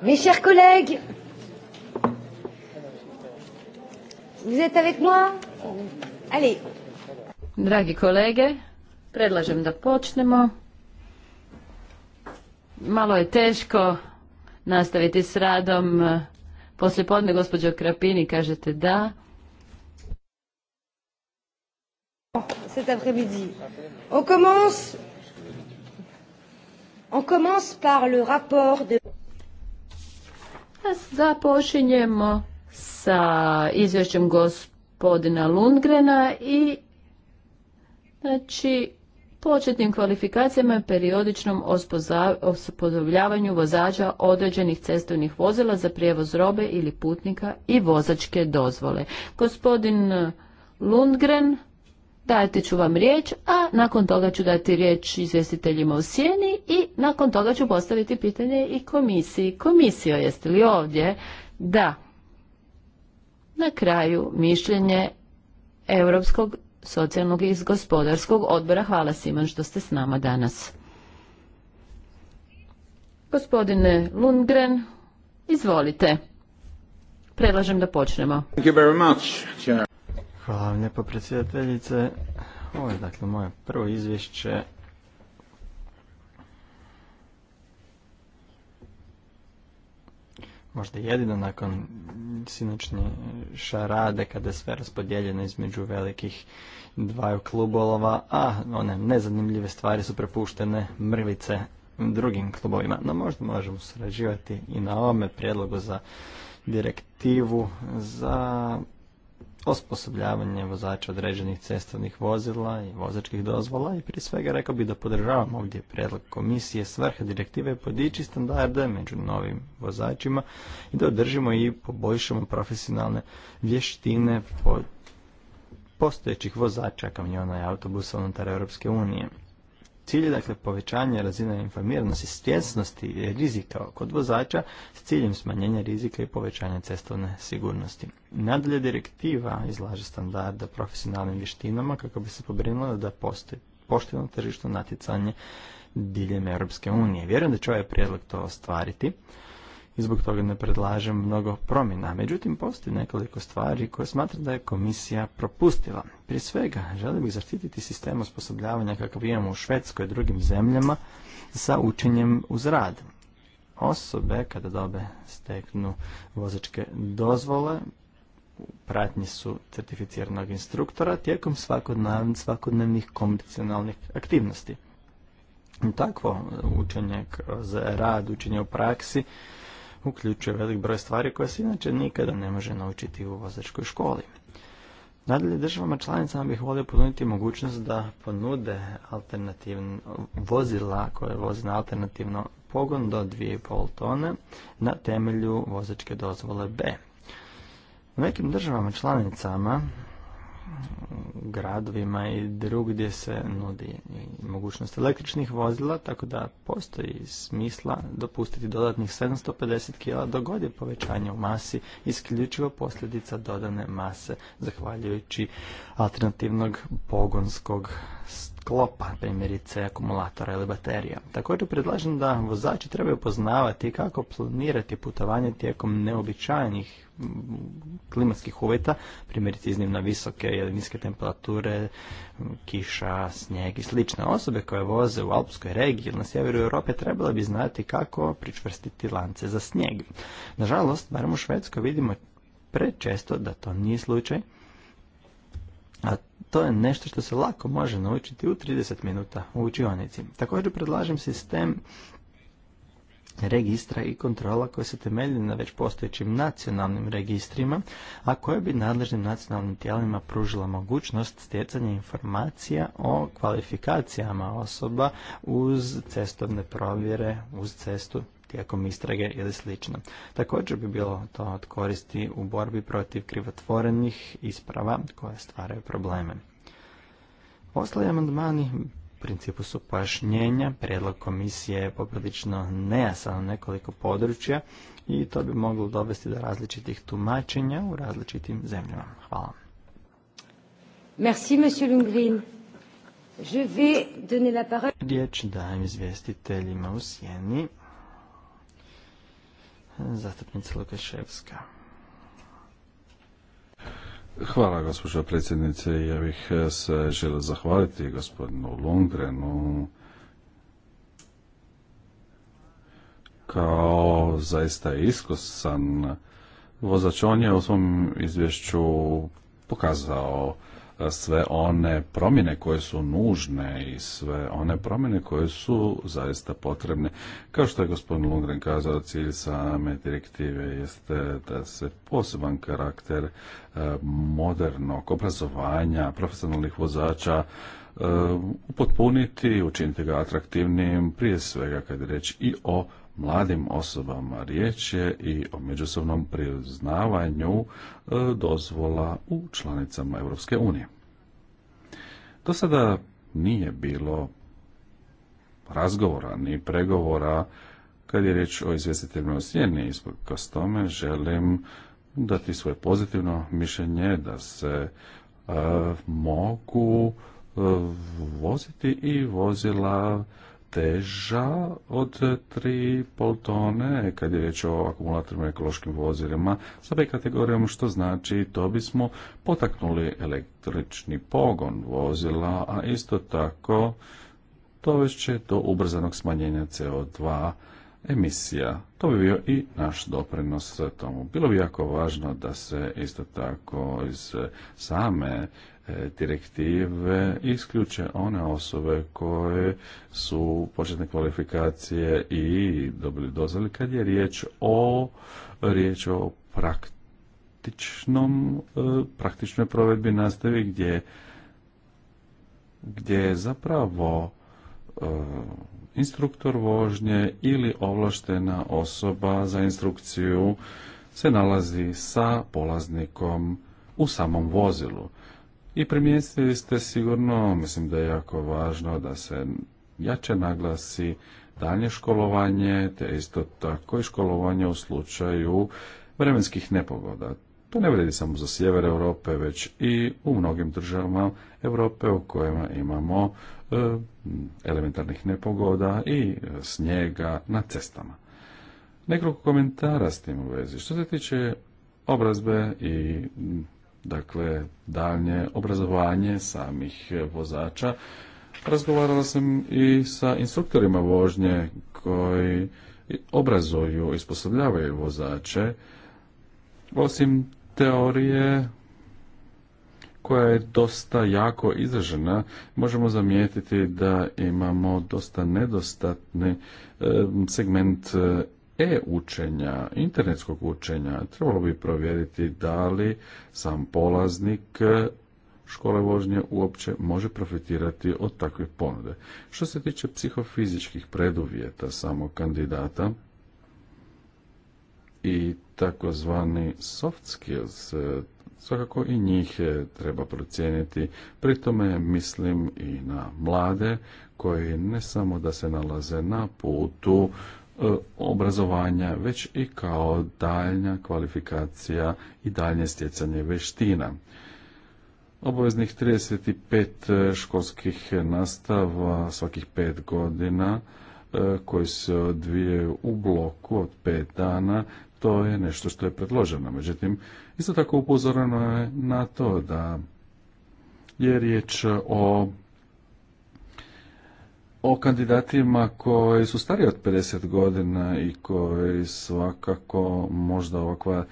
Mes chers collègues, vous êtes avec moi Allez. Dragi kolege, predlažem da počnemo. Malo je teško nastaviti s radom. Poslije podne gospođo Krapini kažete da. Cet après-midi. On commence On commence par le rapport de a započinjemo sa izvješćem gospodina Lundgrena i znači početnim kvalifikacijama i periodičnom osposobljavanju vozača određenih cestovnih vozila za prijevoz robe ili putnika i vozačke dozvole. Gospodin Lundgren dati ću vam riječ, a nakon toga ću dati riječ izvjestiteljima u sjeni i nakon toga ću postaviti pitanje i komisiji. Komisijo, jeste li ovdje? Da. Na kraju mišljenje Europskog socijalnog i gospodarskog odbora. Hvala Simon što ste s nama danas. Gospodine Lundgren, izvolite. Predlažem da počnemo. Hvala vam lijepo predsjedateljice. Ovo je dakle moje prvo izvješće možda jedino nakon sinoćne šarade kada je sve raspodijeljeno između velikih dvaju klubova, a one nezanimljive stvari su prepuštene mrvice drugim klubovima. No možda možemo surađivati i na ovome prijedlogu za direktivu za osposobljavanje vozača određenih cestovnih vozila i vozačkih dozvola i prije svega rekao bih da podržavam ovdje predlog komisije svrha direktive podići standarde među novim vozačima i da održimo i poboljšamo profesionalne vještine postojećih vozača kamiona i autobusa unutar Europske unije. Cilj je dakle povećanje razine informiranosti, svjesnosti rizika kod vozača s ciljem smanjenja rizika i povećanja cestovne sigurnosti. Nadalje direktiva izlaže standarda profesionalnim vještinama kako bi se pobrinula da postoji pošteno tržišno natjecanje diljem Europske unije. Vjerujem da će ovaj prijedlog to ostvariti i zbog toga ne predlažem mnogo promjena. Međutim, postoji nekoliko stvari koje smatram da je komisija propustila. Prije svega, želim bih zaštititi sistem osposobljavanja kakav imamo u Švedskoj i drugim zemljama sa učenjem uz rad. Osobe kada dobe steknu vozačke dozvole, pratnji su certificiranog instruktora tijekom svakodnevnih kondicionalnih aktivnosti. Takvo učenje za rad, učenje u praksi uključuje velik broj stvari koje se inače nikada ne može naučiti u vozačkoj školi. Nadalje državama članicama bih volio ponuditi mogućnost da ponude vozila koje voze na alternativno pogon do 2,5 tone na temelju vozačke dozvole B. U nekim državama članicama gradovima i drugdje se nudi mogućnost električnih vozila, tako da postoji smisla dopustiti dodatnih 750 kg do godine povećanja u masi, isključivo posljedica dodane mase, zahvaljujući alternativnog pogonskog sklopa, primjerice akumulatora ili baterija. Također predlažem da vozači trebaju poznavati kako planirati putovanje tijekom neobičajnih mm, klimatskih uvjeta, primjerice iznimno visoke ili niske temperature, kiša, snijeg i slične. Osobe koje voze u Alpskoj regiji ili na sjeveru Europe trebalo bi znati kako pričvrstiti lance za snijeg. Nažalost, barem u Švedskoj vidimo prečesto da to nije slučaj, a to je nešto što se lako može naučiti u 30 minuta u učionici. Također predlažem sistem registra i kontrola koje se temelji na već postojećim nacionalnim registrima, a koje bi nadležnim nacionalnim tijelima pružila mogućnost stjecanja informacija o kvalifikacijama osoba uz cestovne provjere, uz cestu tijekom istrage ili slično. Također bi bilo to od koristi u borbi protiv krivotvorenih isprava koje stvaraju probleme. Ostali amandmani u principu su pojašnjenja, prijedlog komisije je poprilično nejasan u nekoliko područja i to bi moglo dovesti do različitih tumačenja u različitim zemljama. Hvala. Merci, monsieur Lundgren. Je Riječ dajem izvjestiteljima u sjeni. Zastupnica Lukaševska. Hvala gospođo predsjednice. Ja bih e, se želio zahvaliti gospodinu Lungrenu kao zaista iskusan vozač. On je u svom izvješću pokazao sve one promjene koje su nužne i sve one promjene koje su zaista potrebne. Kao što je gospodin Lundgren kazao, cilj same direktive jeste da se poseban karakter e, modernog obrazovanja profesionalnih vozača e, upotpuniti, učiniti ga atraktivnim prije svega kad je reč i o mladim osobama. Riječ je i o međusobnom priznavanju e, dozvola u članicama Europske unije. Do sada nije bilo razgovora ni pregovora kad je riječ o izvjestiteljima o sjeni. s tome želim dati svoje pozitivno mišljenje da se e, mogu e, voziti i vozila teža od 3,5 tone kad je riječ o akumulatorima ekološkim vozilima sa B kategorijom, što znači to bismo potaknuli električni pogon vozila, a isto tako dovest će do ubrzanog smanjenja CO2 emisija. To bi bio i naš doprinos tomu. Bilo bi jako važno da se isto tako iz same E, direktive isključe one osobe koje su početne kvalifikacije i dobili dozvoli kad je riječ o riječ o praktičnom e, praktičnoj provedbi nastavi gdje gdje zapravo e, instruktor vožnje ili ovlaštena osoba za instrukciju se nalazi sa polaznikom u samom vozilu i primijetili ste sigurno, mislim da je jako važno da se jače naglasi daljnje školovanje, te isto tako i školovanje u slučaju vremenskih nepogoda. To ne vredi samo za sjever Europe, već i u mnogim državama Europe u kojima imamo e, elementarnih nepogoda i snijega na cestama. Nekoliko komentara s tim u vezi. Što se tiče obrazbe i dakle daljnje obrazovanje samih vozača. Razgovarala sam i sa instruktorima vožnje koji obrazuju i vozače. Osim teorije koja je dosta jako izražena, možemo zamijetiti da imamo dosta nedostatni eh, segment eh, e-učenja, internetskog učenja, trebalo bi provjeriti da li sam polaznik e, škole vožnje uopće može profitirati od takve ponude. Što se tiče psihofizičkih preduvjeta samog kandidata i takozvani soft skills, e, svakako i njih e, treba procijeniti. Pri tome mislim i na mlade koji ne samo da se nalaze na putu E, obrazovanja, već i kao daljnja kvalifikacija i daljnje stjecanje vještina. Obaveznih 35 e, školskih nastava svakih pet godina e, koji se odvijaju u bloku od pet dana, to je nešto što je predloženo. Međutim, isto tako upozoreno je na to da je riječ o o kandidatima koji su stariji od 50 godina i koji svakako možda ovakva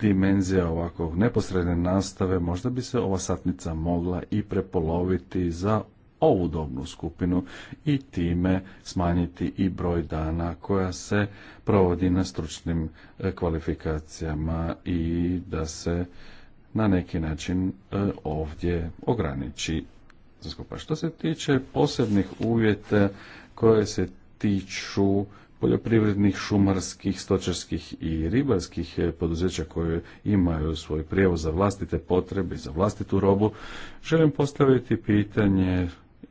dimenzija ovakvog neposredne nastave, možda bi se ova satnica mogla i prepoloviti za ovu dobnu skupinu i time smanjiti i broj dana koja se provodi na stručnim e, kvalifikacijama i da se na neki način e, ovdje ograniči skupa. Što se tiče posebnih uvjeta koje se tiču poljoprivrednih, šumarskih, stočarskih i ribarskih eh, poduzeća koje imaju svoj prijevoz za vlastite potrebe i za vlastitu robu, želim postaviti pitanje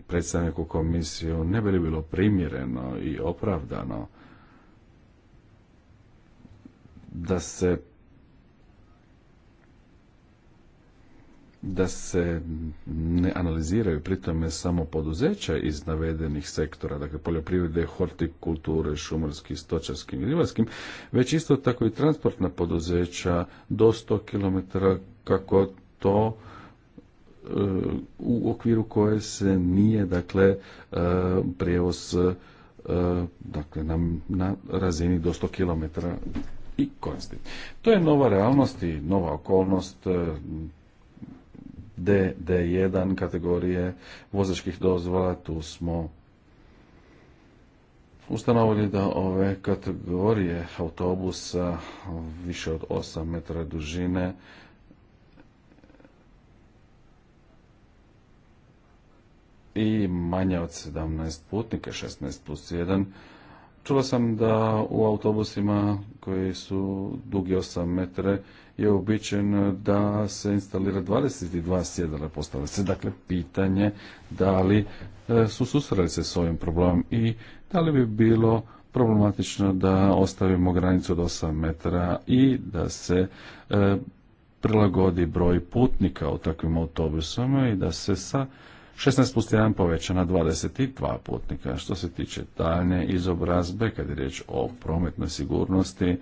predstavniku komisiju ne bi li bilo primjereno i opravdano da se da se ne analiziraju pritome samo poduzeća iz navedenih sektora, dakle poljoprivrede, hortikulture, šumarski, stočarskim i ribarskim, već isto tako i transportna poduzeća do 100 km kako to e, u okviru koje se nije dakle e, prijevoz e, dakle na, na razini do 100 km i koristi. To je nova realnost i nova okolnost D d 1 kategorije vozačkih dozvola, tu smo ustanovili da ove kategorije autobusa više od 8 metara dužine i manje od 17 putnika, 16 plus 1. Čula sam da u autobusima koji su dugi 8 metre je uobičajeno da se instalira 22 sjedala. Postavlja se dakle pitanje da li e, su susreli se s ovim problemom i da li bi bilo problematično da ostavimo granicu od 8 metara i da se e, prilagodi broj putnika u takvim autobusama i da se sa 16 plus 1 poveća na 22 putnika. Što se tiče daljne izobrazbe, kad je riječ o prometnoj sigurnosti,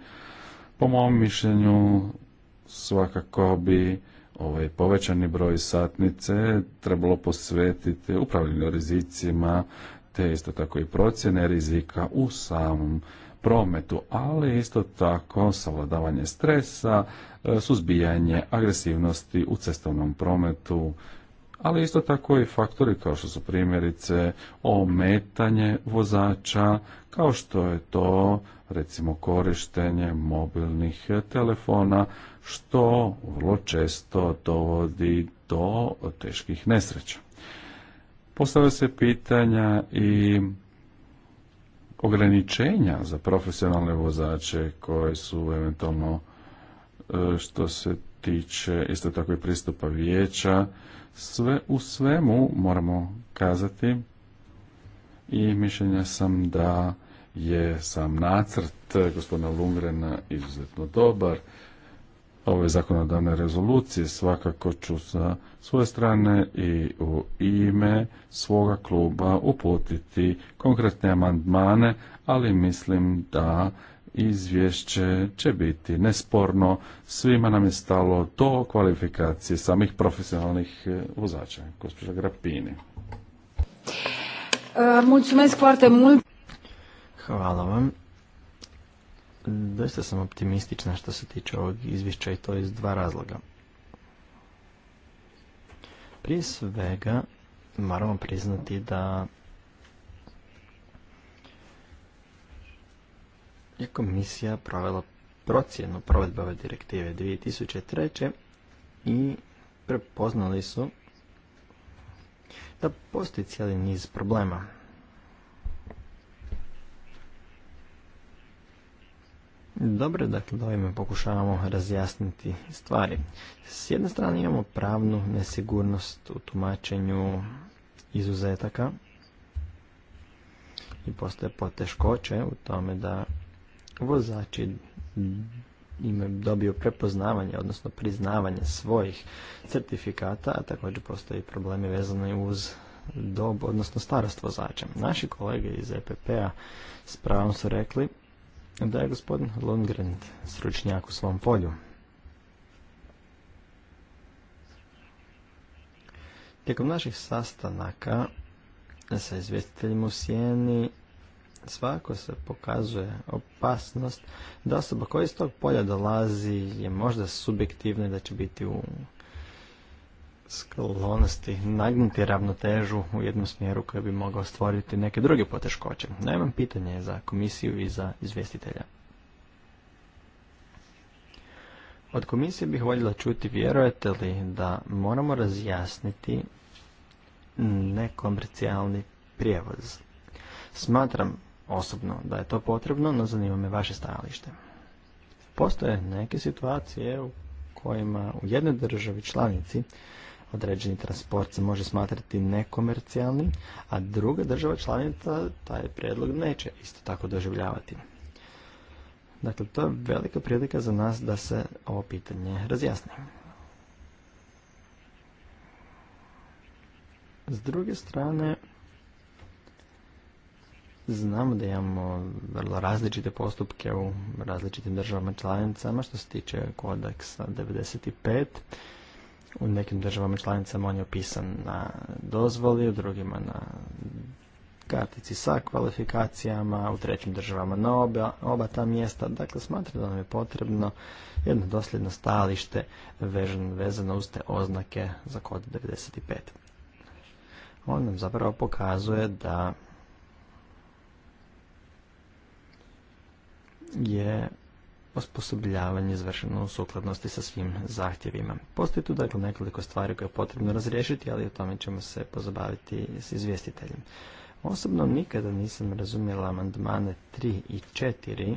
po mom mišljenju svakako bi ovaj povećani broj satnice trebalo posvetiti upravljanju rizicima, te isto tako i procjene rizika u samom prometu, ali isto tako savladavanje stresa, e, suzbijanje agresivnosti u cestovnom prometu, ali isto tako i faktori kao što su primjerice ometanje vozača, kao što je to recimo korištenje mobilnih telefona što vrlo često dovodi do teških nesreća. Postavlja se pitanja i ograničenja za profesionalne vozače koje su eventualno e, što se tiče isto tako i pristupa vijeća. Sve u svemu moramo kazati i mišljenja sam da je sam nacrt gospodina Lungrena izuzetno dobar ove zakonodavne rezolucije svakako ću sa svoje strane i u ime svoga kluba uputiti konkretne amandmane, ali mislim da izvješće će biti nesporno. Svima nam je stalo do kvalifikacije samih profesionalnih e, vozača. Gospođa Grapini. E, Hvala vam doista sam optimistična što se tiče ovog izvješća i to iz dva razloga. Prije svega moramo priznati da je komisija provela procjenu provedbe ove direktive 2003. i prepoznali su da postoji cijeli niz problema Dobro, dakle, ovime pokušavamo razjasniti stvari. S jedne strane imamo pravnu nesigurnost u tumačenju izuzetaka i postoje poteškoće u tome da vozači ime dobiju prepoznavanje, odnosno priznavanje svojih certifikata, a također postoje problemi vezani uz dob, odnosno starost vozača. Naši kolege iz EPP-a s pravom su rekli da je gospodin Lundgren sručnjak u svom polju. Tijekom naših sastanaka sa izvjestiteljima u sjeni, svako se pokazuje opasnost da osoba koja iz tog polja dolazi je možda subjektivna i da će biti u sklonosti nagnuti ravnotežu u jednu smjeru koji bi mogao stvoriti neke druge poteškoće. Najmam pitanje za komisiju i za izvjestitelja. Od komisije bih voljela čuti vjerujete li da moramo razjasniti nekomercijalni prijevoz. Smatram osobno da je to potrebno, no zanima me vaše stajalište. Postoje neke situacije u kojima u jednoj državi članici određeni transport se može smatrati nekomercijalnim, a druga država članica taj prijedlog neće isto tako doživljavati. Dakle, to je velika prilika za nas da se ovo pitanje razjasni. S druge strane, znamo da imamo vrlo različite postupke u različitim državama članicama što se tiče kodeksa 95 u nekim državama članicama on je opisan na dozvoli, u drugima na kartici sa kvalifikacijama, u trećim državama na oba, oba ta mjesta. Dakle, smatram da nam je potrebno jedno dosljedno stajalište vezano uz te oznake za kod 95. On nam zapravo pokazuje da je osposobljavanje izvršeno u sukladnosti sa svim zahtjevima. Postoji tu dakle nekoliko stvari koje je potrebno razriješiti, ali o tome ćemo se pozabaviti s izvjestiteljem. Osobno nikada nisam razumjela amandmane 3 i 4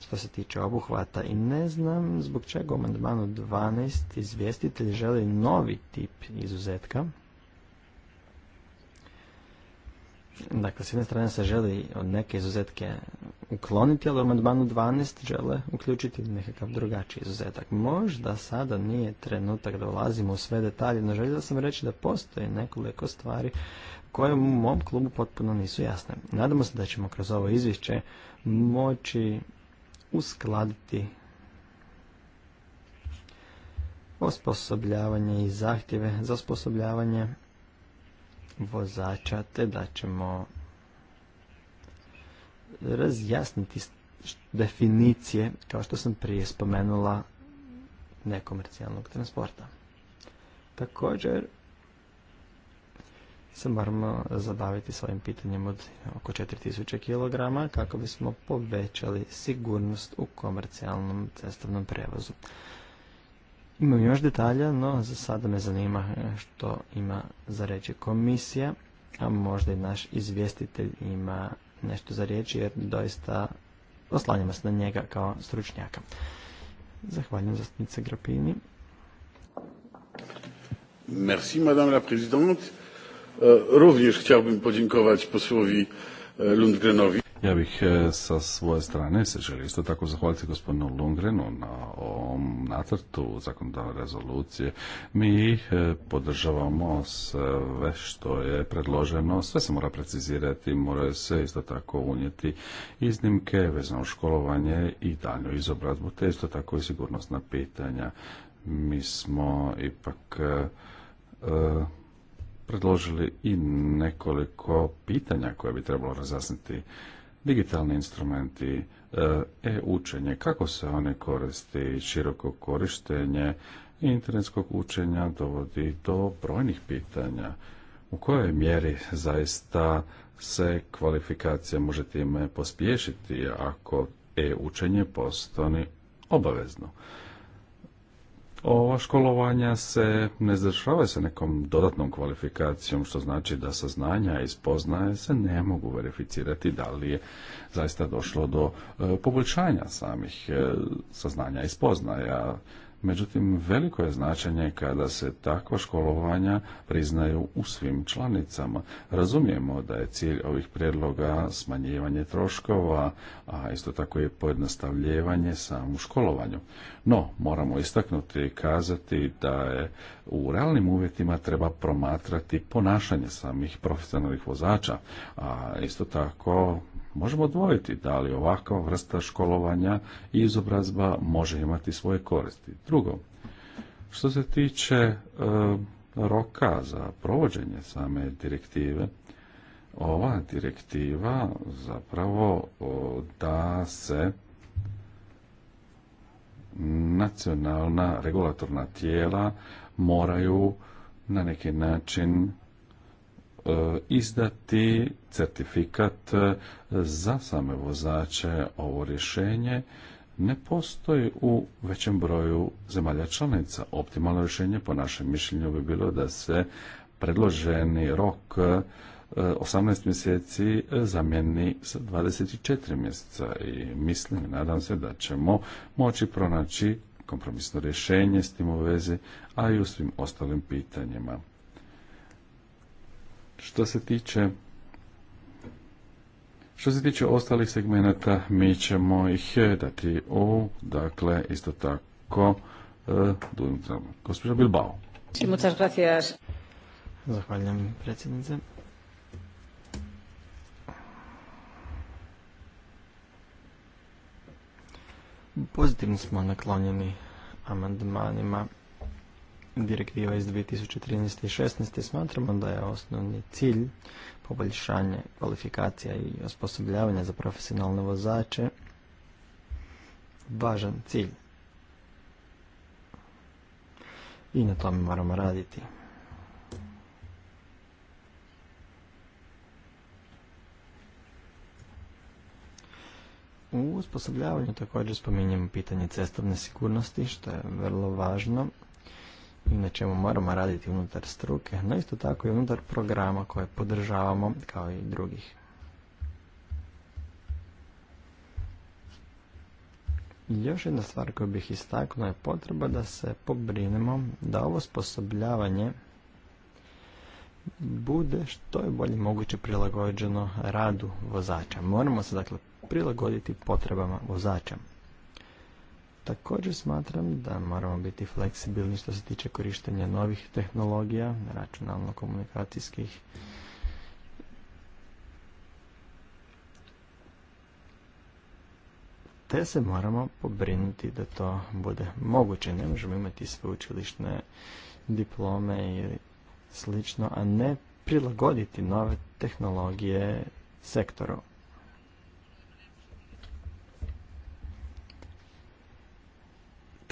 što se tiče obuhvata i ne znam zbog čega u amandmanu 12 izvjestitelj želi novi tip izuzetka Dakle, s jedne strane se želi od neke izuzetke ukloniti, ali u amandmanu 12 žele uključiti nekakav drugačiji izuzetak. Možda sada nije trenutak da ulazimo u sve detalje, no želio sam reći da postoje nekoliko stvari koje u mom klubu potpuno nisu jasne. Nadamo se da ćemo kroz ovo izvješće moći uskladiti osposobljavanje i zahtjeve za osposobljavanje vozača te da ćemo razjasniti definicije, kao što sam prije spomenula, nekomercijalnog transporta. Također se moramo zabaviti svojim pitanjem od oko 4000 kg kako bismo povećali sigurnost u komercijalnom cestovnom prevozu. Imam još detalja, no za sada me zanima e, što ima za reći komisija, a možda i naš izvjestitelj ima nešto za reći jer doista oslanjamo se na njega kao stručnjaka. Zahvaljujem zastupnice Grapini. Merci madame la présidente. Euh, również chciałbym podziękować posłowi e, Lundgrenowi. Ja bih e, sa svoje strane se želi isto tako zahvaliti gospodinu Lungrenu na ovom nacrtu zakonodavne rezolucije. Mi e, podržavamo sve što je predloženo, sve se mora precizirati, moraju se isto tako unijeti iznimke vezano školovanje i daljnju izobrazbu, te isto tako i sigurnosna pitanja. Mi smo ipak e, predložili i nekoliko pitanja koje bi trebalo razjasniti digitalni instrumenti, e, e-učenje, kako se one koristi, široko korištenje internetskog učenja dovodi do brojnih pitanja. U kojoj mjeri zaista se kvalifikacija može time pospješiti ako e-učenje postane obavezno? ova školovanja se ne završavaju sa nekom dodatnom kvalifikacijom, što znači da saznanja i spoznaje se ne mogu verificirati da li je zaista došlo do e, poboljšanja samih e, saznanja i spoznaja. Međutim, veliko je značenje kada se takva školovanja priznaju u svim članicama. Razumijemo da je cilj ovih prijedloga smanjivanje troškova, a isto tako je pojednostavljevanje samu školovanju. No, moramo istaknuti i kazati da je u realnim uvjetima treba promatrati ponašanje samih profesionalnih vozača, a isto tako možemo odvojiti da li ovakva vrsta školovanja i izobrazba može imati svoje koristi. Drugo, što se tiče e, roka za provođenje same direktive, ova direktiva zapravo da se nacionalna regulatorna tijela moraju na neki način E, izdati certifikat e, za same vozače ovo rješenje ne postoji u većem broju zemalja članica. Optimalno rješenje po našem mišljenju bi bilo da se predloženi rok 18 e, mjeseci zamjeni sa 24 mjeseca i mislim i nadam se da ćemo moći pronaći kompromisno rješenje s tim u vezi, a i u svim ostalim pitanjima. Što se tiče što se tiče ostalih segmenata, mi ćemo ih dati u, dakle, isto tako, e, gospođa Bilbao. Zahvaljujem, predsjednice. Pozitivno smo naklonjeni amandmanima direktiva iz 2013. i 2016. smatramo da je osnovni cilj poboljšanje kvalifikacija i osposobljavanja za profesionalne vozače važan cilj. I na tome moramo raditi. U osposobljavanju također spominjemo pitanje cestovne sigurnosti, što je vrlo važno i na čemu moramo raditi unutar struke, no isto tako i unutar programa koje podržavamo kao i drugih. Još jedna stvar koju bih istaknuo je potreba da se pobrinemo da ovo sposobljavanje bude što je bolje moguće prilagođeno radu vozača. Moramo se dakle prilagoditi potrebama vozača. Također smatram da moramo biti fleksibilni što se tiče korištenja novih tehnologija, računalno-komunikacijskih. Te se moramo pobrinuti da to bude moguće. Ne možemo imati sveučilišne diplome ili slično, a ne prilagoditi nove tehnologije sektoru.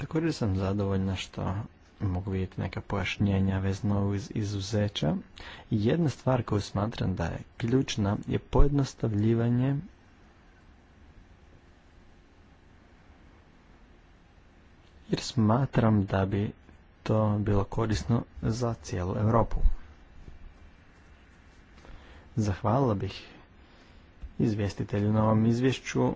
Također sam zadovoljna što mogu vidjeti neka pojašnjenja vezano iz izuzeća. Jedna stvar koju smatram da je ključna je pojednostavljivanje jer smatram da bi to bilo korisno za cijelu Europu. Zahvalila bih izvjestitelju na ovom izvješću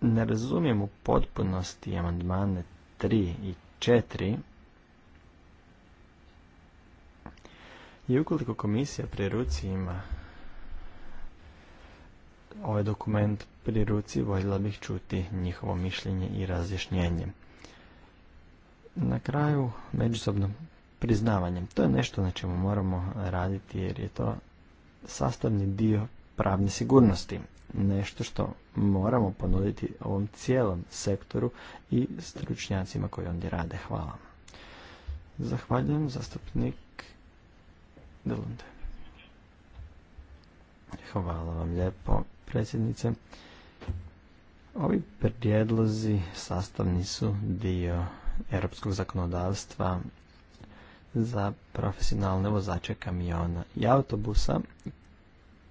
ne razumijem u potpunosti amandmane 3 i 4 i ukoliko komisija pri ruci ima ovaj dokument pri ruci, voljela bih čuti njihovo mišljenje i razjašnjenje. Na kraju, međusobno priznavanjem To je nešto na čemu moramo raditi jer je to sastavni dio pravne sigurnosti. Nešto što moramo ponuditi ovom cijelom sektoru i stručnjacima koji ondje rade. Hvala. Zahvaljujem, zastupnik Delunde. Hvala vam lijepo, predsjednice. Ovi prijedlozi sastavni su dio europskog zakonodavstva za profesionalne vozače kamiona i autobusa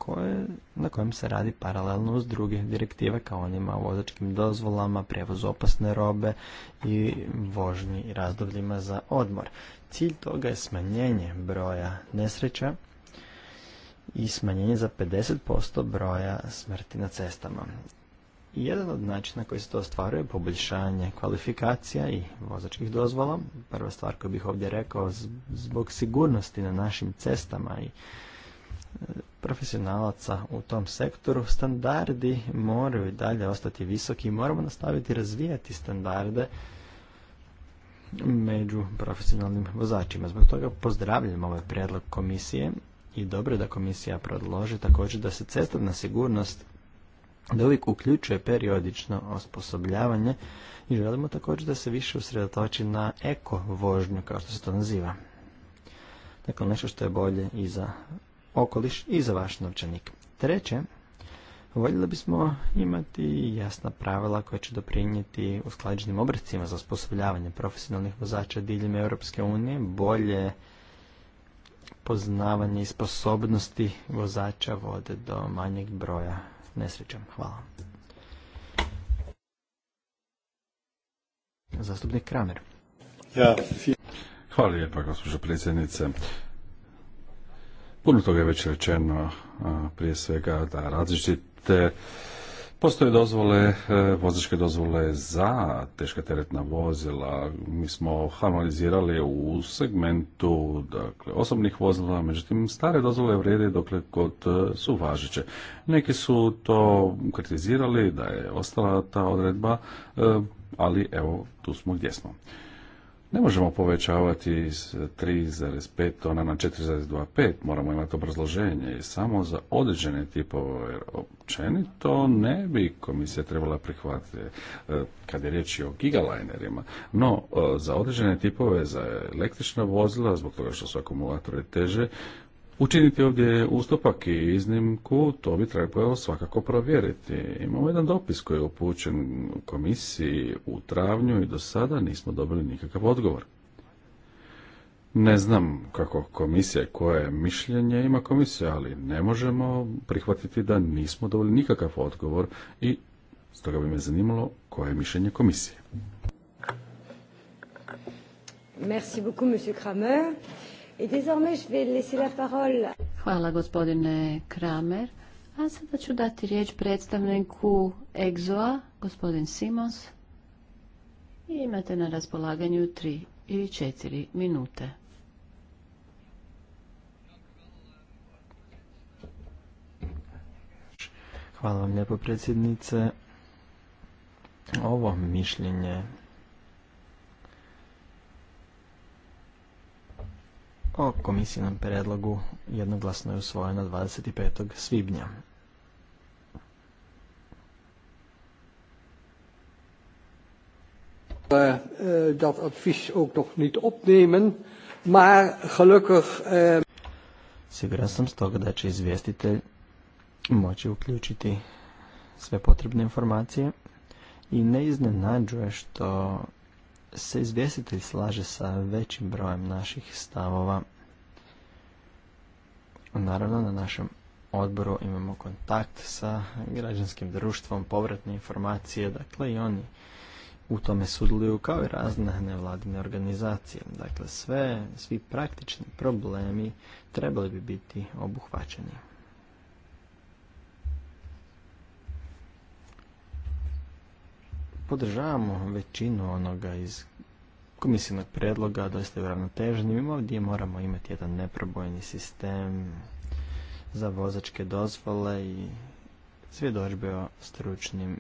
koje, na kojem se radi paralelno uz druge direktive kao onima o vozačkim dozvolama, prijevoz opasne robe i vožnji razdobljima za odmor. Cilj toga je smanjenje broja nesreća i smanjenje za 50% broja smrti na cestama. Jedan od načina koji se to ostvaruje je poboljšanje kvalifikacija i vozačkih dozvola. Prva stvar koju bih ovdje rekao, zbog sigurnosti na našim cestama i profesionalaca u tom sektoru, standardi moraju i dalje ostati visoki i moramo nastaviti razvijati standarde među profesionalnim vozačima. Zbog toga pozdravljam ovaj prijedlog komisije i dobro je da komisija predloži također da se cestovna sigurnost da uvijek uključuje periodično osposobljavanje i želimo također da se više usredotoči na eko vožnju kao što se to naziva. Dakle, nešto što je bolje i za okoliš i za vaš novčanik. Treće, voljeli bismo imati jasna pravila koja će doprinijeti usklađenim obrcima za osposobljavanje profesionalnih vozača diljem Europske unije, bolje poznavanje i sposobnosti vozača vode do manjeg broja nesreća. Hvala. Zastupnik Kramer. Hvala lijepa, gospođo predsjednice. Puno toga je već rečeno, prije svega da različite Postoje dozvole, e, vozačke dozvole za teška teretna vozila. Mi smo harmonizirali u segmentu dakle, osobnih vozila, međutim stare dozvole vrijede dokle kod su važeće. Neki su to kritizirali da je ostala ta odredba, e, ali evo tu smo gdje smo. Ne možemo povećavati s 3,5 tona na 4,25, moramo imati obrazloženje i samo za određene tipove, jer općenito ne bi komisija trebala prihvatiti e, kad je riječ o gigalinerima, no e, za određene tipove, za električna vozila, zbog toga što su akumulatori teže, učiniti ovdje ustupak i iznimku, to bi trebalo svakako provjeriti. Imamo jedan dopis koji je upućen komisiji u travnju i do sada nismo dobili nikakav odgovor. Ne znam kako komisija, koje mišljenje ima komisija, ali ne možemo prihvatiti da nismo dobili nikakav odgovor i stoga bi me zanimalo koje je mišljenje komisije. Merci beaucoup, monsieur Kramer. Hvala gospodine Kramer. A sada ću dati riječ predstavniku EXO-a, gospodin Simons. I imate na raspolaganju tri ili četiri minute. Hvala vam lijepo predsjednice. Ovo mišljenje o komisijnom predlogu jednoglasno je usvojeno 25. svibnja. Eh, eh, advies ook opnemen, eh, Siguran sam stoga da će izvjestitelj moći uključiti sve potrebne informacije i ne iznenađuje što se izvjestitelj slaže sa većim brojem naših stavova. Naravno, na našem odboru imamo kontakt sa građanskim društvom, povratne informacije, dakle i oni u tome sudjeluju kao i razne nevladine organizacije. Dakle, sve, svi praktični problemi trebali bi biti obuhvaćeni. podržavamo većinu onoga iz komisijnog predloga, doista je uravnotežen. ovdje moramo imati jedan neprobojni sistem za vozačke dozvole i svjedodžbe o stručnim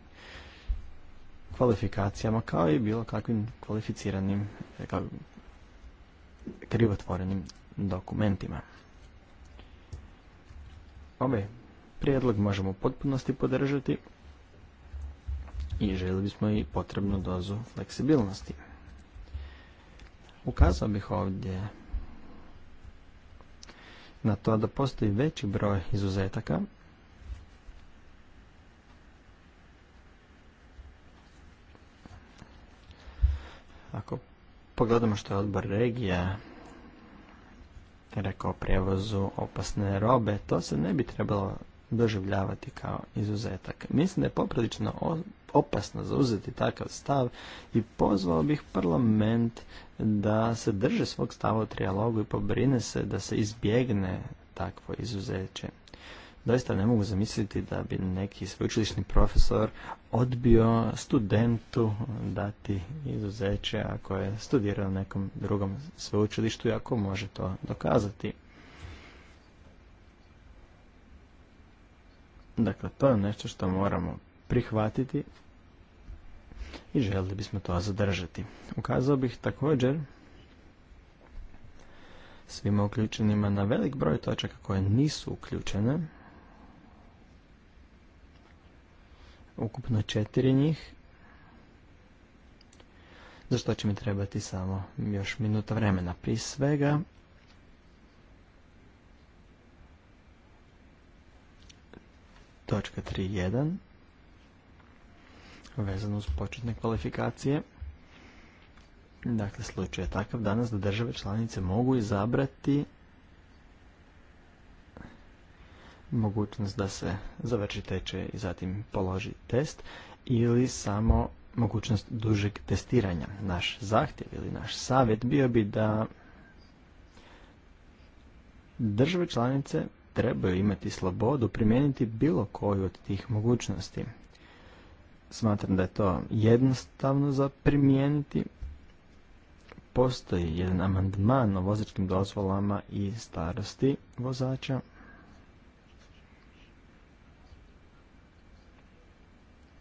kvalifikacijama kao i bilo kakvim kvalificiranim e, krivotvorenim dokumentima. Ovaj prijedlog možemo u potpunosti podržati i željeli bismo i potrebnu dozu fleksibilnosti. Ukazao bih ovdje na to da postoji veći broj izuzetaka ako pogledamo što je odbor regija rekao o prijevozu opasne robe, to se ne bi trebalo doživljavati kao izuzetak. Mislim da je poprilično opasno zauzeti takav stav i pozvao bih parlament da se drže svog stava u trijalogu i pobrine se da se izbjegne takvo izuzeće. Doista ne mogu zamisliti da bi neki sveučilišni profesor odbio studentu dati izuzeće ako je studirao nekom drugom sveučilištu i ako može to dokazati. Dakle, to je nešto što moramo prihvatiti i željeli bismo to zadržati. Ukazao bih također svima uključenima na velik broj točaka koje nisu uključene. Ukupno četiri njih. Za će mi trebati samo još minuta vremena. Prije svega točka 3.1 vezano uz početne kvalifikacije. Dakle, slučaj je takav danas da države članice mogu izabrati mogućnost da se završi tečaj i zatim položi test ili samo mogućnost dužeg testiranja. Naš zahtjev ili naš savjet bio bi da države članice trebaju imati slobodu primijeniti bilo koju od tih mogućnosti. Smatram da je to jednostavno za primijeniti. Postoji jedan amandman o vozačkim dozvolama i starosti vozača.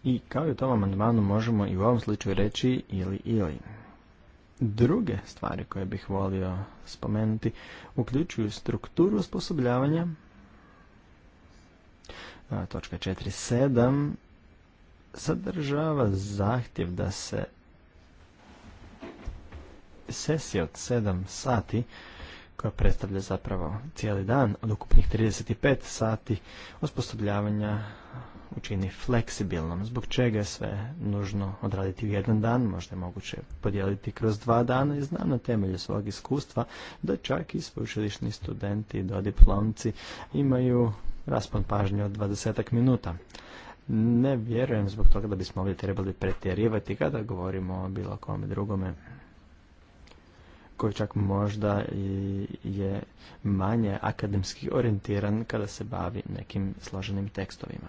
I kao i u tom amandmanu možemo i u ovom slučaju reći ili ili. Druge stvari koje bih volio spomenuti uključuju strukturu osposobljavanja, točka sadržava zahtjev da se sesija od 7 sati koja predstavlja zapravo cijeli dan od ukupnih 35 sati osposobljavanja učini fleksibilnom, zbog čega je sve nužno odraditi u jedan dan, možda je moguće podijeliti kroz dva dana i znam na temelju svog iskustva da čak i sveučilišni studenti do diplomci imaju raspon pažnje od 20 minuta ne vjerujem zbog toga da bismo ovdje trebali pretjerivati kada govorimo o bilo kome drugome koji čak možda je manje akademski orijentiran kada se bavi nekim složenim tekstovima.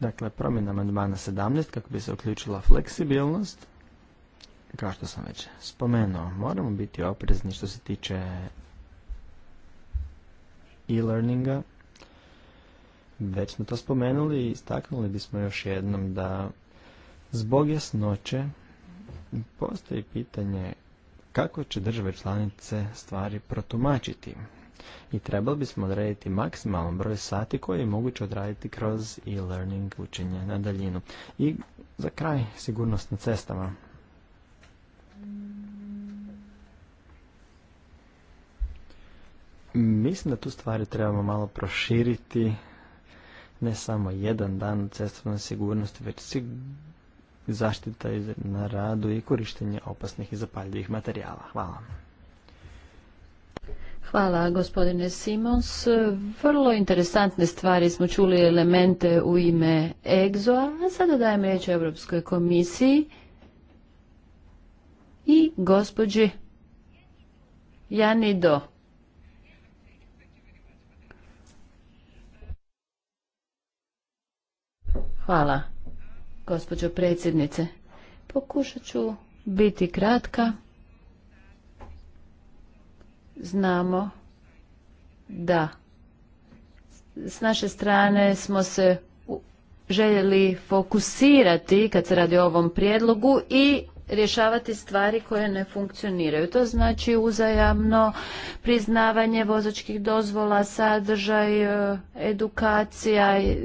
Dakle, promjena amandmana 17 kako bi se uključila fleksibilnost, kao što sam već spomenuo, moramo biti oprezni što se tiče e-learninga, već smo to spomenuli i istaknuli bismo još jednom da zbog jasnoće postoji pitanje kako će države članice stvari protumačiti. I trebali bismo odrediti maksimalan broj sati koji je moguće odraditi kroz e-learning učenje na daljinu. I za kraj sigurnost na cestama. Mislim da tu stvari trebamo malo proširiti ne samo jedan dan cestovne sigurnosti, već zaštita na radu i korištenje opasnih i zapaljivih materijala. Hvala. Hvala gospodine Simons. Vrlo interesantne stvari smo čuli elemente u ime EGZO-a. Sada dajem riječ Europskoj komisiji i gospođi Janido. Hvala, gospođo predsjednice. Pokušat ću biti kratka. Znamo da s naše strane smo se željeli fokusirati kad se radi o ovom prijedlogu i rješavati stvari koje ne funkcioniraju. To znači uzajamno priznavanje vozačkih dozvola, sadržaj, e, edukacija, e,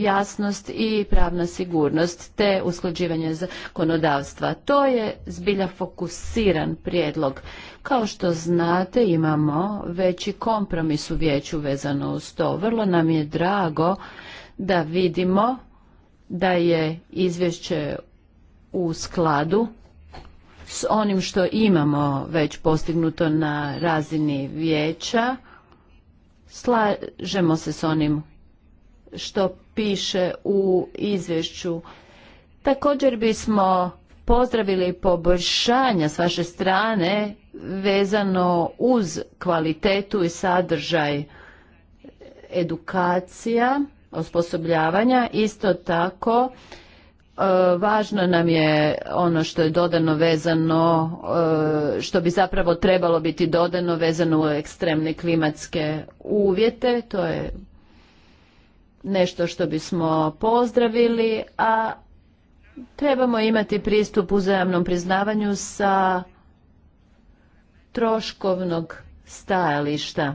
jasnost i pravna sigurnost te usklađivanje zakonodavstva. To je zbilja fokusiran prijedlog. Kao što znate imamo veći kompromis u vijeću vezano uz to. Vrlo nam je drago da vidimo da je izvješće u skladu s onim što imamo već postignuto na razini vijeća. Slažemo se s onim što piše u izvješću. Također bismo pozdravili poboljšanja s vaše strane vezano uz kvalitetu i sadržaj edukacija, osposobljavanja. Isto tako E, važno nam je ono što je dodano vezano, e, što bi zapravo trebalo biti dodano vezano u ekstremne klimatske uvjete, to je nešto što bismo pozdravili, a trebamo imati pristup uzajamnom priznavanju sa troškovnog stajališta.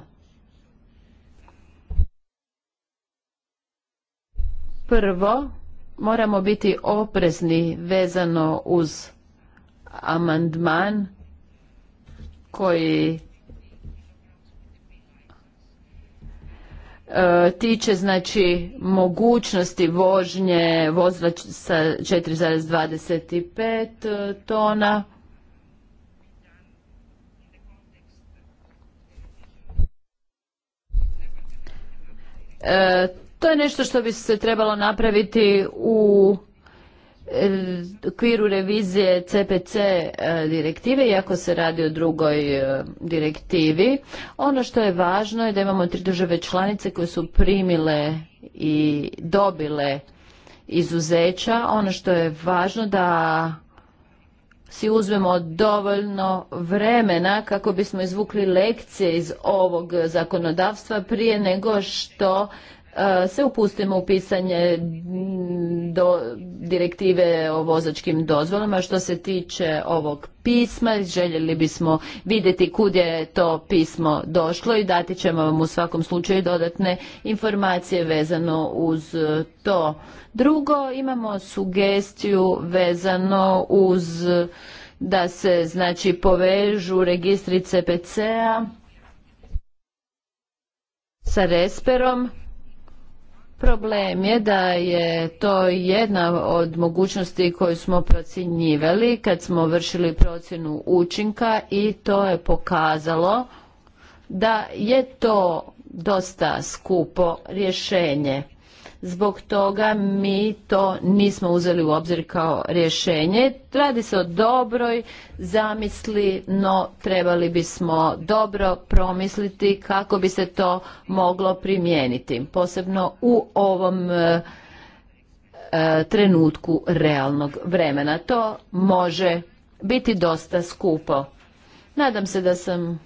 Prvo, moramo biti oprezni vezano uz amandman koji e, tiče znači mogućnosti vožnje vozila sa 4,25 e, tona e, to je nešto što bi se trebalo napraviti u e, okviru revizije CPC e, direktive, iako se radi o drugoj e, direktivi. Ono što je važno je da imamo tri države članice koje su primile i dobile izuzeća. Ono što je važno da si uzmemo dovoljno vremena kako bismo izvukli lekcije iz ovog zakonodavstva prije nego što E, se upustimo u pisanje do direktive o vozačkim dozvolama. Što se tiče ovog pisma, željeli bismo vidjeti kud je to pismo došlo i dati ćemo vam u svakom slučaju dodatne informacije vezano uz to. Drugo, imamo sugestiju vezano uz da se znači povežu registri CPC-a sa Resperom Problem je da je to jedna od mogućnosti koju smo procjenjivali kad smo vršili procjenu učinka i to je pokazalo da je to dosta skupo rješenje. Zbog toga mi to nismo uzeli u obzir kao rješenje. Radi se o dobroj zamisli, no trebali bismo dobro promisliti kako bi se to moglo primijeniti, posebno u ovom e, e, trenutku realnog vremena. To može biti dosta skupo. Nadam se da sam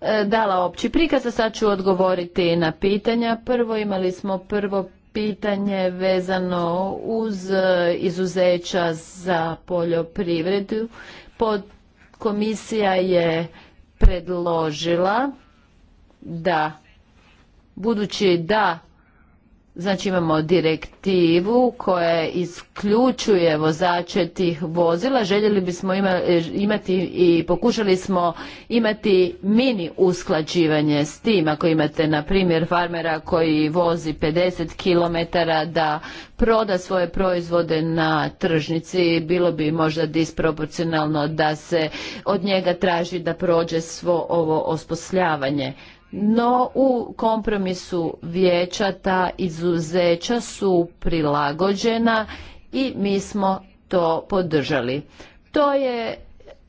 E, dala opći prikaz, a sad ću odgovoriti na pitanja. Prvo imali smo prvo pitanje vezano uz e, izuzeća za poljoprivredu. Pod komisija je predložila da budući da Znači imamo direktivu koja isključuje vozače tih vozila. Željeli bismo e, imati i pokušali smo imati mini usklađivanje s tim. Ako imate na primjer farmera koji vozi 50 km da proda svoje proizvode na tržnici, bilo bi možda disproporcionalno da se od njega traži da prođe svo ovo osposljavanje no u kompromisu vijeća ta izuzeća su prilagođena i mi smo to podržali. To je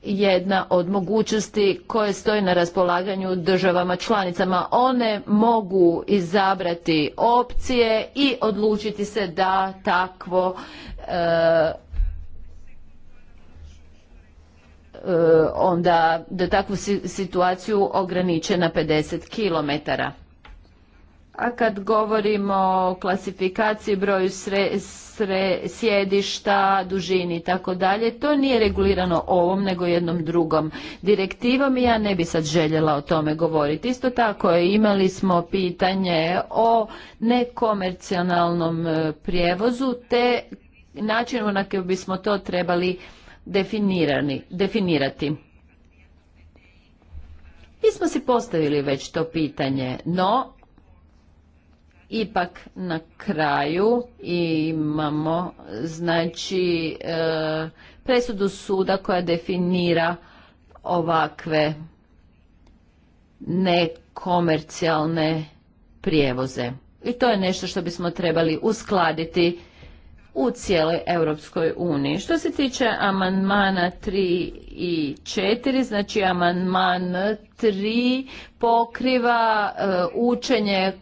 jedna od mogućnosti koje stoje na raspolaganju državama članicama. One mogu izabrati opcije i odlučiti se da takvo e, E, onda da takvu situaciju ograniče na 50 km. A kad govorimo o klasifikaciji, broju sjedišta, dužini i tako dalje, to nije regulirano ovom nego jednom drugom direktivom i ja ne bi sad željela o tome govoriti. Isto tako imali smo pitanje o nekomercionalnom e, prijevozu te načinu na koji bismo to trebali definirati. Mi smo si postavili već to pitanje, no ipak na kraju imamo znači e, presudu suda koja definira ovakve nekomercijalne prijevoze. I to je nešto što bismo trebali uskladiti u cijeloj Europskoj uniji. Što se tiče amandmana 3 i 4, znači amandman 3 pokriva e, učenje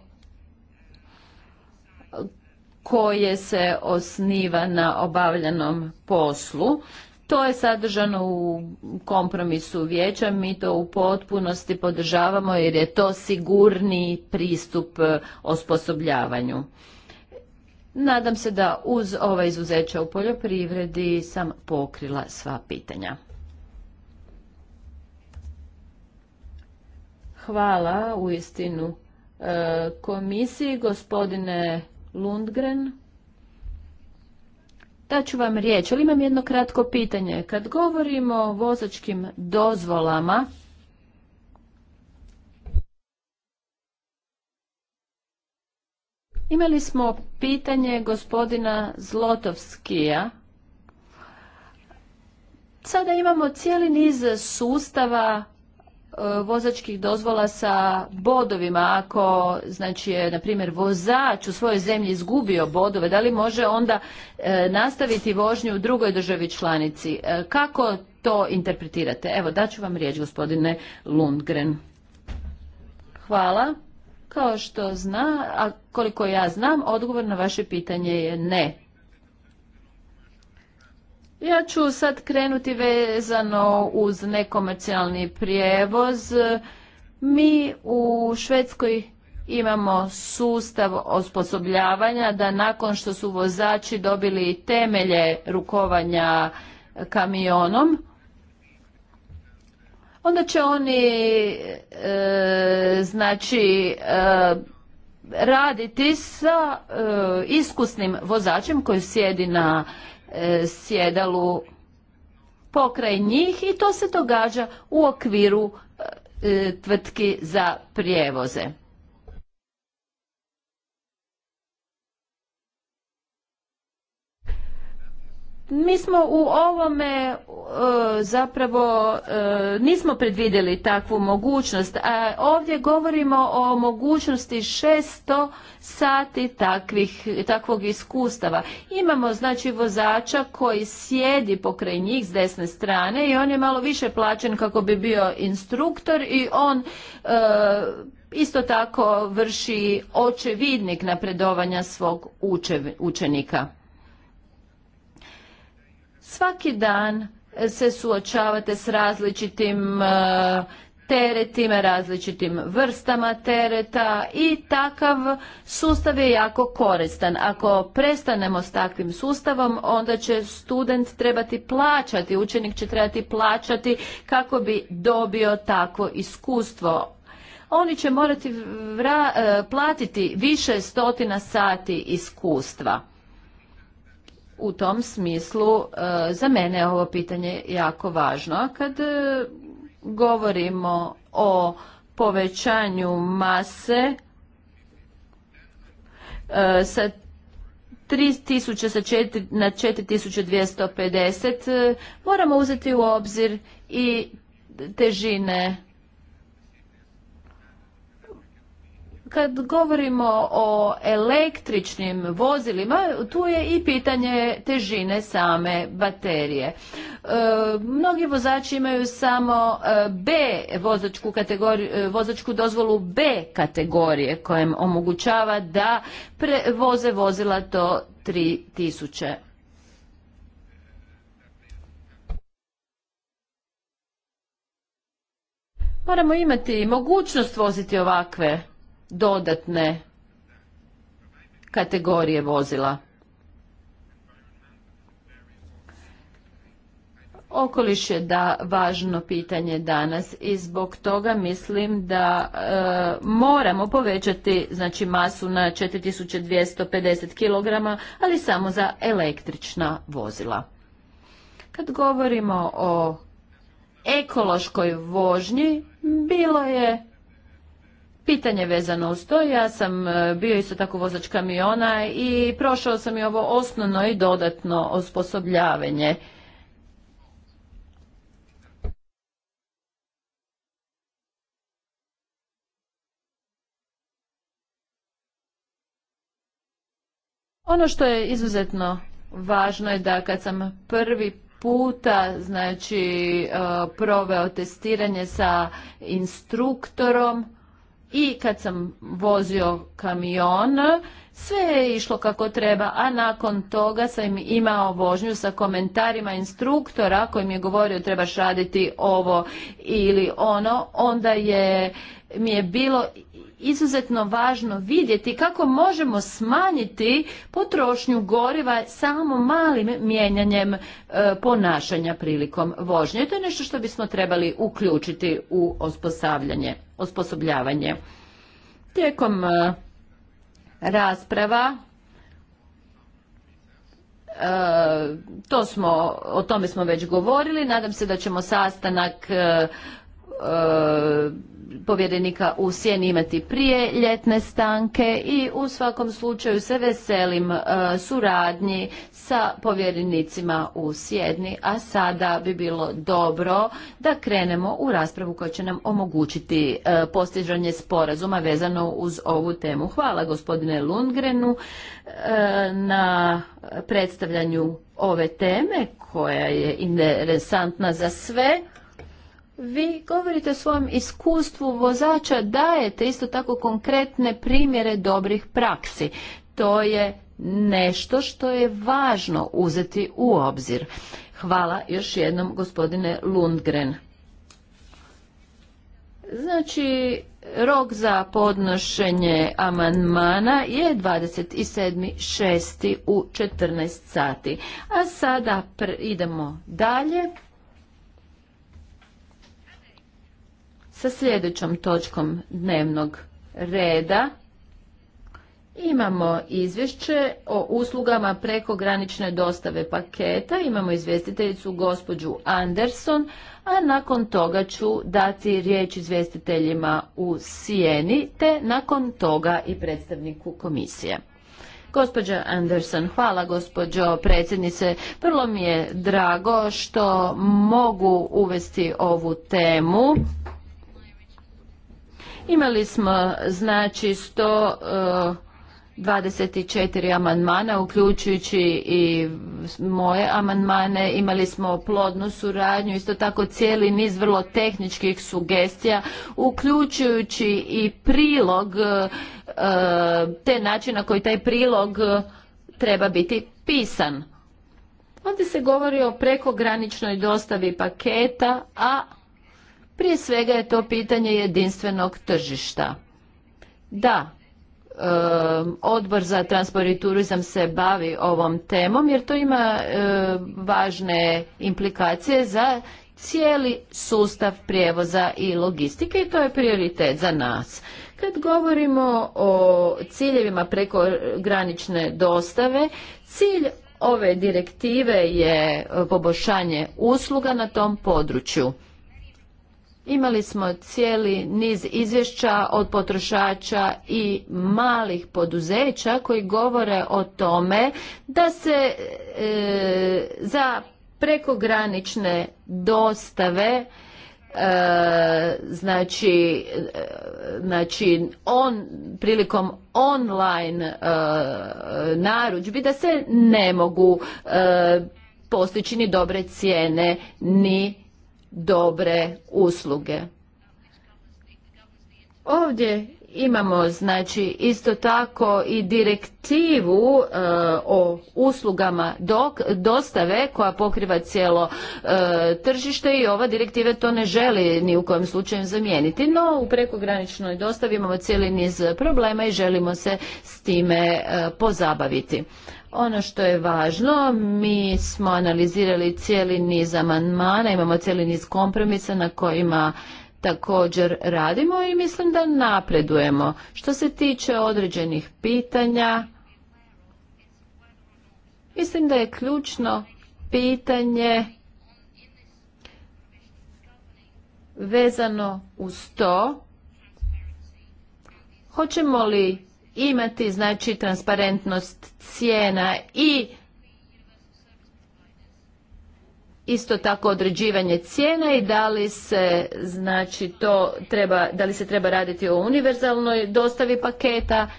koje se osniva na obavljanom poslu. To je sadržano u kompromisu vijeća, mi to u potpunosti podržavamo jer je to sigurni pristup e, osposobljavanju. Nadam se da uz ova izuzeća u poljoprivredi sam pokrila sva pitanja. Hvala u istinu e, komisiji, gospodine Lundgren. ću vam riječ, ali imam jedno kratko pitanje. Kad govorimo o vozačkim dozvolama, Imali smo pitanje gospodina Zlotovskija. Sada imamo cijeli niz sustava e, vozačkih dozvola sa bodovima. Ako znači je na primjer vozač u svojoj zemlji izgubio bodove, da li može onda e, nastaviti vožnju u drugoj državi članici? E, kako to interpretirate? Evo daću vam riječ gospodine Lundgren. Hvala. Kao što zna, a koliko ja znam, odgovor na vaše pitanje je ne. Ja ću sad krenuti vezano uz nekomercijalni prijevoz. Mi u Švedskoj imamo sustav osposobljavanja da nakon što su vozači dobili temelje rukovanja kamionom, onda će oni e, znači e, raditi sa e, iskusnim vozačem koji sjedi na sjedalu pokraj njih i to se događa u okviru tvrtki za prijevoze. Mi smo u ovome e, zapravo e, nismo predvidjeli takvu mogućnost, a ovdje govorimo o mogućnosti 600 sati takvih, takvog iskustava. Imamo znači vozača koji sjedi pokraj njih s desne strane i on je malo više plaćen kako bi bio instruktor i on e, isto tako vrši očevidnik napredovanja svog učenika. Svaki dan se suočavate s različitim e, teretima, različitim vrstama tereta i takav sustav je jako koristan. Ako prestanemo s takvim sustavom, onda će student trebati plaćati, učenik će trebati plaćati kako bi dobio takvo iskustvo. Oni će morati e, platiti više stotina sati iskustva u tom smislu e, za mene je ovo pitanje jako važno. kad e, govorimo o povećanju mase e, sa 3000 sa na 4250 moramo uzeti u obzir i težine Kad govorimo o električnim vozilima, tu je i pitanje težine same baterije. E, mnogi vozači imaju samo e, B vozačku, e, vozačku dozvolu B kategorije kojem omogućava da voze vozila do 3000 Moramo imati mogućnost voziti ovakve dodatne kategorije vozila. Okoliš je da važno pitanje danas i zbog toga mislim da e, moramo povećati znači masu na 4250 kg, ali samo za električna vozila. Kad govorimo o ekološkoj vožnji, bilo je pitanje vezano uz to. Ja sam e, bio isto tako vozač kamiona i prošao sam i ovo osnovno i dodatno osposobljavanje. Ono što je izuzetno važno je da kad sam prvi puta znači e, proveo testiranje sa instruktorom i kad sam vozio kamion, sve je išlo kako treba, a nakon toga sam imao vožnju sa komentarima instruktora koji mi je govorio trebaš raditi ovo ili ono, onda je mi je bilo izuzetno važno vidjeti kako možemo smanjiti potrošnju goriva samo malim mijenjanjem e, ponašanja prilikom vožnje. to je nešto što bismo trebali uključiti u osposobljavanje. Tijekom e, rasprava e, to smo, o tome smo već govorili. Nadam se da ćemo sastanak E, povjerenika u sjeni imati prije ljetne stanke i u svakom slučaju se veselim e, suradnji sa povjerenicima u sjedni, a sada bi bilo dobro da krenemo u raspravu koja će nam omogućiti e, postižanje sporazuma vezano uz ovu temu. Hvala gospodine Lundgrenu na predstavljanju ove teme koja je interesantna za sve vi govorite o svojem iskustvu vozača, dajete isto tako konkretne primjere dobrih praksi. To je nešto što je važno uzeti u obzir. Hvala još jednom gospodine Lundgren. Znači, rok za podnošenje amandmana je 27.6. u 14 sati. A sada idemo dalje. sa sljedećom točkom dnevnog reda. Imamo izvješće o uslugama prekogranične dostave paketa, imamo izvjestiteljicu gospođu Anderson, a nakon toga ću dati riječ izvjestiteljima u Sijeni, te nakon toga i predstavniku komisije. Gospođa Anderson, hvala gospođo predsjednice. Prvo mi je drago što mogu uvesti ovu temu Imali smo znači 124 eh, amandmana, uključujući i moje amandmane. Imali smo plodnu suradnju, isto tako cijeli niz vrlo tehničkih sugestija, uključujući i prilog eh, te način na koji taj prilog eh, treba biti pisan. Ovdje se govori o prekograničnoj dostavi paketa, a prije svega je to pitanje jedinstvenog tržišta. Da, Odbor za transport i turizam se bavi ovom temom jer to ima važne implikacije za cijeli sustav prijevoza i logistike i to je prioritet za nas. Kad govorimo o ciljevima preko granične dostave, cilj ove direktive je poboljšanje usluga na tom području. Imali smo cijeli niz izvješća od potrošača i malih poduzeća koji govore o tome da se e, za prekogranične dostave e, znači, e, znači on, prilikom online e, narudžbi da se ne mogu postići ni dobre cijene ni dobre usluge. Ovdje imamo znači isto tako i direktivu e, o uslugama dok, dostave koja pokriva cijelo e, tržište i ova direktiva to ne želi ni u kojem slučaju zamijeniti. No u prekograničnoj dostavi imamo cijeli niz problema i želimo se s time e, pozabaviti. Ono što je važno, mi smo analizirali cijeli niz amandmana, imamo cijeli niz kompromisa na kojima također radimo i mislim da napredujemo. Što se tiče određenih pitanja, mislim da je ključno pitanje vezano uz to hoćemo li imati znači transparentnost cijena i isto tako određivanje cijena i da li se znači to treba, da li se treba raditi o univerzalnoj dostavi paketa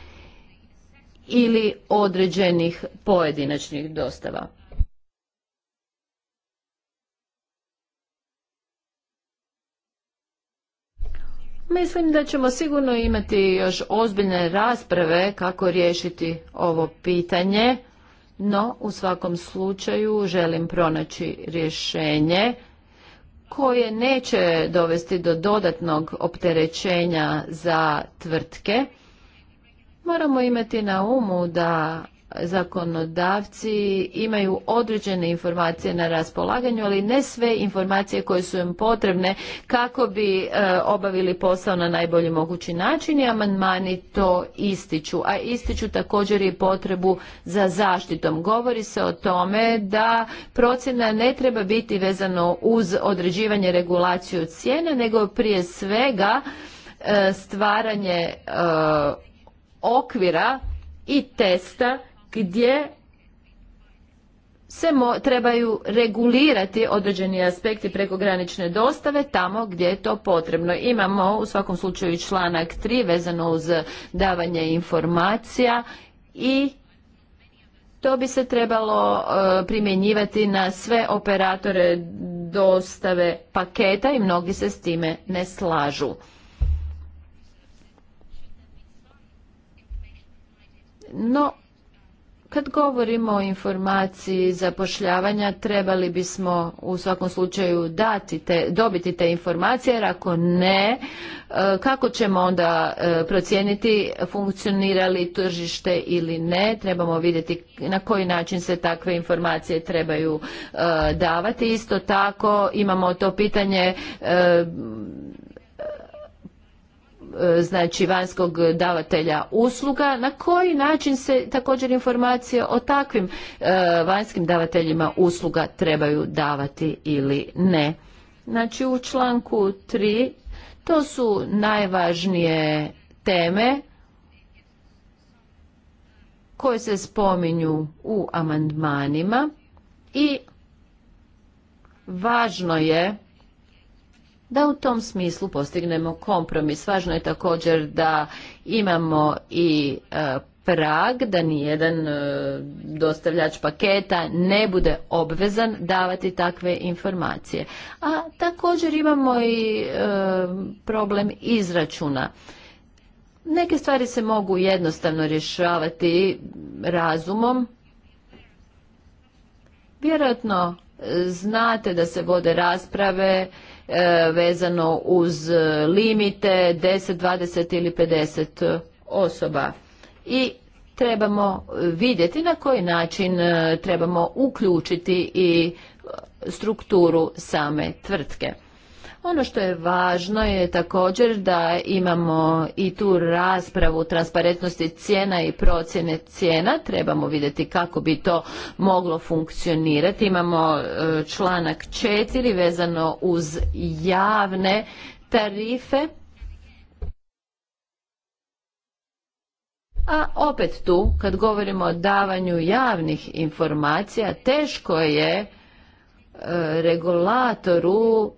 ili određenih pojedinačnih dostava. Mislim da ćemo sigurno imati još ozbiljne rasprave kako riješiti ovo pitanje, no u svakom slučaju želim pronaći rješenje koje neće dovesti do dodatnog opterećenja za tvrtke. Moramo imati na umu da zakonodavci imaju određene informacije na raspolaganju, ali ne sve informacije koje su im potrebne kako bi e, obavili posao na najbolji mogući način i amandmani to ističu. A ističu također i potrebu za zaštitom. Govori se o tome da procjena ne treba biti vezano uz određivanje regulaciju cijena, nego prije svega e, stvaranje e, okvira i testa gdje se trebaju regulirati određeni aspekti prekogranične dostave tamo gdje je to potrebno. Imamo u svakom slučaju članak 3 vezano uz davanje informacija i to bi se trebalo e, primjenjivati na sve operatore dostave paketa i mnogi se s time ne slažu. No kad govorimo o informaciji zapošljavanja, trebali bismo u svakom slučaju dati te, dobiti te informacije, jer ako ne, e, kako ćemo onda e, procijeniti funkcionira li tržište ili ne, trebamo vidjeti na koji način se takve informacije trebaju e, davati. Isto tako imamo to pitanje E, znači vanjskog davatelja usluga, na koji način se također informacije o takvim e, vanjskim davateljima usluga trebaju davati ili ne. Znači u članku 3 to su najvažnije teme koje se spominju u amandmanima i važno je da u tom smislu postignemo kompromis. Važno je također da imamo i e, prag da nijedan e, dostavljač paketa ne bude obvezan davati takve informacije. A također imamo i e, problem izračuna. Neke stvari se mogu jednostavno rješavati razumom. Vjerojatno znate da se vode rasprave E, vezano uz limite 10, 20 ili 50 osoba. I trebamo vidjeti na koji način e, trebamo uključiti i strukturu same tvrtke. Ono što je važno je također da imamo i tu raspravu transparentnosti cijena i procjene cijena. Trebamo vidjeti kako bi to moglo funkcionirati. Imamo e, članak 4 vezano uz javne tarife. A opet tu, kad govorimo o davanju javnih informacija, teško je e, regulatoru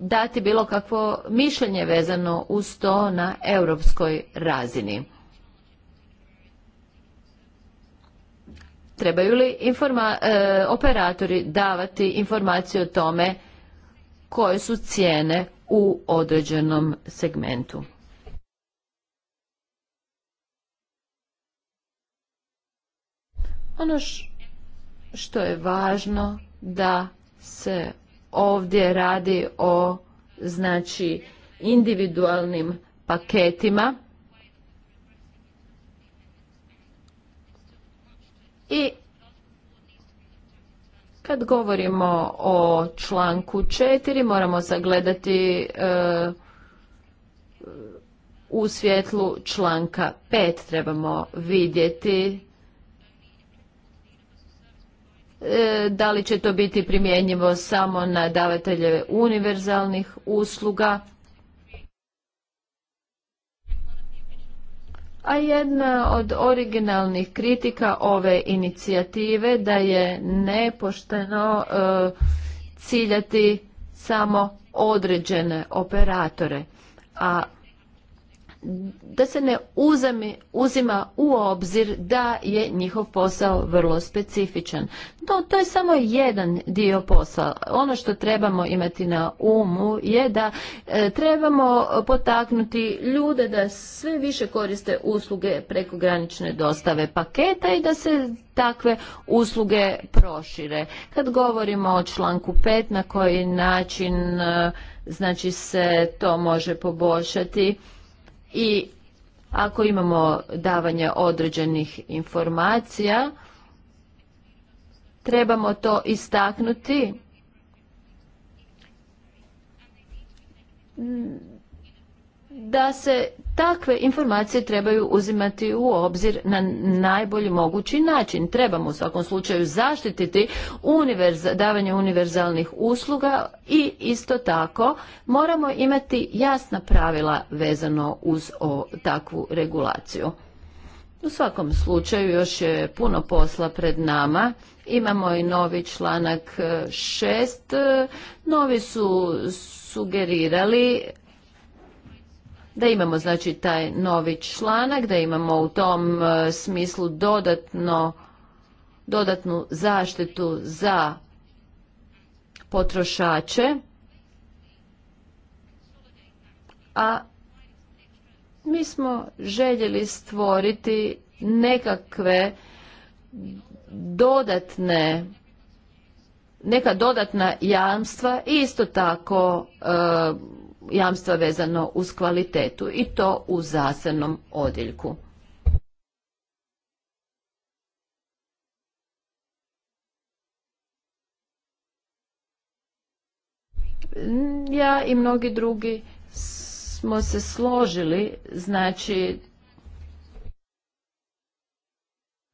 dati bilo kakvo mišljenje vezano uz to na europskoj razini. Trebaju li informa e, operatori davati informacije o tome koje su cijene u određenom segmentu? Ono što je važno da se ovdje radi o znači individualnim paketima i kad govorimo o članku 4 moramo sagledati e, u svjetlu članka 5 trebamo vidjeti E, da li će to biti primjenjivo samo na davatelje univerzalnih usluga. A jedna od originalnih kritika ove inicijative da je nepošteno e, ciljati samo određene operatore. A da se ne uzima u obzir da je njihov posao vrlo specifičan. To, to je samo jedan dio posla. Ono što trebamo imati na umu je da e, trebamo potaknuti ljude da sve više koriste usluge prekogranične dostave paketa i da se takve usluge prošire. Kad govorimo o članku 5 na koji način e, znači se to može poboljšati i ako imamo davanje određenih informacija, trebamo to istaknuti da se takve informacije trebaju uzimati u obzir na najbolji mogući način. Trebamo u svakom slučaju zaštititi davanje univerzalnih usluga i isto tako moramo imati jasna pravila vezano uz o takvu regulaciju. U svakom slučaju još je puno posla pred nama. Imamo i novi članak e, šest. E, novi su sugerirali da imamo znači taj novi članak, da imamo u tom e, smislu dodatno, dodatnu zaštitu za potrošače, a mi smo željeli stvoriti nekakve dodatne neka dodatna jamstva i isto tako e, jamstva vezano uz kvalitetu i to u zasebnom odjeljku. Ja i mnogi drugi smo se složili, znači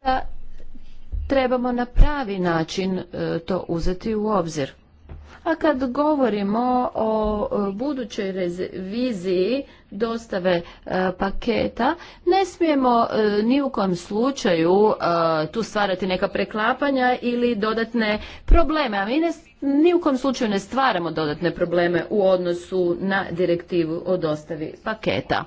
da trebamo na pravi način e, to uzeti u obzir. A kad govorimo o budućoj reviziji dostave e, paketa, ne smijemo e, ni u kojem slučaju e, tu stvarati neka preklapanja ili dodatne probleme. A mi ni u kojem slučaju ne stvaramo dodatne probleme u odnosu na direktivu o dostavi paketa.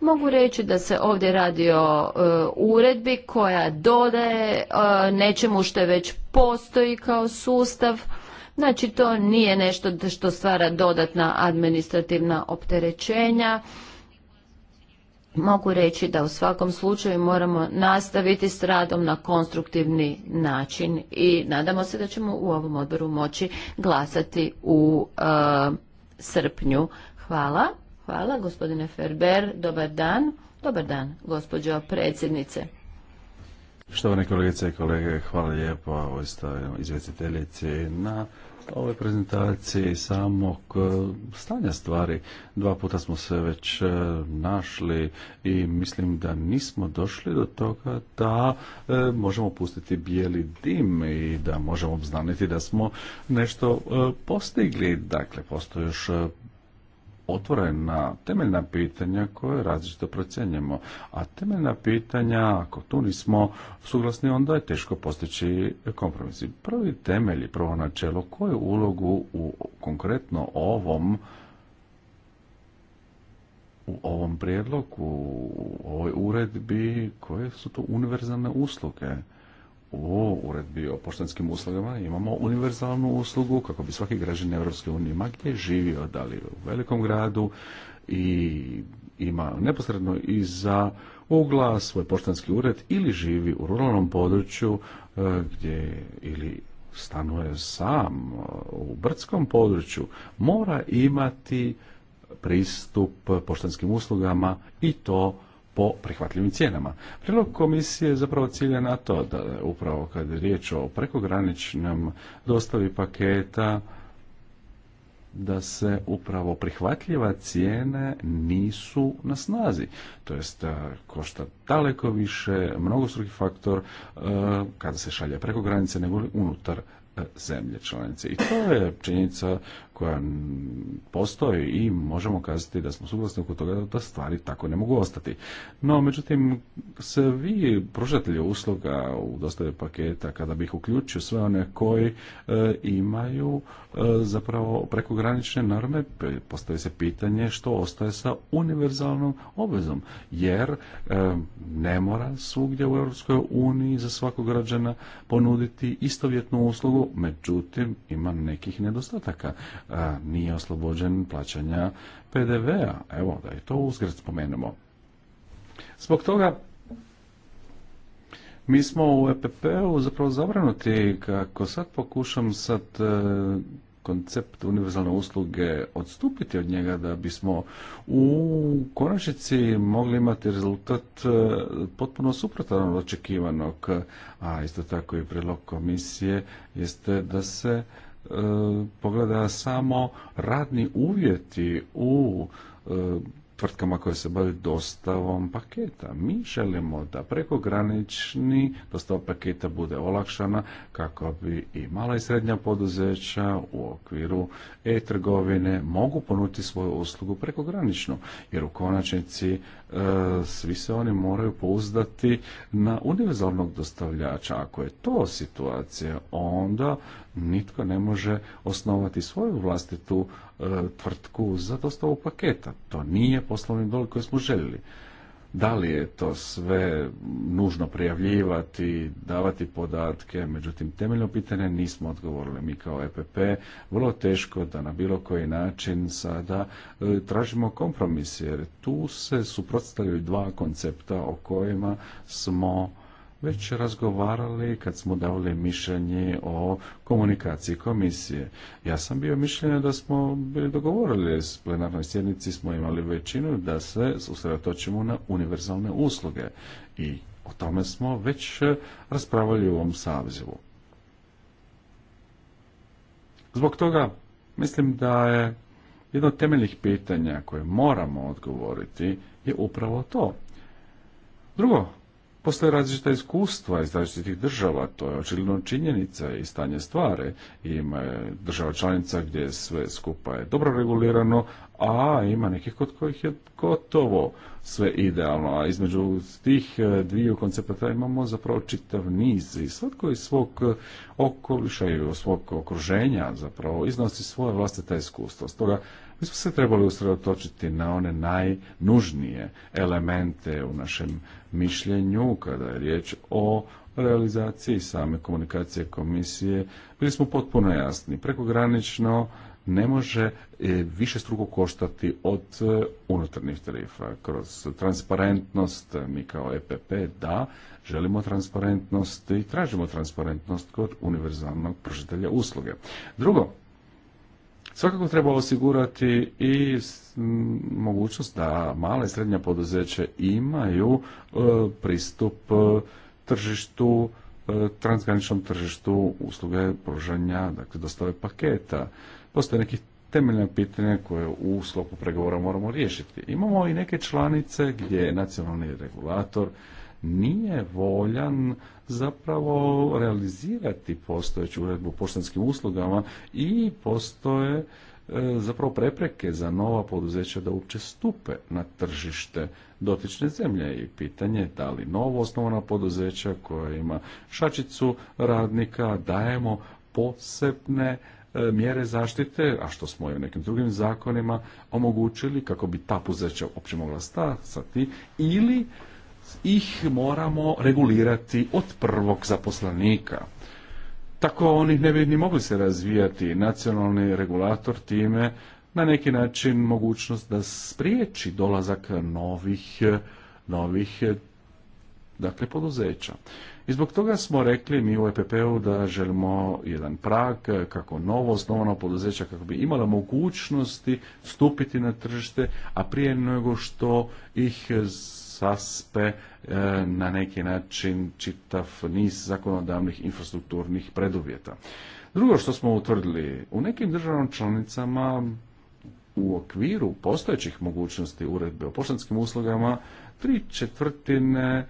Mogu reći da se ovdje radi o uredbi koja dodaje nečemu što je već postoji kao sustav Znači to nije nešto što stvara dodatna administrativna opterećenja. Mogu reći da u svakom slučaju moramo nastaviti s radom na konstruktivni način i nadamo se da ćemo u ovom odboru moći glasati u e, srpnju. Hvala. Hvala gospodine Ferber. Dobar dan. Dobar dan gospođo predsjednice. Štovane kolegice i kolege, hvala lijepo ovoj na ovoj prezentaciji samog e, stanja stvari. Dva puta smo se već e, našli i mislim da nismo došli do toga da e, možemo pustiti bijeli dim i da možemo obznaniti da smo nešto postigli. Dakle, postoji još otvorena temeljna pitanja koje različito procjenjujemo. A temeljna pitanja, ako tu nismo suglasni, onda je teško postići kompromis. Prvi temelj i prvo načelo, koju ulogu u konkretno ovom u ovom prijedlogu, u ovoj uredbi, koje su to univerzalne usluge? u uredbi o poštanskim uslugama imamo univerzalnu uslugu kako bi svaki građanin Europske unije, gdje živio, da li u velikom gradu i ima neposredno iza ugla svoj poštanski ured ili živi u ruralnom području e, gdje ili stanuje sam e, u brdskom području, mora imati pristup poštanskim uslugama i to po prihvatljivim cijenama. Prilog komisije zapravo cilja na to da upravo kad je riječ o prekograničnom dostavi paketa da se upravo prihvatljiva cijene nisu na snazi. To jest e, košta daleko više, mnogostruki faktor e, kada se šalje preko granice nego unutar e, zemlje članice. I to je činjenica koja postoji i možemo kazati da smo suglasni oko toga da stvari tako ne mogu ostati. No, međutim, vi, pružatelji usluga u dostavi paketa, kada bih uključio sve one koji e, imaju E, zapravo prekogranične norme, postavi se pitanje što ostaje sa univerzalnom obvezom, jer e, ne mora svugdje u Europskoj uniji za svakog građana ponuditi istovjetnu uslugu, međutim ima nekih nedostataka. E, nije oslobođen plaćanja PDV-a, evo da i to uzgred spomenemo. Zbog toga mi smo u EPP-u zapravo zabranuti kako sad pokušam sad e, koncept univerzalne usluge odstupiti od njega da bismo u konačnici mogli imati rezultat e, potpuno suprotan od očekivanog, a isto tako i prilog komisije jeste da se e, pogleda samo radni uvjeti u tvrtkama koje se bave dostavom paketa. Mi želimo da prekogranični dostav paketa bude olakšana kako bi i mala i srednja poduzeća u okviru e-trgovine mogu ponuditi svoju uslugu prekogranično, jer u konačnici e, svi se oni moraju pouzdati na univerzalnog dostavljača. Ako je to situacija, onda nitko ne može osnovati svoju vlastitu e, tvrtku za dostavu paketa. To nije poslovni dolog koji smo željeli. Da li je to sve nužno prijavljivati, davati podatke, međutim temeljno pitanje nismo odgovorili. Mi kao EPP vrlo teško da na bilo koji način sada e, tražimo kompromis jer tu se suprotstavljaju dva koncepta o kojima smo već razgovarali kad smo davali mišljenje o komunikaciji komisije. Ja sam bio mišljenja da smo bili dogovorili s plenarnoj sjednici, smo imali većinu da se usredotočimo na univerzalne usluge i o tome smo već raspravljali u ovom savzivu. Zbog toga mislim da je jedno od temeljnih pitanja koje moramo odgovoriti je upravo to. Drugo postoje različita iskustva iz različitih država, to je očigledno činjenica i stanje stvari. Ima država članica gdje sve skupa je dobro regulirano, a ima nekih kod kojih je gotovo sve idealno, a između tih e, dviju koncepta imamo zapravo čitav niz i svatko iz svog e, okoliša i svog okruženja zapravo iznosi svoje vlastite iskustva. Stoga mi smo se trebali usredotočiti na one najnužnije elemente u našem mišljenju kada je riječ o realizaciji same komunikacije komisije. Bili smo potpuno jasni. Prekogranično ne može e, više struko koštati od e, unutarnjih tarifa. Kroz transparentnost e, mi kao EPP da, želimo transparentnost i tražimo transparentnost kod univerzalnog pružitelja usluge. Drugo, Svakako treba osigurati i mogućnost da male i srednja poduzeće imaju e, pristup e, tržištu, e, transgraničnom tržištu usluge pružanja, dakle dostave paketa. Postoje neki temeljna pitanja koje u sklopu pregovora moramo riješiti. Imamo i neke članice gdje je nacionalni regulator nije voljan zapravo realizirati postojeću uredbu o poštanskim uslugama i postoje e, zapravo prepreke za nova poduzeća da uopće stupe na tržište dotične zemlje i pitanje da li novo osnovana poduzeća koja ima šačicu radnika dajemo posebne e, mjere zaštite, a što smo i u nekim drugim zakonima omogućili kako bi ta poduzeća uopće mogla stasati ili ih moramo regulirati od prvog zaposlenika. Tako oni ne bi ni mogli se razvijati. Nacionalni regulator time na neki način mogućnost da spriječi dolazak novih, novih dakle, poduzeća. I zbog toga smo rekli mi u EPP-u da želimo jedan prag kako novo osnovano poduzeća kako bi imala mogućnosti stupiti na tržište, a prije nego što ih saspe e, na neki način čitav niz zakonodavnih infrastrukturnih preduvjeta. Drugo što smo utvrdili, u nekim državama članicama u okviru postojećih mogućnosti uredbe o poštanskim uslugama tri četvrtine e,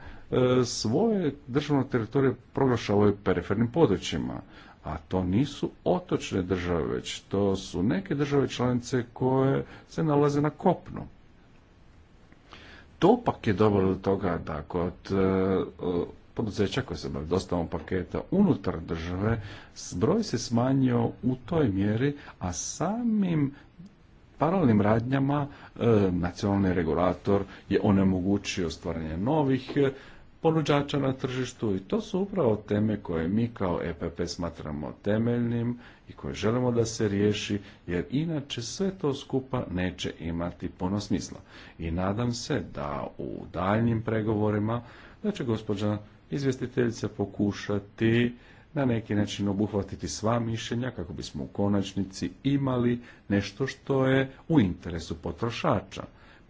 svoje državno teritorije proglašavaju perifernim područjima. A to nisu otočne države, već to su neke države članice koje se nalaze na kopnu to pak je dovelo do toga da kod e, poduzeća koje se bave dostavom paketa unutar države, broj se smanjio u toj mjeri, a samim paralelnim radnjama e, nacionalni regulator je onemogućio stvaranje novih ponuđača na tržištu i to su upravo teme koje mi kao EPP smatramo temeljnim i koje želimo da se riješi jer inače sve to skupa neće imati puno smisla. I nadam se da u daljnjim pregovorima da će gospođa izvjestiteljica pokušati na neki način obuhvatiti sva mišljenja kako bismo u konačnici imali nešto što je u interesu potrošača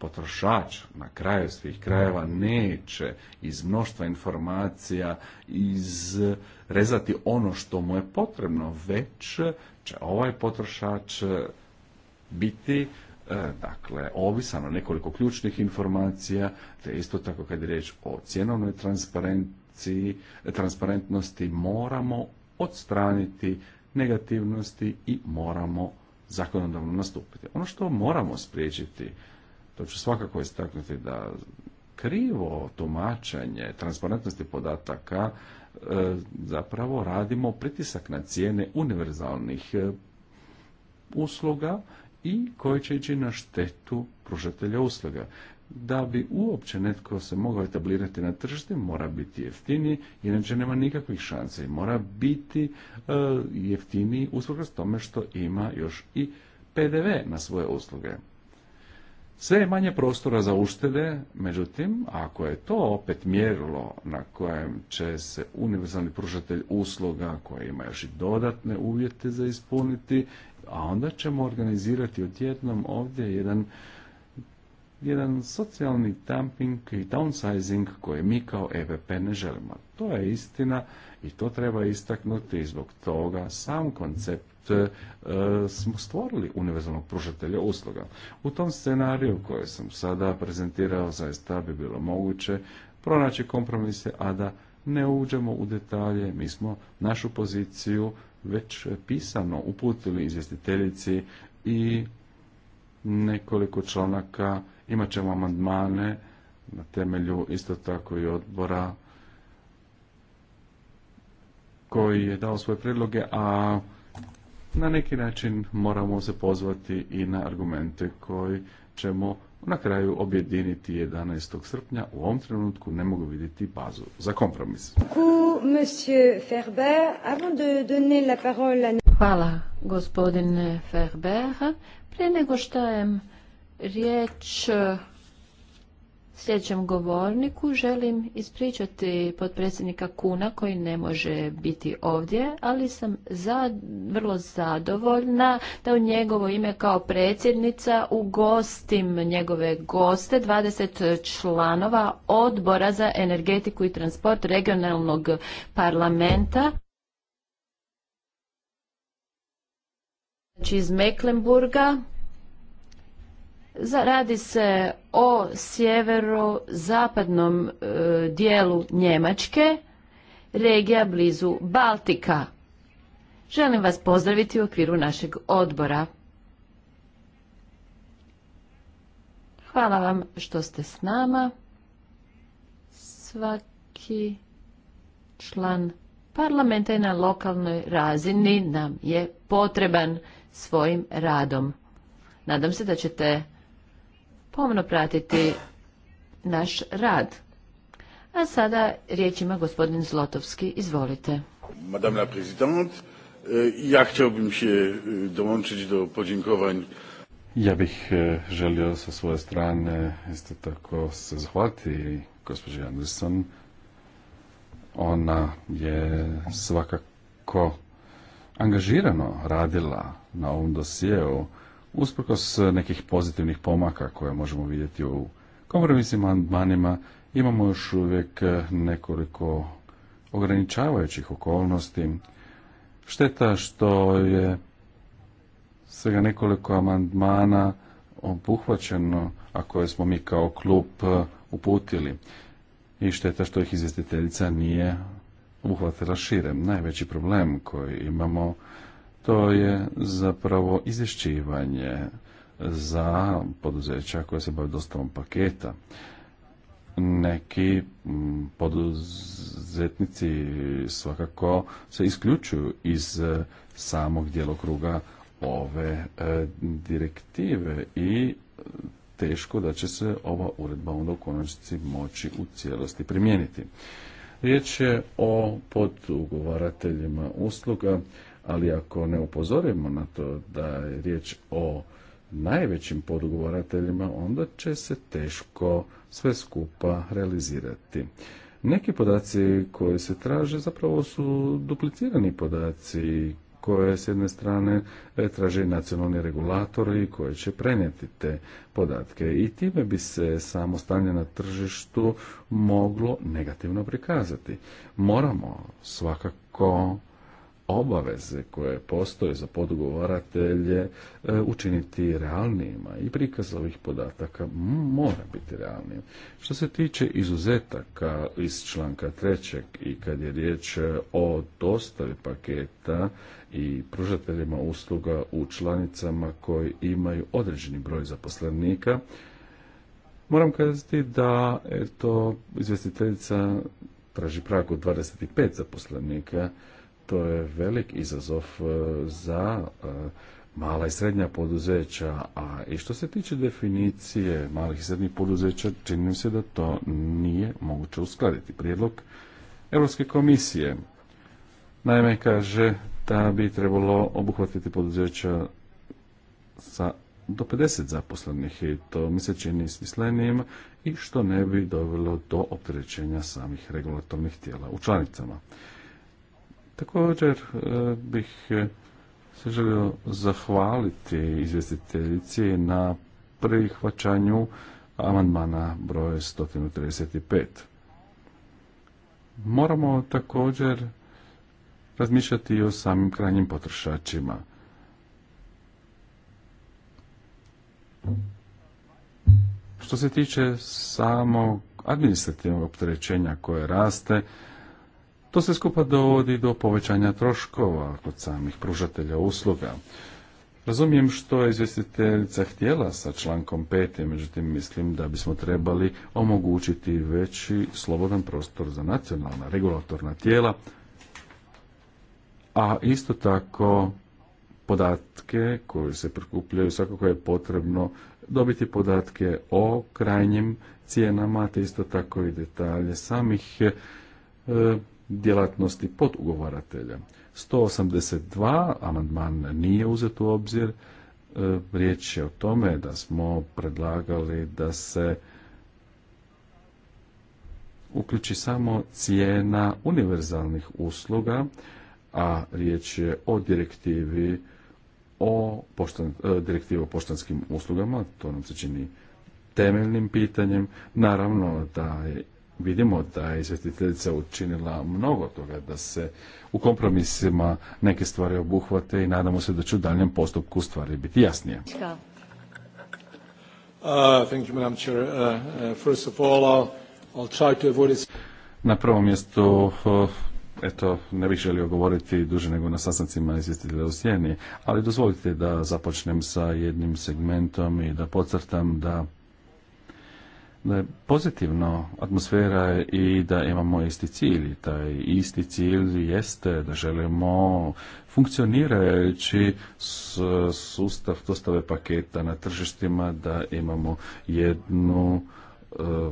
potrošač na kraju svih krajeva neće iz mnoštva informacija izrezati ono što mu je potrebno, već će ovaj potrošač biti e, dakle, ovisan o nekoliko ključnih informacija, te isto tako kad je riječ o cjenovnoj transparentnosti, moramo odstraniti negativnosti i moramo zakonodavno nastupiti. Ono što moramo spriječiti to ću svakako istaknuti da krivo tumačenje transparentnosti podataka e, zapravo radimo pritisak na cijene univerzalnih e, usluga i koje će ići na štetu pružatelja usluga. Da bi uopće netko se mogao etablirati na tržište, mora biti jeftiniji, inače nema nikakvih šanse. Mora biti e, jeftiniji usluga s tome što ima još i PDV na svoje usluge. Sve je manje prostora za uštede, međutim, ako je to opet mjerilo na kojem će se univerzalni pružatelj usluga, koji ima još i dodatne uvjete za ispuniti, a onda ćemo organizirati odjednom ovdje jedan jedan socijalni dumping i downsizing koje mi kao EVP ne želimo. To je istina i to treba istaknuti i zbog toga sam koncept E, smo stvorili univerzalnog pružatelja usluga. U tom scenariju koje sam sada prezentirao zaista bi bilo moguće pronaći kompromise, a da ne uđemo u detalje, mi smo našu poziciju već pisano uputili izvjestiteljici i nekoliko članaka, imat ćemo amandmane na temelju isto tako i odbora koji je dao svoje predloge, a na neki način moramo se pozvati i na argumente koji ćemo na kraju objediniti 11. srpnja. U ovom trenutku ne mogu vidjeti bazu za kompromis. Hvala gospodine Ferber. Prije nego što je riječ Sljedećem govorniku želim ispričati potpredsjednika Kuna koji ne može biti ovdje, ali sam za, vrlo zadovoljna da u njegovo ime kao predsjednica ugostim njegove goste, 20 članova odbora za energetiku i transport regionalnog parlamenta. Znači iz Mecklenburga, Radi se o sjeverozapadnom zapadnom e, dijelu Njemačke, regija blizu Baltika. Želim vas pozdraviti u okviru našeg odbora. Hvala vam što ste s nama. Svaki član parlamenta i na lokalnoj razini nam je potreban svojim radom. Nadam se da ćete pomno pratiti naš rad. A sada riječ ima gospodin Zlotovski. Izvolite. Madame la eh, ja chciałbym se eh, dołączyć do podziękowań. Ja bih eh, želio sa svoje strane isto tako se zahvaliti gospođi Anderson. Ona je svakako angažirano radila na ovom dosijeu usprkos e, nekih pozitivnih pomaka koje možemo vidjeti u kompromisnim amandmanima, imamo još uvijek e, nekoliko ograničavajućih okolnosti. Šteta što je svega nekoliko amandmana obuhvaćeno, a koje smo mi kao klub e, uputili. I šteta što ih izvjestiteljica nije obuhvatila širem. Najveći problem koji imamo to je zapravo izvješćivanje za poduzeća koja se bave dostavom paketa. Neki mm, poduzetnici svakako se isključuju iz e, samog djelokruga ove e, direktive i teško da će se ova uredba onda u konačnici moći u cijelosti primijeniti. Riječ je o podugovarateljima usluga ali ako ne upozorimo na to da je riječ o najvećim podgovarateljima onda će se teško sve skupa realizirati. Neki podaci koji se traže zapravo su duplicirani podaci koje s jedne strane e, traže nacionalni regulatori koji će prenijeti te podatke i time bi se samo stanje na tržištu moglo negativno prikazati. Moramo svakako obaveze koje postoje za podugovaratelje e, učiniti realnijima i prikaz ovih podataka mora biti realnijim. Što se tiče izuzetaka iz članka trećeg i kad je riječ e, o dostavi paketa i pružateljima usluga u članicama koji imaju određeni broj zaposlenika, Moram kazati da eto, izvjestiteljica traži prag od 25 zaposlenika to je velik izazov e, za e, mala i srednja poduzeća, a i što se tiče definicije malih i srednjih poduzeća, čini se da to nije moguće uskladiti. Prijedlog Europske komisije naime kaže da bi trebalo obuhvatiti poduzeća sa do 50 zaposlenih i to mi se čini smislenijim i što ne bi dovelo do opterećenja samih regulatornih tijela u članicama. Također e, bih e, se želio zahvaliti izvjestiteljici na prihvaćanju amandmana broje 135. Moramo također razmišljati i o samim krajnjim potrošačima. Što se tiče samog administrativnog opterećenja koje raste, to se skupa dovodi do povećanja troškova kod samih pružatelja usluga. Razumijem što je izvjestiteljica htjela sa člankom 5. Međutim, mislim da bismo trebali omogućiti veći slobodan prostor za nacionalna regulatorna tijela, a isto tako podatke koje se prikupljaju svakako je potrebno dobiti podatke o krajnjim cijenama, te isto tako i detalje samih e, djelatnosti podugovaratelja. 182 amandman nije uzet u obzir. E, riječ je o tome da smo predlagali da se uključi samo cijena univerzalnih usluga, a riječ je o direktivi o, poštan, e, direktivi o poštanskim uslugama, to nam se čini temeljnim pitanjem. Naravno da je vidimo da je izvjestiteljica učinila mnogo toga da se u kompromisima neke stvari obuhvate i nadamo se da će u daljem postupku stvari biti jasnije. Uh, uh, uh, na prvom mjestu eto, ne bih želio govoriti duže nego na sastancima izvjestitelja u Sjeni, ali dozvolite da započnem sa jednim segmentom i da podcrtam da da je pozitivno atmosfera i da imamo isti cilj. Taj isti cilj jeste da želimo funkcionirajući s sustav dostave paketa na tržištima, da imamo jednu e,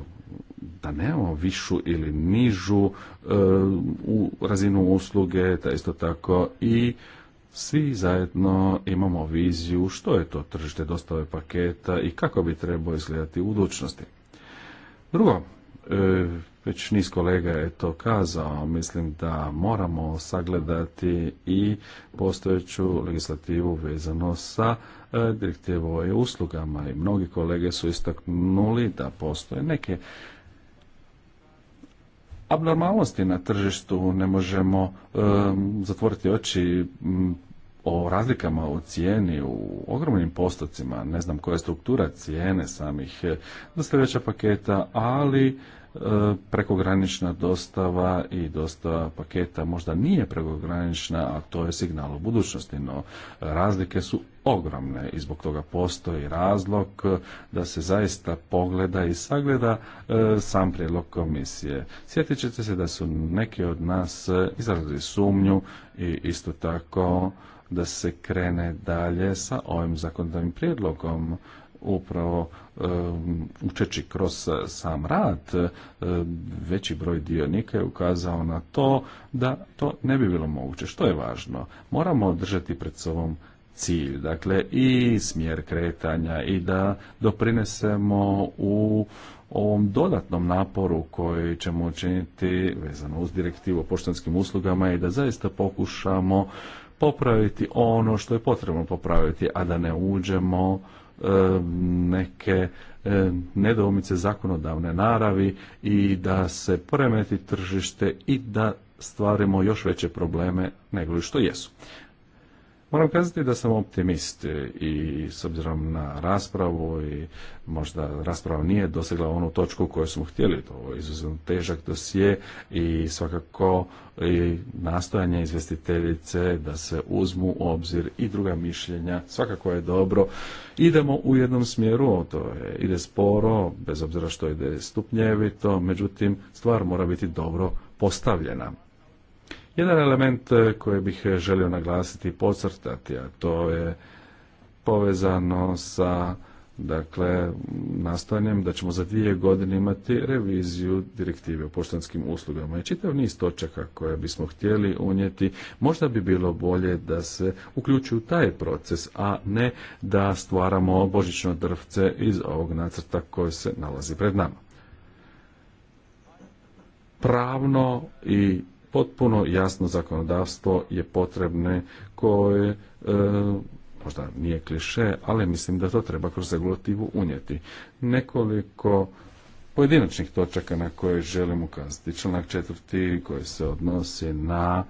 da nemamo višu ili nižu e, u razinu usluge, da isto tako i svi zajedno imamo viziju što je to tržište dostave paketa i kako bi trebao izgledati u budućnosti. Drugo, e, već niz kolega je to kazao, mislim da moramo sagledati i postojeću legislativu vezano sa e, direktivom o uslugama i mnogi kolege su istaknuli da postoje neke abnormalnosti na tržištu, ne možemo e, zatvoriti oči, o razlikama u cijeni u ogromnim postocima, ne znam koja je struktura cijene samih e, sljedeća paketa, ali e, prekogranična dostava i dostava paketa možda nije prekogranična, a to je signal u budućnosti, no razlike su ogromne i zbog toga postoji razlog da se zaista pogleda i sagleda e, sam prijedlog komisije. Sjetit ćete se da su neki od nas izrazili sumnju i isto tako da se krene dalje sa ovim zakonodavnim prijedlogom upravo um, učeći kroz uh, sam rad, uh, veći broj dionika je ukazao na to da to ne bi bilo moguće. Što je važno? Moramo držati pred sobom cilj, dakle i smjer kretanja i da doprinesemo u ovom dodatnom naporu koji ćemo učiniti vezano uz direktivu o poštanskim uslugama i da zaista pokušamo popraviti ono što je potrebno popraviti, a da ne uđemo e, neke e, nedoumice zakonodavne naravi i da se poremeti tržište i da stvarimo još veće probleme nego što jesu. Moram kazati da sam optimist e, i s obzirom na raspravu i možda rasprava nije dosegla onu točku koju smo htjeli, to je izuzetno težak dosje i svakako i nastojanje izvjestiteljice da se uzmu u obzir i druga mišljenja, svakako je dobro. Idemo u jednom smjeru, to je, ide sporo, bez obzira što ide stupnjevito, međutim stvar mora biti dobro postavljena. Jedan element e, koji bih e, želio naglasiti i podcrtati, a to je povezano sa dakle nastojanjem da ćemo za dvije godine imati reviziju direktive o poštanskim uslugama i čitav niz točaka koje bismo htjeli unijeti možda bi bilo bolje da se u taj proces a ne da stvaramo božično drvce iz ovog nacrta koji se nalazi pred nama pravno i potpuno jasno zakonodavstvo je potrebne koje e, možda nije kliše, ali mislim da to treba kroz regulativu unijeti. Nekoliko pojedinačnih točaka na koje želim ukazati. Članak četvrti koji se odnosi na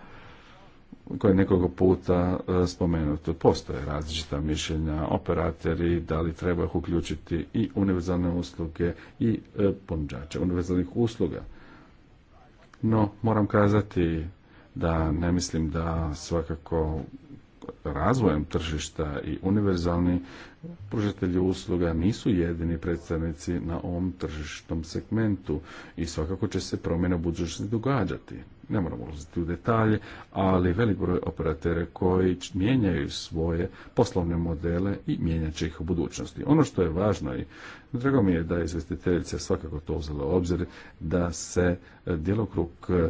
koje je nekoliko puta e, spomenuto. Postoje različita mišljenja, operatori, da li treba uključiti i univerzalne usluge i e, ponuđače univerzalnih usluga no moram kazati da ne mislim da svakako razvojem tržišta i univerzalni pružatelji usluga nisu jedini predstavnici na ovom tržišnom segmentu i svakako će se promjena u budućnosti događati ne moramo ulaziti u detalje, ali velik broj operatere koji mijenjaju svoje poslovne modele i mijenjat će ih u budućnosti. Ono što je važno i drago mi je da je izvestiteljica svakako to uzela u obzir, da se e, djelokrug e, e,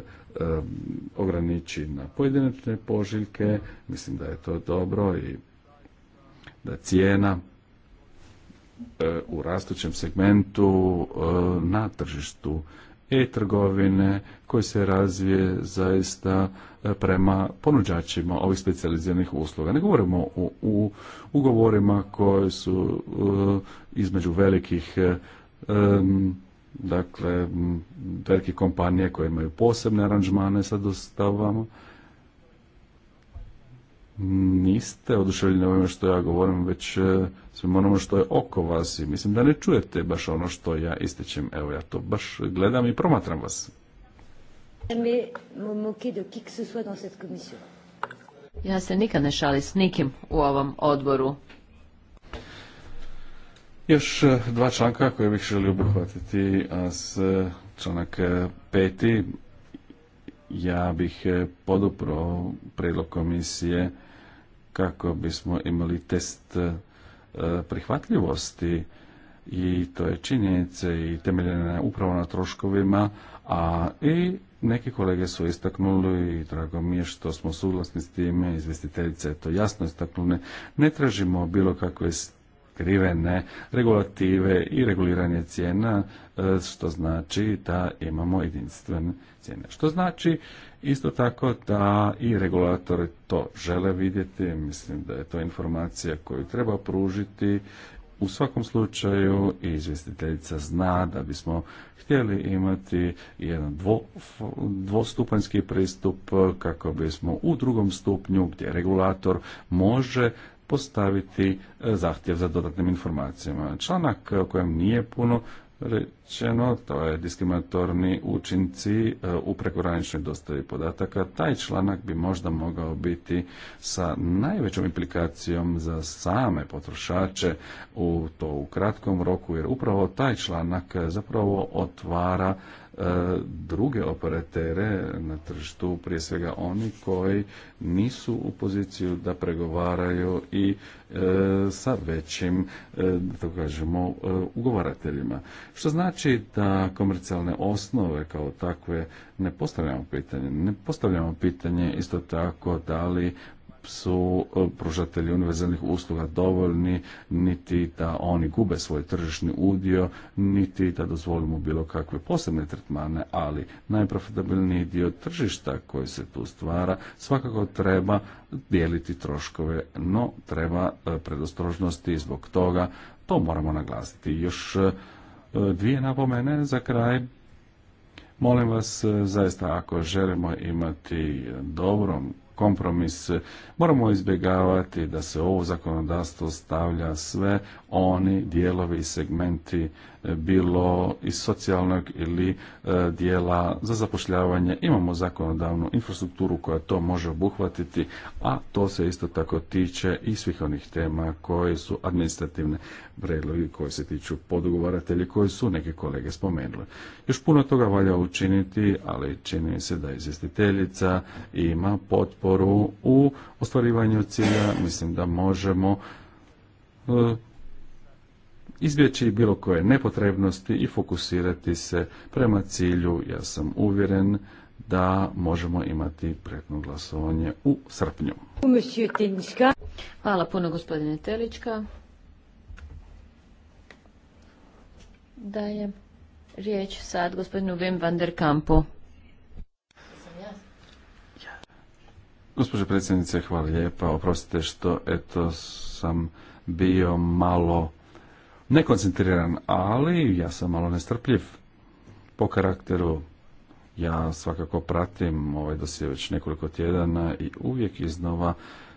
ograniči na pojedinačne požiljke, mislim da je to dobro i da cijena u rastućem segmentu na tržištu e-trgovine koji se razvije zaista e, prema ponuđačima ovih specijaliziranih usluga. Ne govorimo o, ugovorima koji su e, između velikih e, dakle velike kompanije koje imaju posebne aranžmane sa dostavama niste oduševljeni ovime što ja govorim, već svim onome što je oko vas i mislim da ne čujete baš ono što ja ističem. Evo ja to baš gledam i promatram vas. Ja se nikad ne šali s nikim u ovom odboru. Još e, dva članka koje bih želio obuhvatiti, a s e, članak e, peti ja bih podupro predlog komisije kako bismo imali test prihvatljivosti i to je činjenice i temeljene upravo na troškovima, a i neki kolege su istaknuli i drago mi je što smo suglasni s time, izvestiteljice je to jasno istaknule, ne tražimo bilo kakve skrivene regulative i reguliranje cijena, e, što znači da imamo jedinstvene cijene. Što znači isto tako da i regulatori to žele vidjeti, mislim da je to informacija koju treba pružiti u svakom slučaju izvjestiteljica zna da bismo htjeli imati jedan dvo, dvostupanjski pristup kako bismo u drugom stupnju gdje regulator može postaviti e, zahtjev za dodatnim informacijama. Članak kojem nije puno rečeno, to je diskriminatorni učinci e, u prekograničnoj dostavi podataka. Taj članak bi možda mogao biti sa najvećom implikacijom za same potrošače u to u kratkom roku, jer upravo taj članak zapravo otvara e, druge operatere na tržištu, prije svega oni koji nisu u poziciju da pregovaraju i e, sa većim, da to kažemo, ugovarateljima. Što znači znači da komercijalne osnove kao takve ne postavljamo pitanje. Ne postavljamo pitanje isto tako da li su e, pružatelji univerzalnih usluga dovoljni, niti da oni gube svoj tržišni udio, niti da dozvolimo bilo kakve posebne tretmane, ali najprofitabilniji dio tržišta koji se tu stvara svakako treba dijeliti troškove, no treba e, predostrožnosti i zbog toga to moramo naglasiti. Još e, Dvije napomene za kraj. Molim vas, e, zaista ako želimo imati dobro kompromis, moramo izbjegavati da se ovo zakonodavstvo stavlja sve oni dijelovi i segmenti e, bilo iz socijalnog ili e, dijela za zapošljavanje. Imamo zakonodavnu infrastrukturu koja to može obuhvatiti, a to se isto tako tiče i svih onih tema koje su administrativne predlogi koji se tiču podugovaratelji koji su neke kolege spomenuli. Još puno toga valja učiniti, ali čini se da izvjestiteljica ima potporu u ostvarivanju cilja. Mislim da možemo e, izbjeći bilo koje nepotrebnosti i fokusirati se prema cilju. Ja sam uvjeren da možemo imati pretno glasovanje u srpnju. Hvala puno gospodine Telička. Dajem riječ sad gospodinu Wim van der Kampu. Gospođo predsjednice, hvala lijepa. Oprostite što eto sam bio malo nekoncentriran, ali ja sam malo nestrpljiv po karakteru. Ja svakako pratim ovaj dosije već nekoliko tjedana i uvijek iznova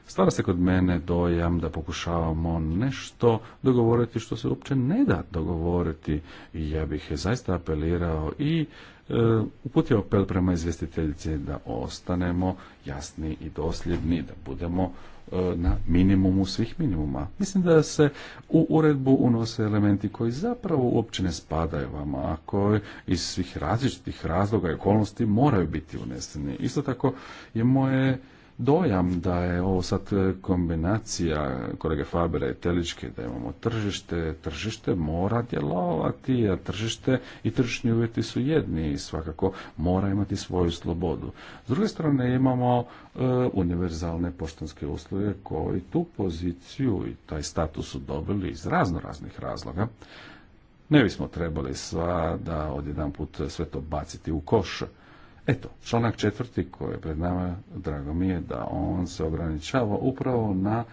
stvara se kod mene dojam da pokušavamo nešto dogovoriti što se uopće ne da dogovoriti i ja bih zaista apelirao i E, uputio apel prema izvjestiteljici da ostanemo jasni i dosljedni, da budemo e, na minimumu svih minimuma. Mislim da se u uredbu unose elementi koji zapravo uopće ne spadaju vama, a koji iz svih različitih razloga i okolnosti moraju biti uneseni. Isto tako je moje dojam da je ovo sad kombinacija kolege Fabera i Teličke, da imamo tržište, tržište mora djelovati, a tržište i tržišni uvjeti su jedni i svakako mora imati svoju slobodu. S druge strane imamo e, univerzalne poštanske usluge koji tu poziciju i taj status su dobili iz razno raznih razloga. Ne bismo trebali sva da odjedan put sve to baciti u koš Eto, članak četvrti koji je pred nama, drago mi je da on se ograničava upravo na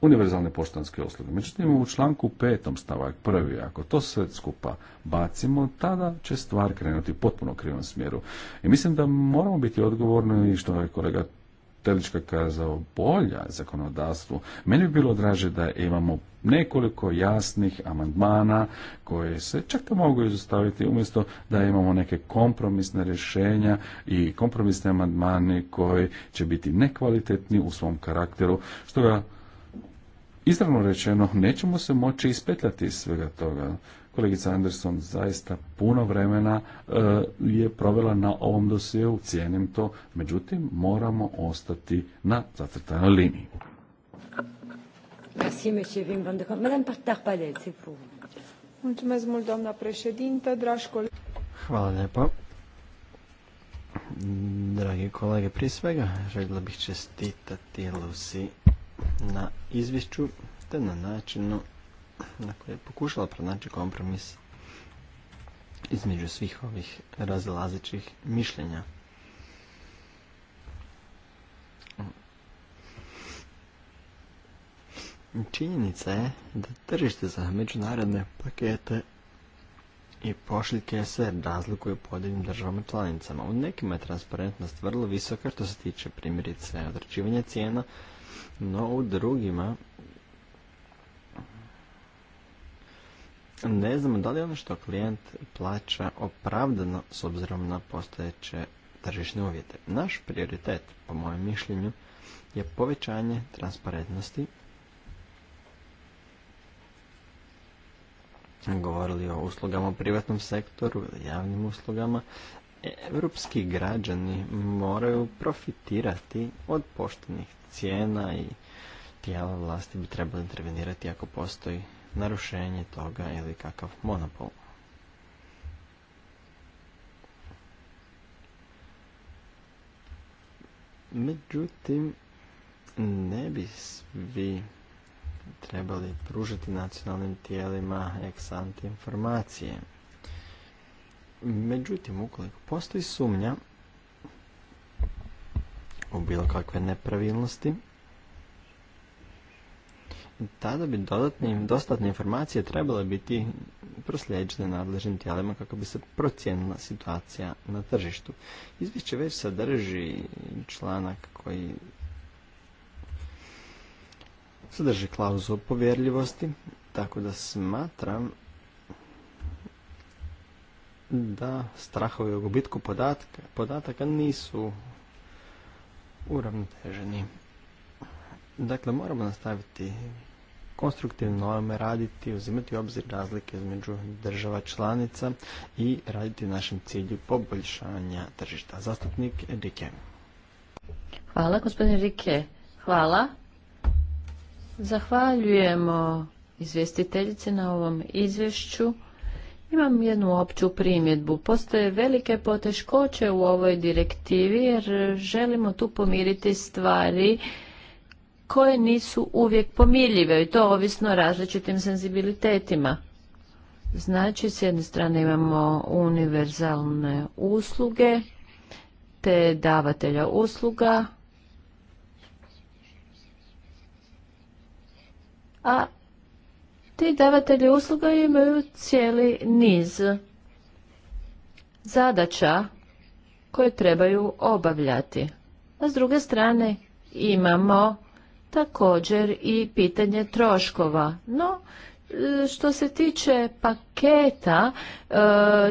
univerzalne poštanske usluge. Međutim, u članku petom stavak prvi, ako to sve skupa bacimo, tada će stvar krenuti potpuno krivom smjeru. I mislim da moramo biti odgovorni, što je kolega Telička kazao bolja zakonodavstvu, meni bi bilo draže da imamo nekoliko jasnih amandmana koje se čak mogu izostaviti umjesto da imamo neke kompromisne rješenja i kompromisne amandmane koji će biti nekvalitetni u svom karakteru, što ga Izravno rečeno, nećemo se moći ispetljati iz svega toga. Kolegica Anderson zaista puno vremena e, je provela na ovom dosjeu, cijenim to, međutim moramo ostati na zacrtanoj liniji. Merci, monsieur Wim van de Kamp. Madame Partarpalet, c'est pour vous. Mulțumesc mult, doamna președintă, dragi colegi. Hvala lijepo. Dragi kolege, prije svega željela bih čestitati Lucy na izvješću te na načinu na koje je pokušala pronaći kompromis između svih ovih razilazećih mišljenja. Činjenica je da tržište za međunarodne pakete i pošljike se razlikuju po pojedinim državama članicama. U nekima je transparentnost vrlo visoka što se tiče primjerice određivanja cijena, no u drugima ne znamo da li ono što klijent plaća opravdano s obzirom na postojeće tržišne uvjete. Naš prioritet, po mojem mišljenju, je povećanje transparentnosti. Govorili o uslugama u privatnom sektoru ili javnim uslugama. Europski građani moraju profitirati od poštenih cijena i tijela vlasti bi trebali intervenirati ako postoji narušenje toga ili kakav monopol. Međutim, ne bi svi trebali pružati nacionalnim tijelima eksant informacije. Međutim, ukoliko postoji sumnja u bilo kakve nepravilnosti, tada bi dodatne, dostatne informacije trebale biti proslijeđene nadležnim tijelima kako bi se procijenila situacija na tržištu. Izvješće već sadrži članak koji sadrži klauzu povjerljivosti, tako da smatram da strahovi o gubitku podataka nisu uravnoteženi. Dakle, moramo nastaviti konstruktivno ovome raditi, uzimati u obzir razlike između država članica i raditi našem cilju poboljšanja tržišta. Zastupnik Rike. Hvala gospodine Rike. Hvala. Zahvaljujemo izvjestiteljice na ovom izvješću. Imam jednu opću primjedbu. Postoje velike poteškoće u ovoj direktivi jer želimo tu pomiriti stvari koje nisu uvijek pomirljive i to ovisno o različitim senzibilitetima. Znači, s jedne strane imamo univerzalne usluge, te davatelja usluga, a ti davatelji usluga imaju cijeli niz zadaća koje trebaju obavljati. A s druge strane imamo također i pitanje troškova. No, e, što se tiče paketa, e,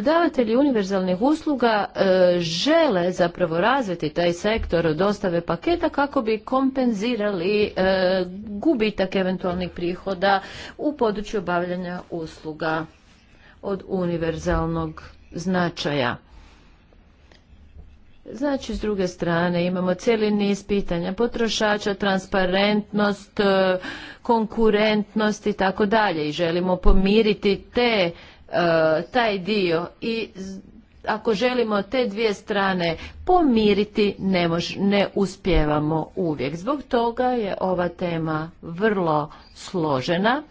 davatelji univerzalnih usluga e, žele zapravo razviti taj sektor dostave paketa kako bi kompenzirali gubitak eventualnih prihoda u području obavljanja usluga od univerzalnog značaja. Znači, s druge strane, imamo cijeli niz pitanja potrošača, transparentnost, e, konkurentnost i tako dalje i želimo pomiriti te, e, taj dio i ako želimo te dvije strane pomiriti, ne, mož, ne uspjevamo uvijek. Zbog toga je ova tema vrlo složena,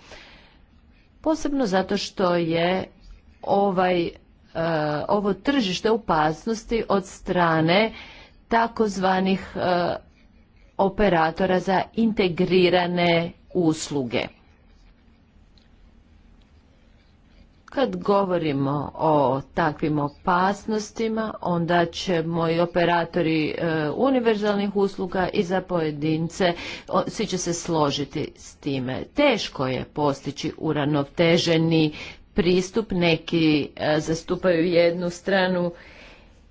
posebno zato što je ovaj E, ovo tržište opasnosti od strane takozvanih e, operatora za integrirane usluge. Kad govorimo o takvim opasnostima, onda će moji operatori e, univerzalnih usluga i za pojedince, svi će se složiti s time. Teško je postići uravnoteženi pristup, neki e, zastupaju jednu stranu,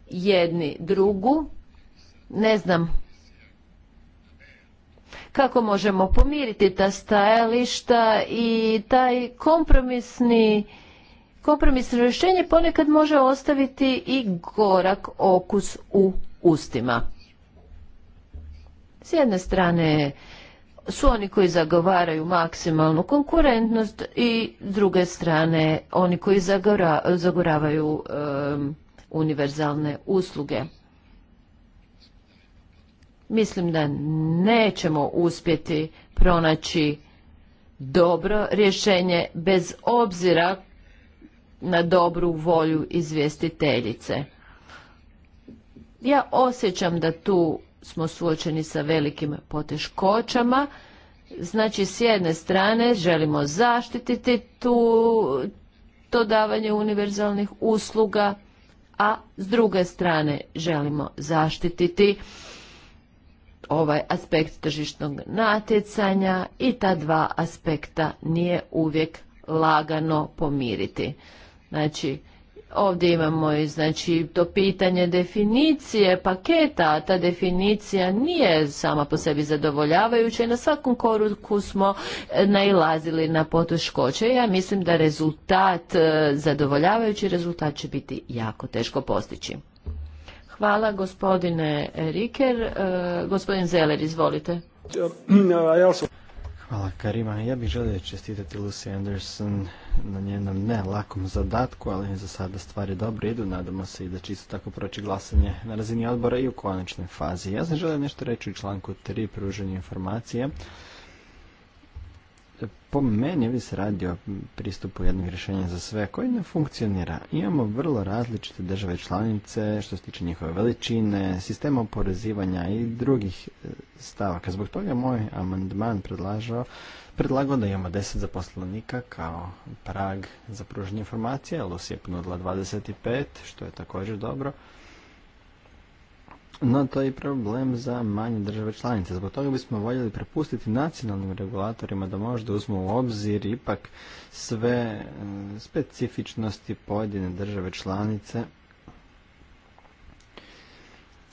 jedni drugu. Ne znam kako možemo pomiriti ta stajališta i taj kompromisni kompromisno rješenje ponekad može ostaviti i gorak okus u ustima. S jedne strane su oni koji zagovaraju maksimalnu konkurentnost i s druge strane oni koji zagoravaju univerzalne usluge. Mislim da nećemo uspjeti pronaći dobro rješenje bez obzira na dobru volju izvjestiteljice. Ja osjećam da tu smo suočeni sa velikim poteškoćama. Znači, s jedne strane želimo zaštititi tu, to davanje univerzalnih usluga, a s druge strane želimo zaštititi ovaj aspekt tržišnog natjecanja i ta dva aspekta nije uvijek lagano pomiriti. Znači, Ovdje imamo i znači to pitanje definicije paketa, ta definicija nije sama po sebi zadovoljavajuća i na svakom koruku smo e, nailazili na poteškoće. Ja mislim da rezultat, e, zadovoljavajući rezultat će biti jako teško postići. Hvala gospodine Riker. E, gospodin Zeler, izvolite. Hvala Karima. Ja bih želio čestitati Lucy Anderson na njenom ne lakom zadatku, ali za sada stvari dobro idu. Nadamo se i da će isto tako proći glasanje na razini odbora i u konačnoj fazi. Ja sam želio nešto reći u članku 3, pruženje informacije po meni bi se radi o pristupu jednog rješenja za sve koji ne funkcionira. Imamo vrlo različite države članice što se tiče njihove veličine, sistema oporezivanja i drugih e, stavaka. Zbog toga je moj amandman predlažao predlagao da imamo 10 zaposlenika kao prag za pružanje informacije, ali je ponudila 25, što je također dobro. No to je problem za manje države članice. Zbog toga bismo voljeli prepustiti nacionalnim regulatorima da možda uzmu u obzir ipak sve e, specifičnosti pojedine države članice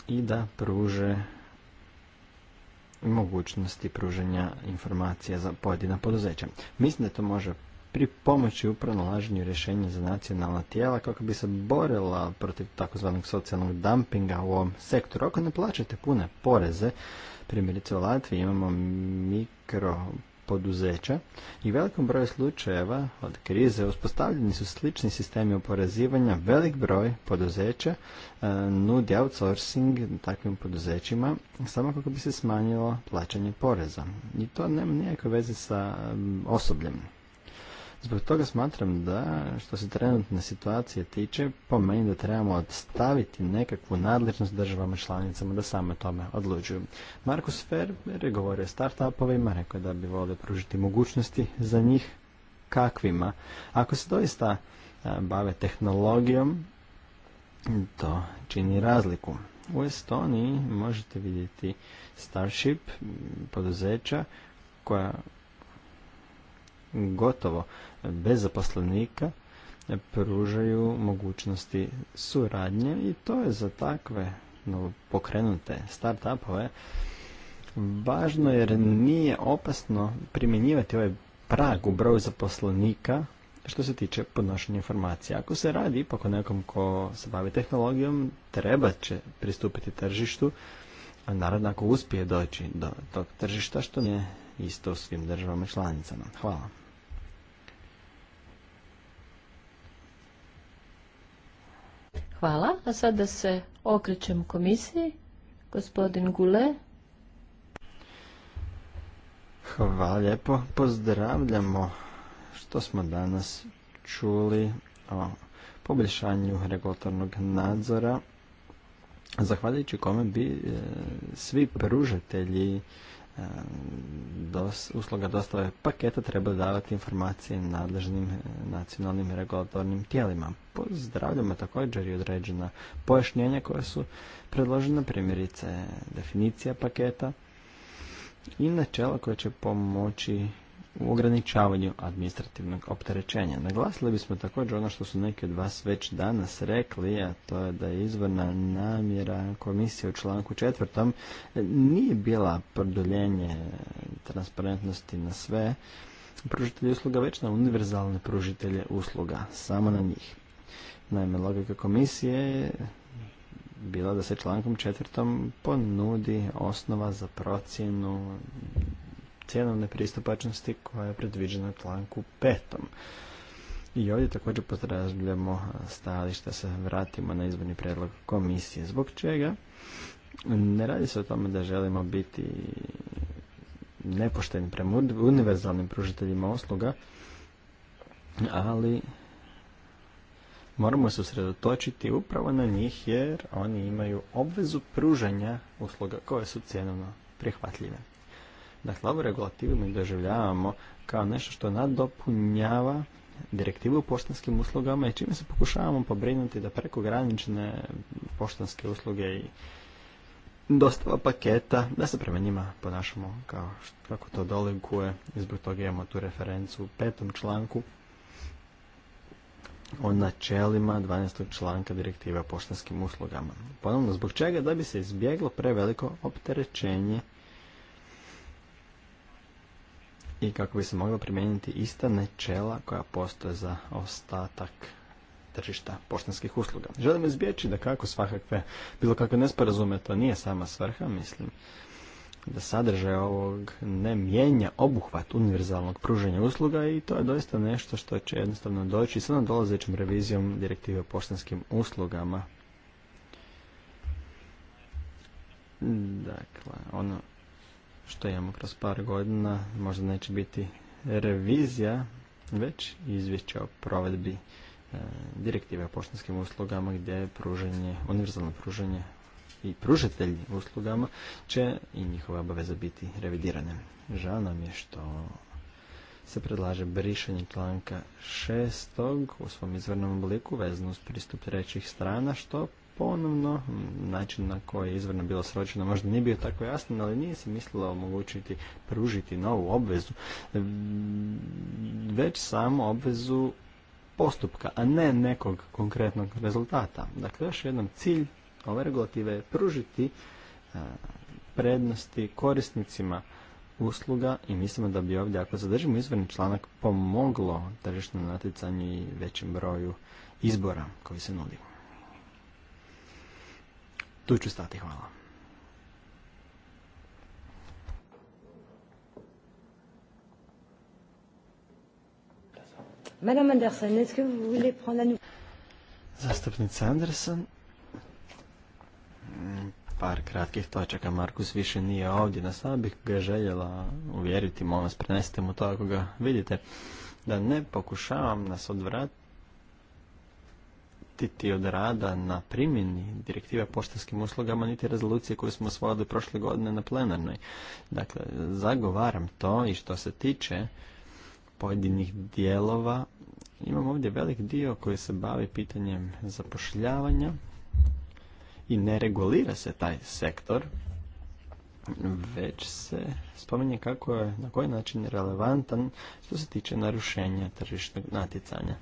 i da pruže mogućnosti pruženja informacija za pojedina poduzeća. Mislim da to može pri pomoći u pronalaženju rješenja za nacionalna tijela kako bi se borila protiv takozvanog socijalnog dumpinga u ovom sektoru. Ako ne plaćate pune poreze, primjerice u Latviji imamo mikro poduzeća i velikom broju slučajeva od krize uspostavljeni su slični sistemi oporezivanja. Velik broj poduzeća e, nudi outsourcing takvim poduzećima samo kako bi se smanjilo plaćanje poreza. I to nema nikakve veze sa osobljem. Zbog toga smatram da, što se trenutne situacije tiče, po meni da trebamo odstaviti nekakvu nadležnost državama članicama da same tome odlučuju. Markus Ferber je govorio o startupovima, rekao da bi volio pružiti mogućnosti za njih kakvima. Ako se doista e, bave tehnologijom, to čini razliku. U Estoniji možete vidjeti Starship poduzeća koja gotovo bez zaposlenika pružaju mogućnosti suradnje i to je za takve pokrenute start-upove važno jer nije opasno primjenjivati ovaj prag u broju zaposlenika što se tiče podnošenja informacija. Ako se radi ipak o nekom ko se bavi tehnologijom, treba će pristupiti tržištu, a naravno ako uspije doći do tog tržišta, što nije isto u svim državama i članicama. Hvala. Hvala. A sada se okrećem komisiji. Gospodin Gule. Hvala lijepo. Pozdravljamo što smo danas čuli o poboljšanju regulatornog nadzora, zahvaljujući kome bi e, svi pružatelji Ehm, dos, usluga dostave paketa treba davati informacije nadležnim eh, nacionalnim regulatornim tijelima. Pozdravljamo također i određena pojašnjenja koja su predložena, primjerice definicija paketa i načela koje će pomoći u ograničavanju administrativnog opterećenja. Naglasili bismo također ono što su neki od vas već danas rekli, a to je da je izvorna namjera komisije u članku četvrtom nije bila produljenje transparentnosti na sve pružitelje usluga, već na univerzalne pružitelje usluga, samo na njih. Naime, logika komisije je bila da se člankom četvrtom ponudi osnova za procjenu cijenovne pristupačnosti koja je predviđena članku petom. I ovdje također pozdravljamo stajališta se vratimo na izborni predlog komisije. Zbog čega? Ne radi se o tome da želimo biti nepošteni prema univerzalnim pružiteljima usluga, ali moramo se usredotočiti upravo na njih jer oni imaju obvezu pružanja usluga koje su cijenovno prihvatljive. Dakle, ovu regulativu mi doživljavamo kao nešto što nadopunjava direktivu u poštanskim uslugama i čime se pokušavamo pobrinuti da prekogranične poštanske usluge i dostava paketa, da se prema njima ponašamo kao kako to dolikuje i zbog toga imamo tu referencu u petom članku o načelima 12. članka direktive o poštanskim uslugama. Ponovno, zbog čega da bi se izbjeglo preveliko opterećenje i kako bi se moglo primijeniti ista načela koja postoje za ostatak tržišta poštanskih usluga. Želim izbjeći da kako svakakve, bilo kakve nesporazume, to nije sama svrha, mislim da sadržaj ovog ne mijenja obuhvat univerzalnog pruženja usluga i to je doista nešto što će jednostavno doći sa nadolazećom revizijom direktive o poštanskim uslugama. Dakle, ono što imamo kroz par godina, možda neće biti revizija, već izvješća o provedbi e, direktive o poštanskim uslugama gdje je pruženje, univerzalno pruženje i pružatelji uslugama će i njihova obaveza biti revidirane. Žao nam je što se predlaže brišanje članka šestog u svom izvornom obliku vezano uz pristup trećih strana što ponovno način na koji je izvorno bilo sročeno možda nije bio tako jasno, ali nije se mislilo omogućiti pružiti novu obvezu, mm, već samo obvezu postupka, a ne nekog konkretnog rezultata. Dakle, još jednom cilj ove regulative je pružiti e, prednosti korisnicima usluga i mislimo da bi ovdje ako zadržimo izvorni članak pomoglo tržišnom natjecanju i većem broju izbora koji se nudi. Tu ću stati, hvala. Madame Anderson, est-ce que vous voulez prendre Zastupnica Anderson. Mm, par kratkih točaka, Markus više nije ovdje. Na sada bih ga željela uvjeriti, molim vas prenesite mu to ako ga vidite, da ne pokušavam nas odvratiti ti od rada na primjeni direktive poštanskim uslugama niti rezolucije koju smo osvojili prošle godine na plenarnoj. Dakle, zagovaram to i što se tiče pojedinih dijelova, imam ovdje velik dio koji se bavi pitanjem zapošljavanja i ne regulira se taj sektor, već se spominje kako je, na koji način je relevantan što se tiče narušenja tržišnog natjecanja.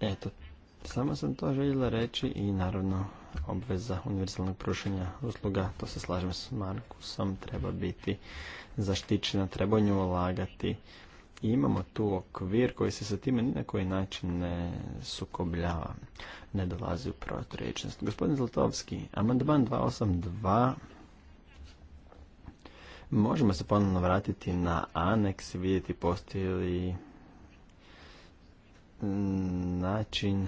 Eto, samo sam to željela reći i naravno obveza univerzalnog prušenja usluga, to se slažem s Markusom, treba biti zaštićena, treba nju ulagati. I imamo tu okvir koji se sa time ni na koji način ne sukobljava, ne dolazi u protorečnost. Gospodin Zlatovski, amandman 282, možemo se ponovno vratiti na aneks i vidjeti postoji li način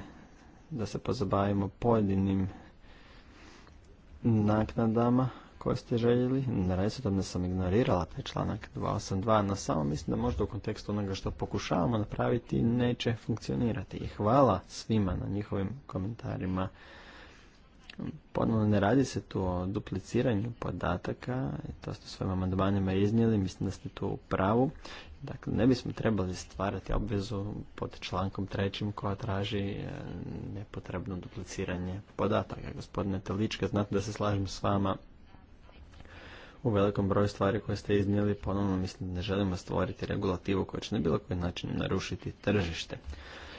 da se pozabavimo pojedinim naknadama koje ste željeli. Na da sam ignorirala taj članak 282, na samo mislim da možda u kontekstu onoga što pokušavamo napraviti neće funkcionirati. I hvala svima na njihovim komentarima. Ponovno ne radi se tu o dupliciranju podataka, to ste svojim amandmanima iznijeli, mislim da ste tu u pravu. Dakle, ne bismo trebali stvarati obvezu pod člankom trećim koja traži e, nepotrebno dupliciranje podataka. Gospodine Telička, znate da se slažem s vama u velikom broju stvari koje ste iznijeli, ponovno mislim ne želimo stvoriti regulativu koja će na bilo koji način narušiti tržište.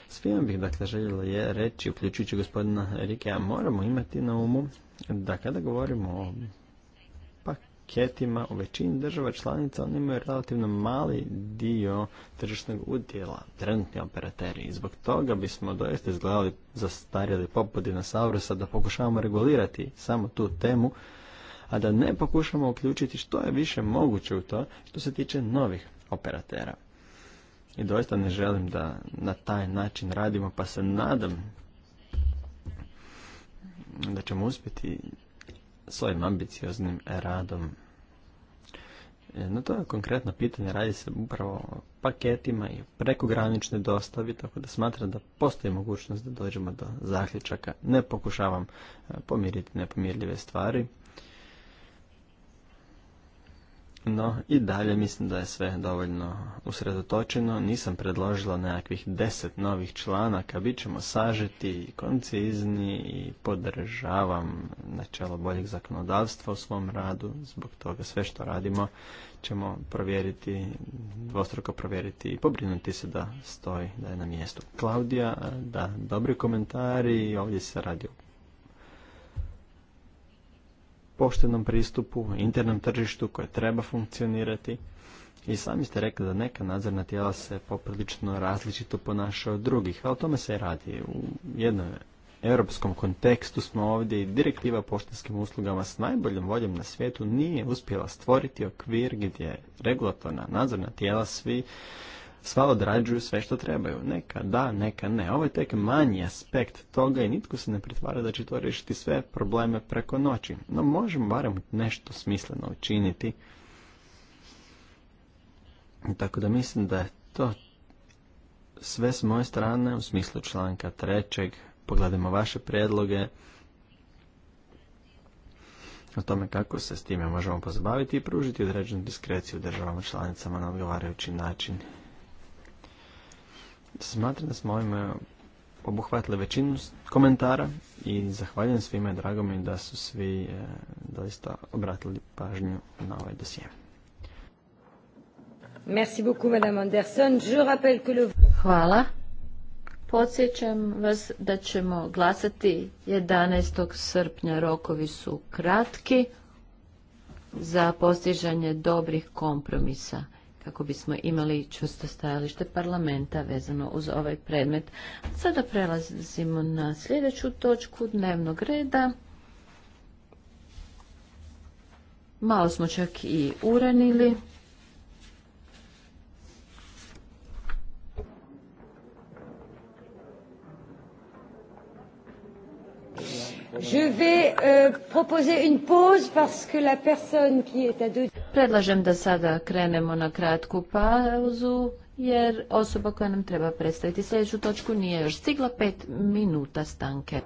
Svima bih dakle željela je reći, uključujući gospodina a moramo imati na umu da kada govorimo o ketima u većini država članica oni imaju relativno mali dio tržišnog udjela, trenutni operateri. I zbog toga bismo doista izgledali zastarjeli poput dinosaurusa da pokušavamo regulirati samo tu temu, a da ne pokušamo uključiti što je više moguće u to što se tiče novih operatera. I doista ne želim da na taj način radimo, pa se nadam da ćemo uspjeti svojim ambicioznim radom. E, no to je konkretno pitanje, radi se upravo o paketima i prekogranične dostavi, tako da smatram da postoji mogućnost da dođemo do zaključaka. Ne pokušavam e, pomiriti nepomirljive stvari, no i dalje mislim da je sve dovoljno usredotočeno. Nisam predložila nekakvih deset novih članaka. ćemo sažeti i koncizni i podržavam načelo boljeg zakonodavstva u svom radu. Zbog toga sve što radimo ćemo provjeriti, dvostruko provjeriti i pobrinuti se da stoji, da je na mjestu. Klaudija, da, dobri komentari. Ovdje se radi o poštenom pristupu, internom tržištu koje treba funkcionirati. I sami ste rekli da neka nadzorna tijela se poprilično različito ponaša od drugih, a o tome se radi. U jednom europskom kontekstu smo ovdje i direktiva o uslugama s najboljom voljom na svijetu nije uspjela stvoriti okvir gdje regulatorna nadzorna tijela svi sva odrađuju sve što trebaju. Neka da, neka ne. Ovo je tek manji aspekt toga i nitko se ne pretvara da će to riješiti sve probleme preko noći. No možemo barem nešto smisleno učiniti. Tako da mislim da je to sve s moje strane u smislu članka trećeg. Pogledajmo vaše prijedloge o tome kako se s time možemo pozabaviti i pružiti određenu diskreciju državama članicama na odgovarajući način. Smatram da smo ovime obuhvatili većinu komentara i zahvaljujem svima i drago mi da su svi e, doista obratili pažnju na ovaj dosije. Merci beaucoup, Madame Anderson. Je rappelle que le... Hvala. Podsjećam vas da ćemo glasati 11. srpnja. Rokovi su kratki za postižanje dobrih kompromisa kako bismo imali čvrsto stajalište parlamenta vezano uz ovaj predmet. Sada prelazimo na sljedeću točku dnevnog reda. Malo smo čak i uranili. Predlažem da sada krenemo na kratku pauzu jer osoba koja nam treba predstaviti sljedeću točku nije još stigla pet minuta stanke.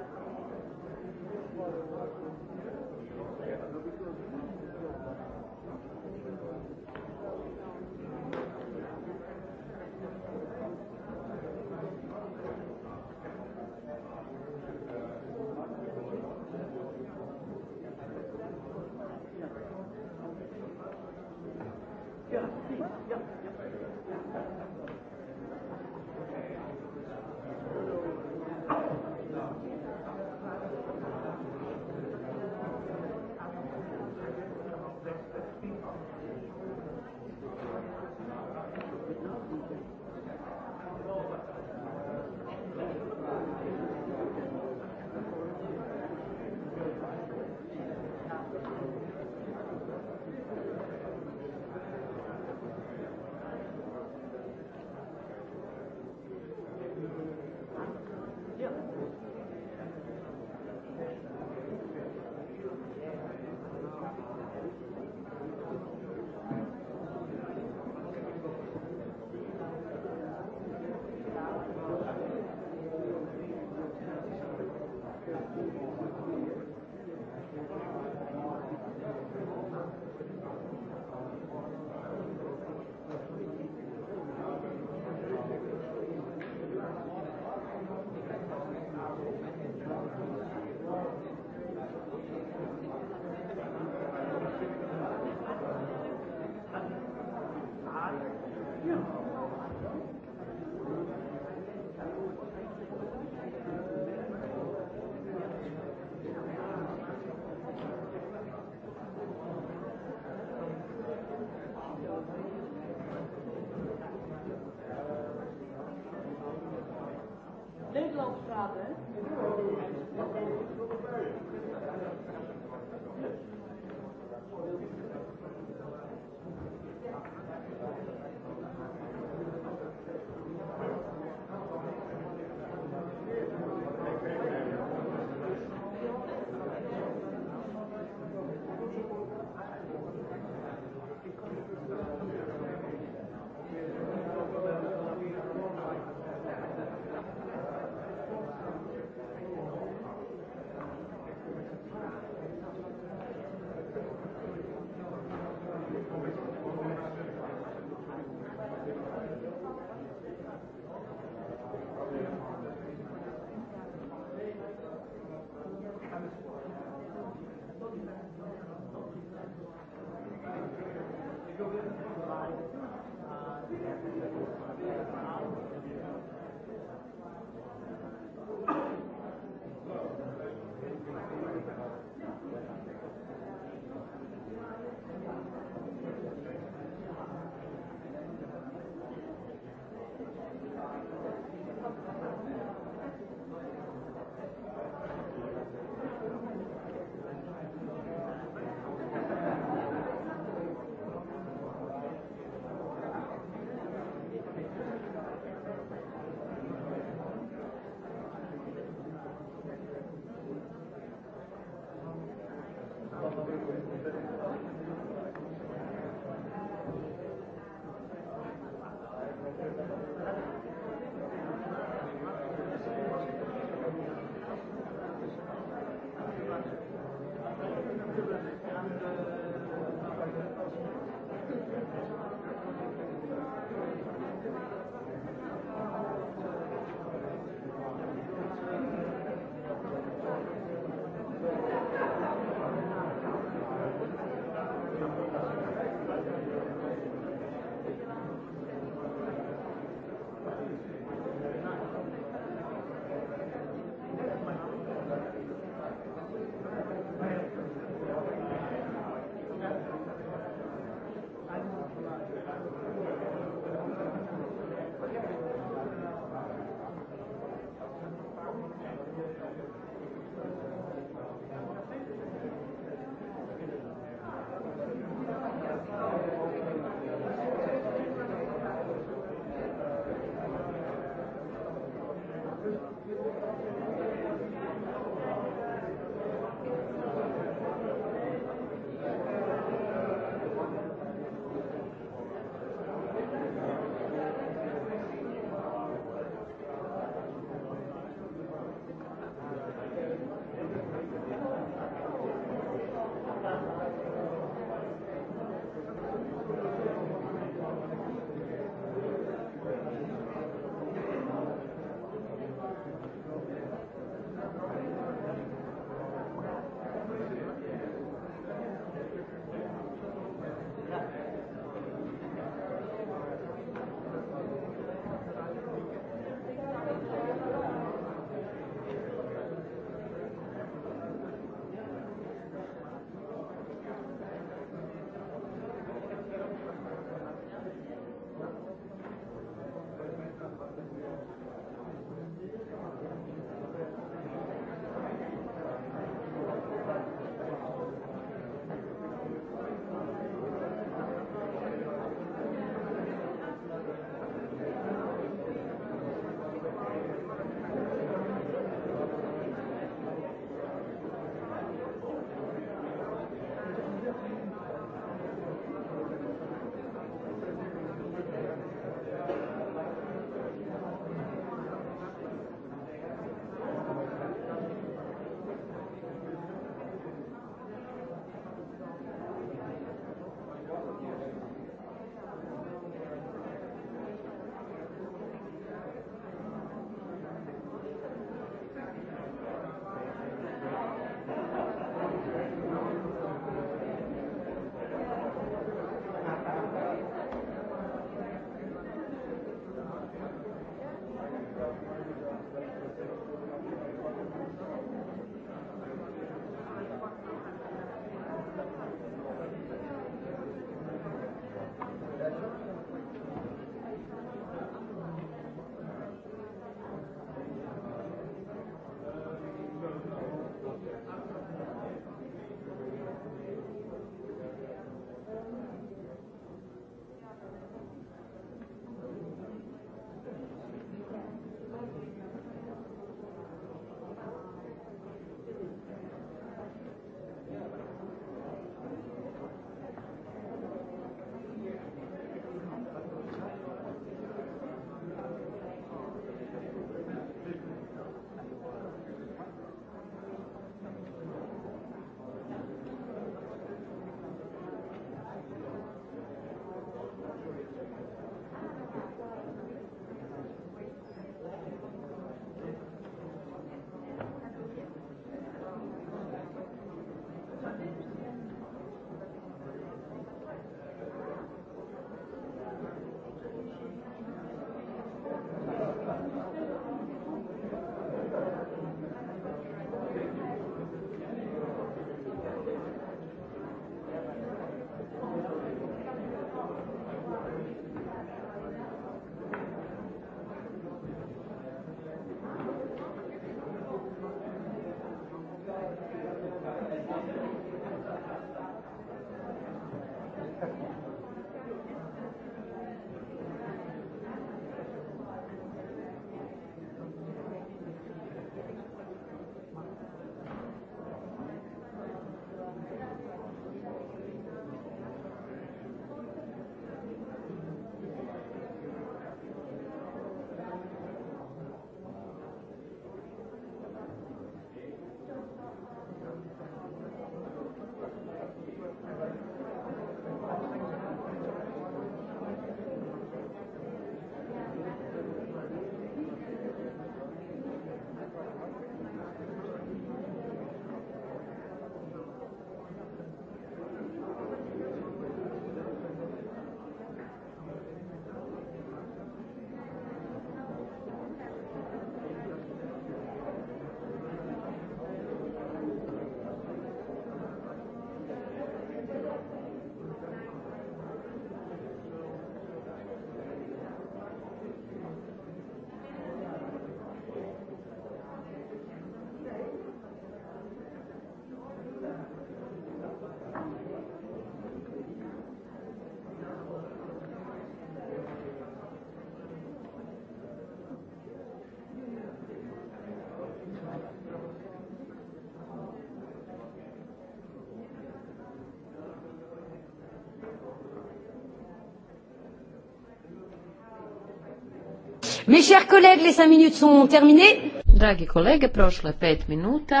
Mes chers collègues, les cinq minutes sont terminées. Dragi kolege, prošlo je pet minuta.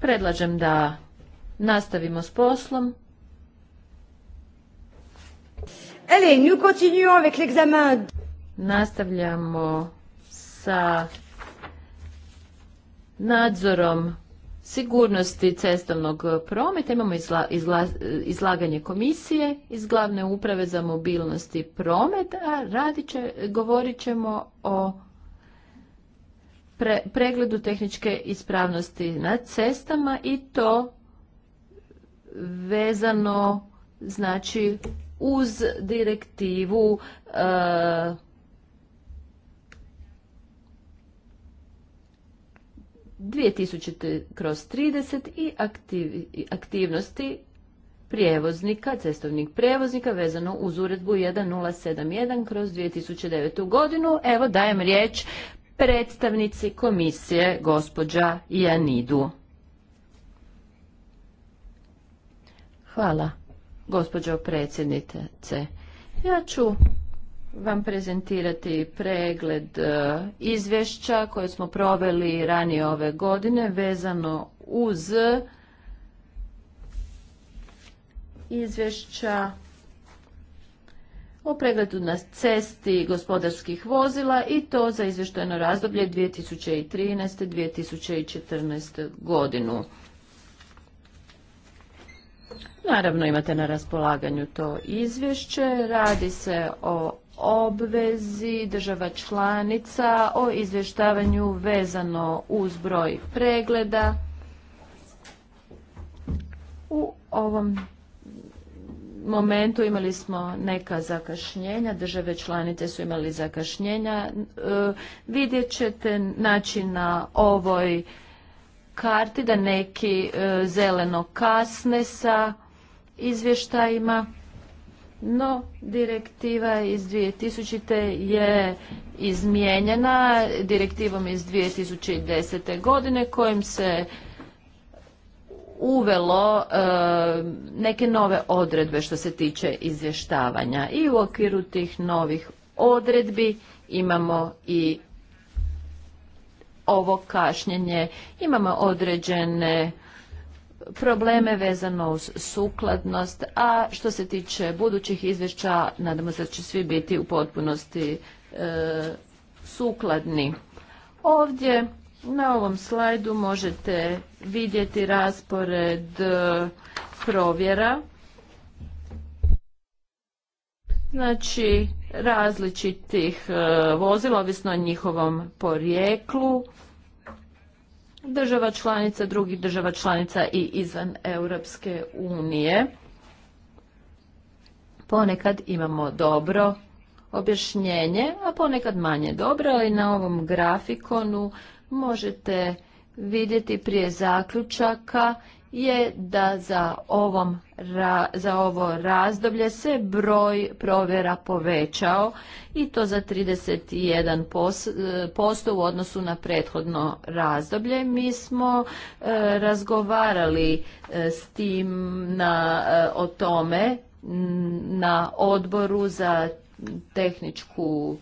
Predlažem da nastavimo s poslom. Allez, nous continuons avec l'examen. Nastavljamo sa nadzorom sigurnosti cestovnog prometa. Imamo izlaganje komisije iz glavne uprave za mobilnost i promet, a radit će, govorit ćemo o pregledu tehničke ispravnosti na cestama i to vezano znači uz direktivu e, 2000 kroz 30 i aktivnosti prijevoznika, cestovnih prijevoznika vezano uz uredbu 1071 kroz 2009. godinu. Evo dajem riječ predstavnici komisije gospođa Janidu. Hvala, gospođo predsjednice. Ja ću vam prezentirati pregled e, izvješća koje smo proveli ranije ove godine vezano uz izvješća o pregledu na cesti gospodarskih vozila i to za izvještajno razdoblje 2013. 2014. godinu. Naravno imate na raspolaganju to izvješće. Radi se o obvezi država članica o izvještavanju vezano uz broj pregleda. U ovom momentu imali smo neka zakašnjenja, države članice su imali zakašnjenja. E, vidjet ćete naći na ovoj karti da neki e, zeleno kasne sa izvještajima. No, direktiva iz 2000. je izmijenjena direktivom iz 2010. godine kojim se uvelo e, neke nove odredbe što se tiče izvještavanja i u okviru tih novih odredbi imamo i ovo kašnjenje, imamo određene probleme vezano uz sukladnost, a što se tiče budućih izvješća, nadamo se da će svi biti u potpunosti e, sukladni. Ovdje na ovom slajdu možete vidjeti raspored e, provjera. Znači različitih e, vozila, ovisno o njihovom porijeklu država članica, drugih država članica i izvan Europske unije. Ponekad imamo dobro objašnjenje, a ponekad manje dobro, ali na ovom grafikonu možete vidjeti prije zaključaka je da za, ovom, za ovo razdoblje se broj provjera povećao i to za 31% e, u odnosu na prethodno razdoblje. Mi smo e, razgovarali e, s tim na, o tome na odboru za tehničku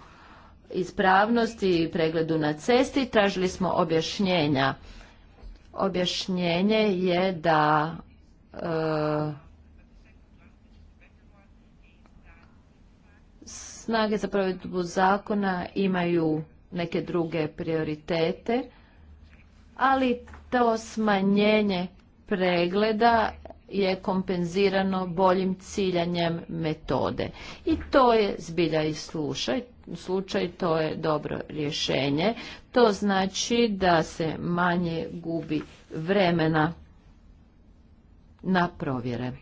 ispravnost i pregledu na cesti. Tražili smo objašnjenja Objašnjenje je da e, snage za provedbu zakona imaju neke druge prioritete, ali to smanjenje pregleda je kompenzirano boljim ciljanjem metode. I to je zbilja i slušaj, slučaj, to je dobro rješenje. To znači da se manje gubi vremena na provjere.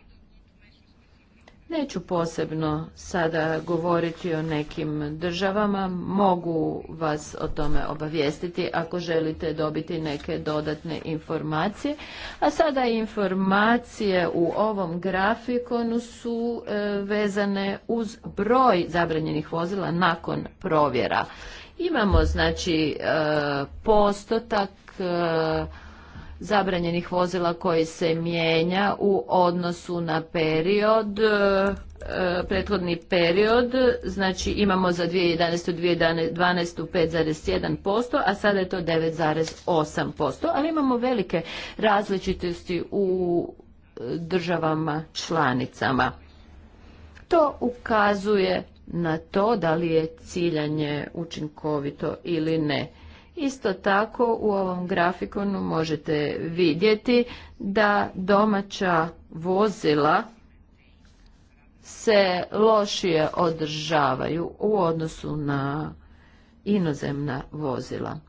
Neću posebno sada govoriti o nekim državama, mogu vas o tome obavijestiti ako želite dobiti neke dodatne informacije. A sada informacije u ovom grafikonu su e, vezane uz broj zabranjenih vozila nakon provjera. Imamo znači e, postotak e, zabranjenih vozila koji se mijenja u odnosu na period, e, prethodni period, znači imamo za 2011. dvanaest 2012. 5,1%, a sada je to 9,8%, ali imamo velike različitosti u državama članicama. To ukazuje na to da li je ciljanje učinkovito ili ne. Isto tako u ovom grafikonu možete vidjeti da domaća vozila se lošije održavaju u odnosu na inozemna vozila.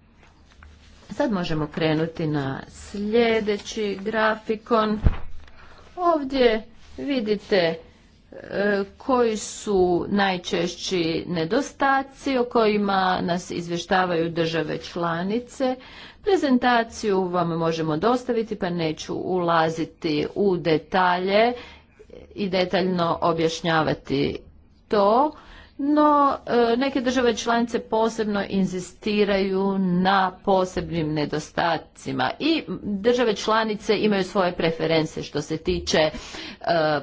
Sad možemo krenuti na sljedeći grafikon. Ovdje vidite E, koji su najčešći nedostaci o kojima nas izvještavaju države članice. Prezentaciju vam možemo dostaviti pa neću ulaziti u detalje i detaljno objašnjavati to. No, e, neke države članice posebno inzistiraju na posebnim nedostacima i države članice imaju svoje preference što se tiče e,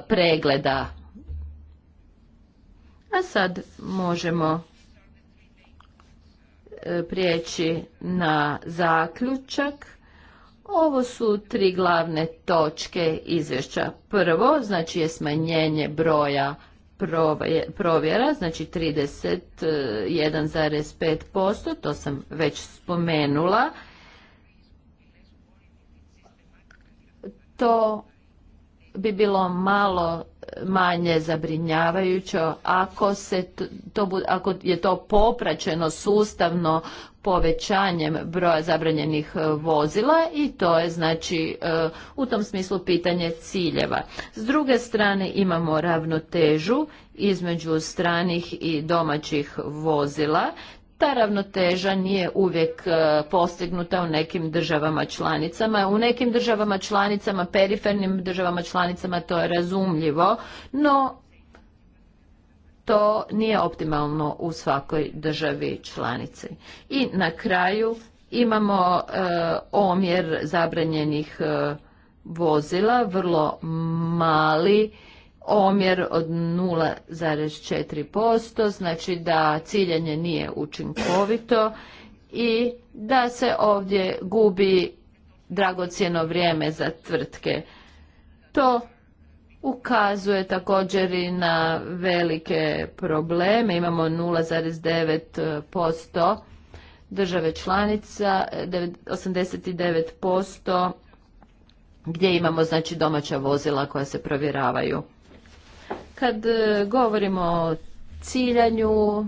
pregleda a sad možemo e, prijeći na zaključak. Ovo su tri glavne točke izvješća. Prvo, znači je smanjenje broja provjera, znači 31,5%, to sam već spomenula. To bi bilo malo manje zabrinjavajuće ako, se to, ako je to popraćeno sustavno povećanjem broja zabranjenih e, vozila i to je znači e, u tom smislu pitanje ciljeva. S druge strane imamo ravnotežu između stranih i domaćih vozila ta ravnoteža nije uvijek e, postignuta u nekim državama članicama. U nekim državama članicama, perifernim državama članicama to je razumljivo, no to nije optimalno u svakoj državi članici. I na kraju imamo e, omjer zabranjenih e, vozila, vrlo mali omjer od 0,4%, znači da ciljanje nije učinkovito i da se ovdje gubi dragocjeno vrijeme za tvrtke. To ukazuje također i na velike probleme. Imamo 0,9% države članica, 89% gdje imamo znači domaća vozila koja se provjeravaju. Kad e, govorimo o ciljanju,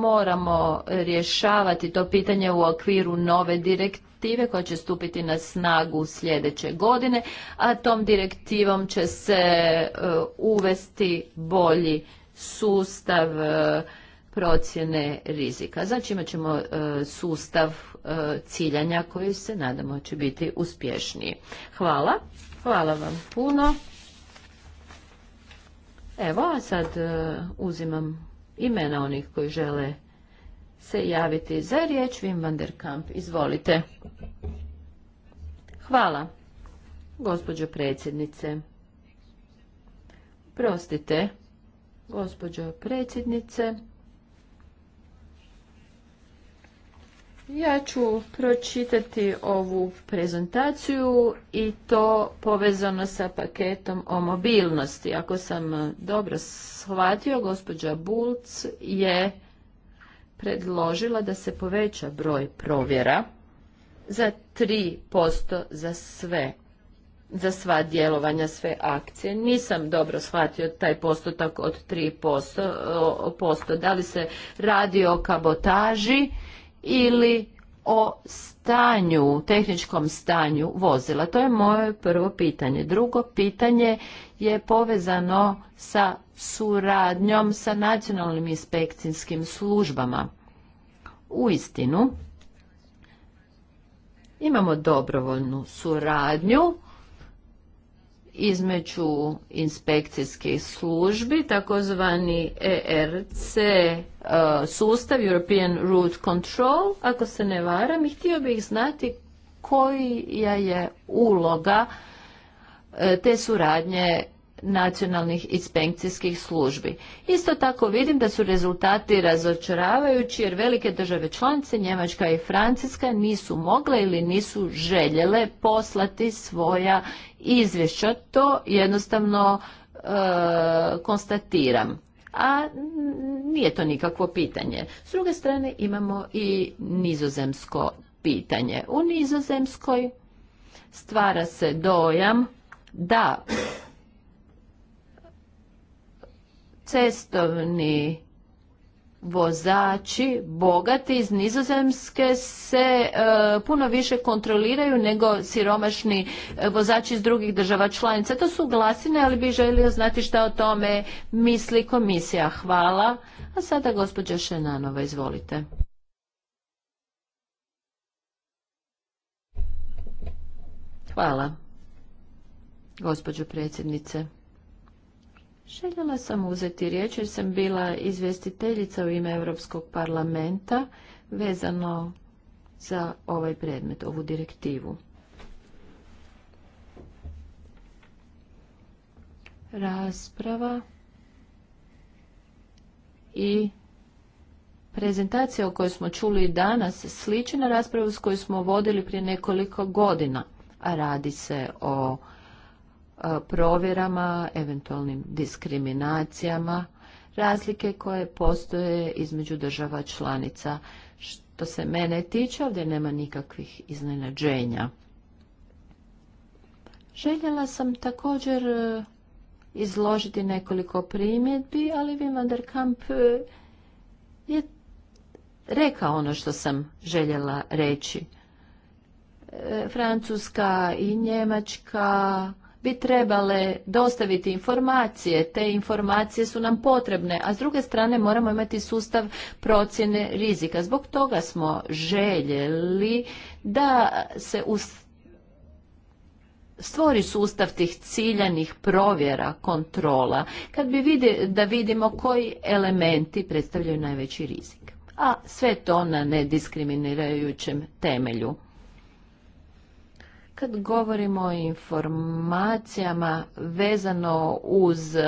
moramo rješavati to pitanje u okviru nove direktive koja će stupiti na snagu sljedeće godine, a tom direktivom će se e, uvesti bolji sustav e, procjene rizika. Znači imat ćemo sustav ciljanja koji se nadamo će biti uspješniji. Hvala. Hvala vam puno. Evo, a sad e, uzimam imena onih koji žele se javiti za riječ. Wim van der Kamp, izvolite. Hvala, gospođo predsjednice. Prostite, gospođo predsjednice. Ja ću pročitati ovu prezentaciju i to povezano sa paketom o mobilnosti. Ako sam dobro shvatio, gospođa Bulc je predložila da se poveća broj provjera za 3% za sve za sva djelovanja, sve akcije. Nisam dobro shvatio taj postotak od 3%. Posto, da li se radi o kabotaži ili o stanju, tehničkom stanju vozila. To je moje prvo pitanje. Drugo pitanje je povezano sa suradnjom sa nacionalnim inspekcijskim službama. U istinu, imamo dobrovoljnu suradnju između inspekcijskih službi, takozvani ERC e, sustav, European Root Control, ako se ne varam, i htio bih znati koja je uloga e, te suradnje nacionalnih inspekcijskih službi. Isto tako vidim da su rezultati razočaravajući jer velike države članice Njemačka i Francuska nisu mogle ili nisu željele poslati svoja izvješća. To jednostavno e, konstatiram. A nije to nikakvo pitanje. S druge strane imamo i nizozemsko pitanje. U nizozemskoj stvara se dojam da cestovni vozači bogati iz Nizozemske se e, puno više kontroliraju nego siromašni e, vozači iz drugih država članica. To su glasine, ali bi želio znati šta o tome misli komisija. Hvala. A sada gospođa Šenanova, izvolite. Hvala, gospođo predsjednice. Željela sam uzeti riječ jer sam bila izvjestiteljica u ime Europskog parlamenta vezano za ovaj predmet, ovu direktivu. Rasprava i prezentacija o kojoj smo čuli danas slična raspravu s koju smo vodili prije nekoliko godina, a radi se o E, provjerama, eventualnim diskriminacijama, razlike koje postoje između država članica. Što se mene tiče, ovdje nema nikakvih iznenađenja. Željela sam također e, izložiti nekoliko primjedbi, ali Wim van der Kamp e, je rekao ono što sam željela reći. Francuska i Njemačka bi trebale dostaviti informacije. Te informacije su nam potrebne, a s druge strane moramo imati sustav procjene rizika. Zbog toga smo željeli da se stvori sustav tih ciljanih provjera, kontrola, kad bi da vidimo koji elementi predstavljaju najveći rizik. A sve to na nediskriminirajućem temelju. Kad govorimo o informacijama vezano uz e,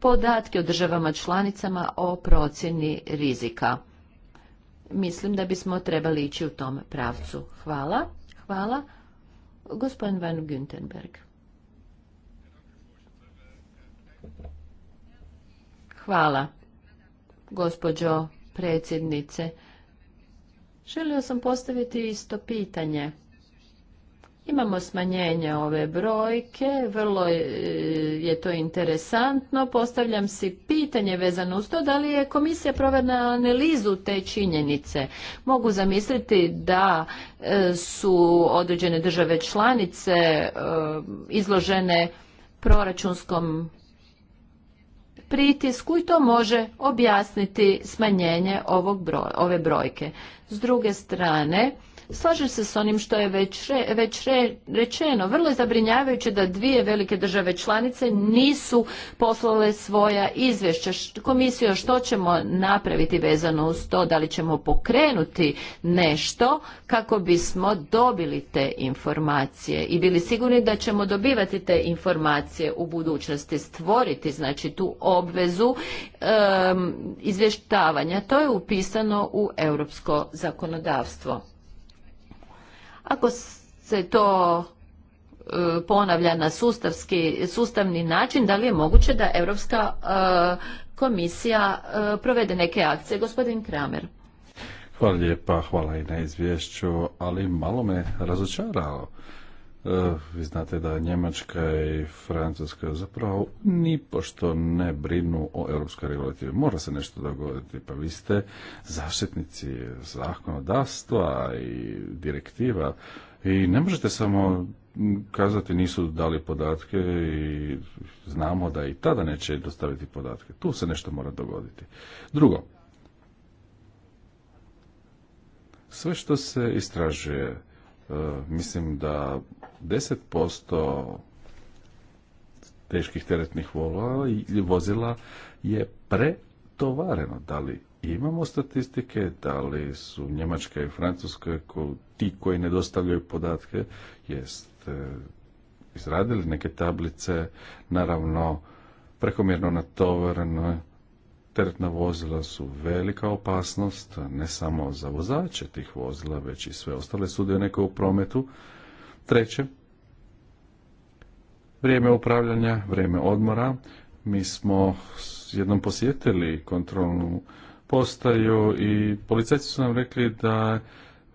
podatke o državama članicama o procjeni rizika, mislim da bismo trebali ići u tom pravcu. Hvala. Hvala. Gospodin Van Güntenberg. Hvala, gospođo predsjednice. Želio sam postaviti isto pitanje. Imamo smanjenje ove brojke, vrlo e, je to interesantno. Postavljam si pitanje vezano uz to da li je komisija provela analizu te činjenice. Mogu zamisliti da e, su određene države članice e, izložene proračunskom pritisku i to može objasniti smanjenje ove brojke. S druge strane, Slažem se s onim što je već, već rečeno. Vrlo je zabrinjavajuće da dvije velike države članice nisu poslale svoja izvješća. Komisijo, što ćemo napraviti vezano uz to? Da li ćemo pokrenuti nešto kako bismo dobili te informacije i bili sigurni da ćemo dobivati te informacije u budućnosti, stvoriti znači tu obvezu izvještavanja. To je upisano u europsko zakonodavstvo. Ako se to e, ponavlja na sustavski, sustavni način, da li je moguće da Europska e, komisija e, provede neke akcije? Gospodin Kramer. Hvala lijepa, hvala i na izvješću, ali malo me razočarao E, vi znate da Njemačka i Francuska zapravo nipošto ne brinu o europskoj regulativi. Mora se nešto dogoditi, pa vi ste zaštitnici zakonodavstva i direktiva i ne možete samo kazati nisu dali podatke i znamo da i tada neće dostaviti podatke. Tu se nešto mora dogoditi. Drugo, sve što se istražuje, e, mislim da 10% teških teretnih vozila je pretovareno. Da li imamo statistike, da li su Njemačka i Francuska ko, ti koji ne dostavljaju podatke, jest e, izradili neke tablice, naravno prekomjerno natovareno teretna vozila su velika opasnost, ne samo za vozače tih vozila, već i sve ostale sudionike u prometu, Treće, vrijeme upravljanja, vrijeme odmora. Mi smo jednom posjetili kontrolnu postaju i policajci su nam rekli da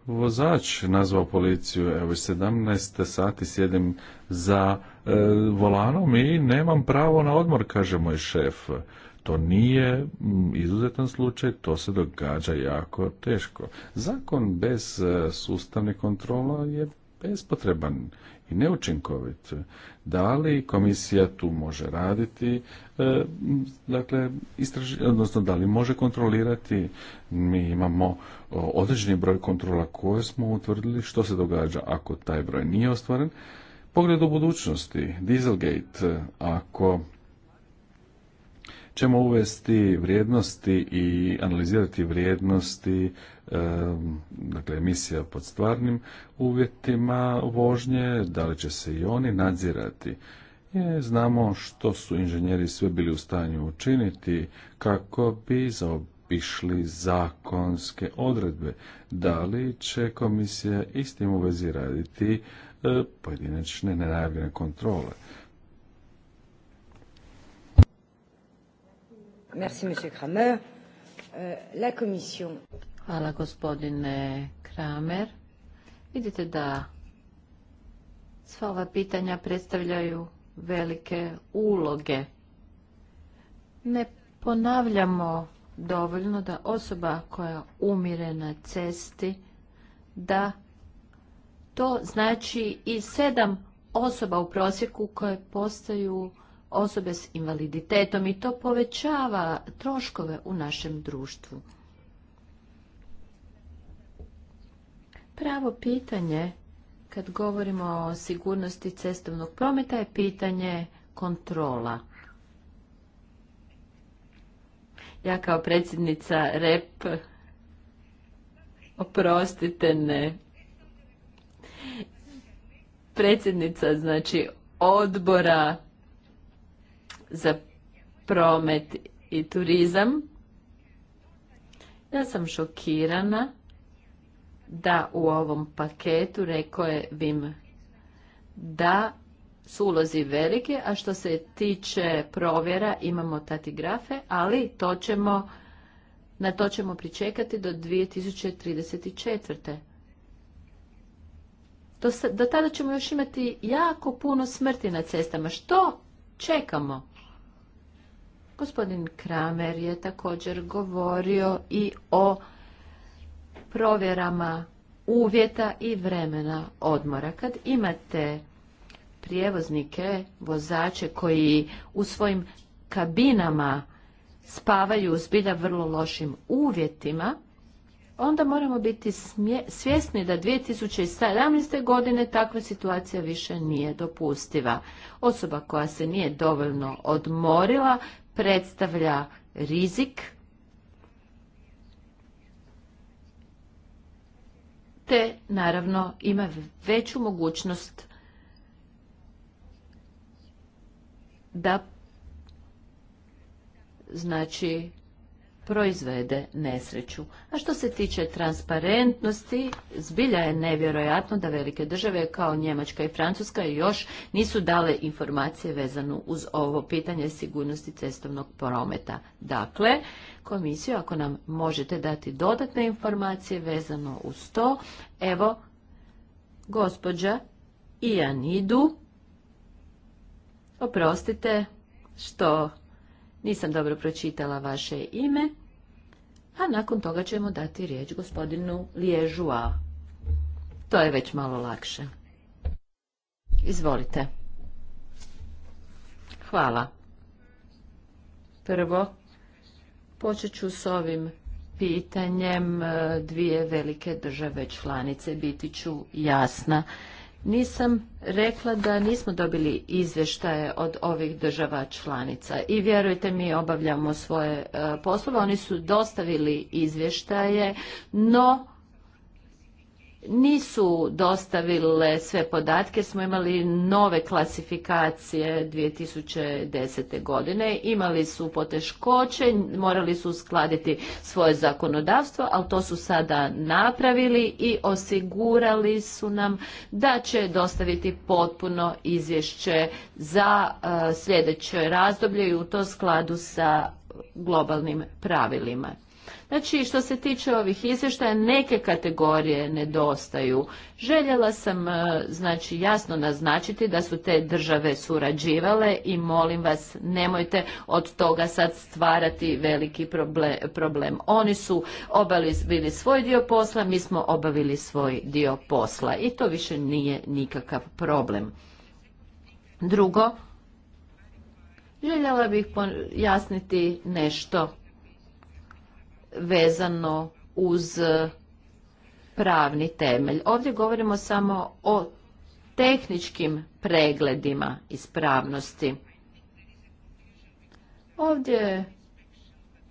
vozač nazvao policiju, evo 17 sati sjedim za e, volanom i nemam pravo na odmor, kaže moj šef. To nije izuzetan slučaj, to se događa jako teško. Zakon bez e, sustavne kontrola je bespotreban i neučinkovit. Da li komisija tu može raditi, e, dakle, istraži, odnosno da li može kontrolirati, mi imamo određeni broj kontrola koje smo utvrdili, što se događa ako taj broj nije ostvaren. Pogled u budućnosti, Dieselgate, e, ako ćemo uvesti vrijednosti i analizirati vrijednosti dakle emisija pod stvarnim uvjetima vožnje, da li će se i oni nadzirati. znamo što su inženjeri sve bili u stanju učiniti kako bi zaobišli zakonske odredbe. Da li će komisija istim u vezi raditi e, pojedinačne nenajavljene kontrole? Merci, monsieur Kramer. Euh, la Hvala gospodine Kramer. Vidite da sva ova pitanja predstavljaju velike uloge. Ne ponavljamo dovoljno da osoba koja umire na cesti, da to znači i sedam osoba u prosjeku koje postaju osobe s invaliditetom i to povećava troškove u našem društvu. Pravo pitanje kad govorimo o sigurnosti cestovnog prometa je pitanje kontrola. Ja kao predsjednica REP, oprostite ne, predsjednica znači odbora za promet i turizam, ja sam šokirana da u ovom paketu, rekao je Vim, da su ulozi velike, a što se tiče provjera imamo tatigrafe, ali to ćemo, na to ćemo pričekati do 2034. Do, do tada ćemo još imati jako puno smrti na cestama. Što čekamo? Gospodin Kramer je također govorio i o provjerama uvjeta i vremena odmora. Kad imate prijevoznike, vozače koji u svojim kabinama spavaju u zbilja vrlo lošim uvjetima, onda moramo biti svjesni da 2017. godine takva situacija više nije dopustiva. Osoba koja se nije dovoljno odmorila predstavlja rizik te naravno ima veću mogućnost da znači proizvede nesreću. A što se tiče transparentnosti, zbilja je nevjerojatno da velike države kao Njemačka i Francuska još nisu dale informacije vezano uz ovo pitanje sigurnosti cestovnog prometa. Dakle, komisiju. Ako nam možete dati dodatne informacije vezano uz to, evo, gospođa Ianidu, oprostite što nisam dobro pročitala vaše ime, a nakon toga ćemo dati riječ gospodinu Liježua. To je već malo lakše. Izvolite. Hvala. Prvo, Počet ću s ovim pitanjem e, dvije velike države članice, biti ću jasna. Nisam rekla da nismo dobili izvještaje od ovih država članica i vjerujte mi obavljamo svoje e, poslove. Oni su dostavili izvještaje, no nisu dostavile sve podatke, smo imali nove klasifikacije 2010. godine, imali su poteškoće, morali su uskladiti svoje zakonodavstvo, ali to su sada napravili i osigurali su nam da će dostaviti potpuno izvješće za e, sljedeće razdoblje i u to skladu sa globalnim pravilima. Znači, što se tiče ovih izvještaja, neke kategorije nedostaju. Željela sam, e, znači, jasno naznačiti da su te države surađivale i molim vas, nemojte od toga sad stvarati veliki problem. Oni su obavili svoj dio posla, mi smo obavili svoj dio posla i to više nije nikakav problem. Drugo, željela bih jasniti nešto vezano uz pravni temelj. Ovdje govorimo samo o tehničkim pregledima ispravnosti. Ovdje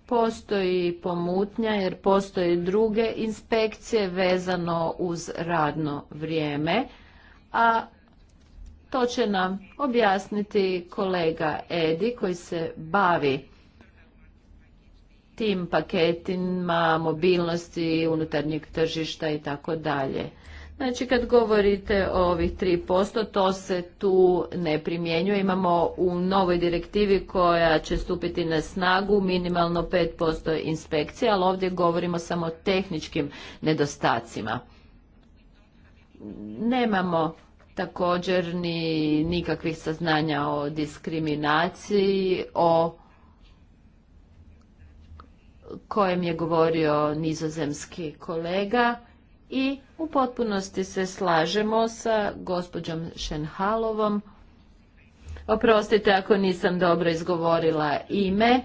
postoji pomutnja jer postoje druge inspekcije vezano uz radno vrijeme, a to će nam objasniti kolega Edi koji se bavi tim paketima mobilnosti unutarnjeg tržišta i tako dalje. Znači kad govorite o ovih 3%, to se tu ne primjenjuje. Imamo u novoj direktivi koja će stupiti na snagu minimalno 5% inspekcije, ali ovdje govorimo samo o tehničkim nedostacima. Nemamo također ni nikakvih saznanja o diskriminaciji, o kojem je govorio nizozemski kolega i u potpunosti se slažemo sa gospođom Šenhalovom. Oprostite ako nisam dobro izgovorila ime.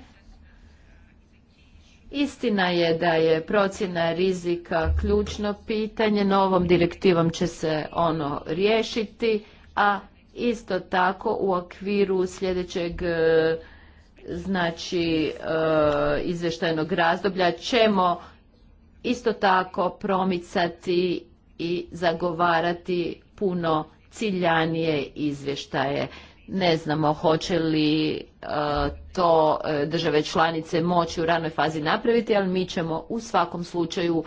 Istina je da je procjena rizika ključno pitanje, novom direktivom će se ono riješiti, a isto tako u okviru sljedećeg znači e, izvještajnog razdoblja ćemo isto tako promicati i zagovarati puno ciljanije izvještaje. Ne znamo hoće li e, to e, države članice moći u ranoj fazi napraviti, ali mi ćemo u svakom slučaju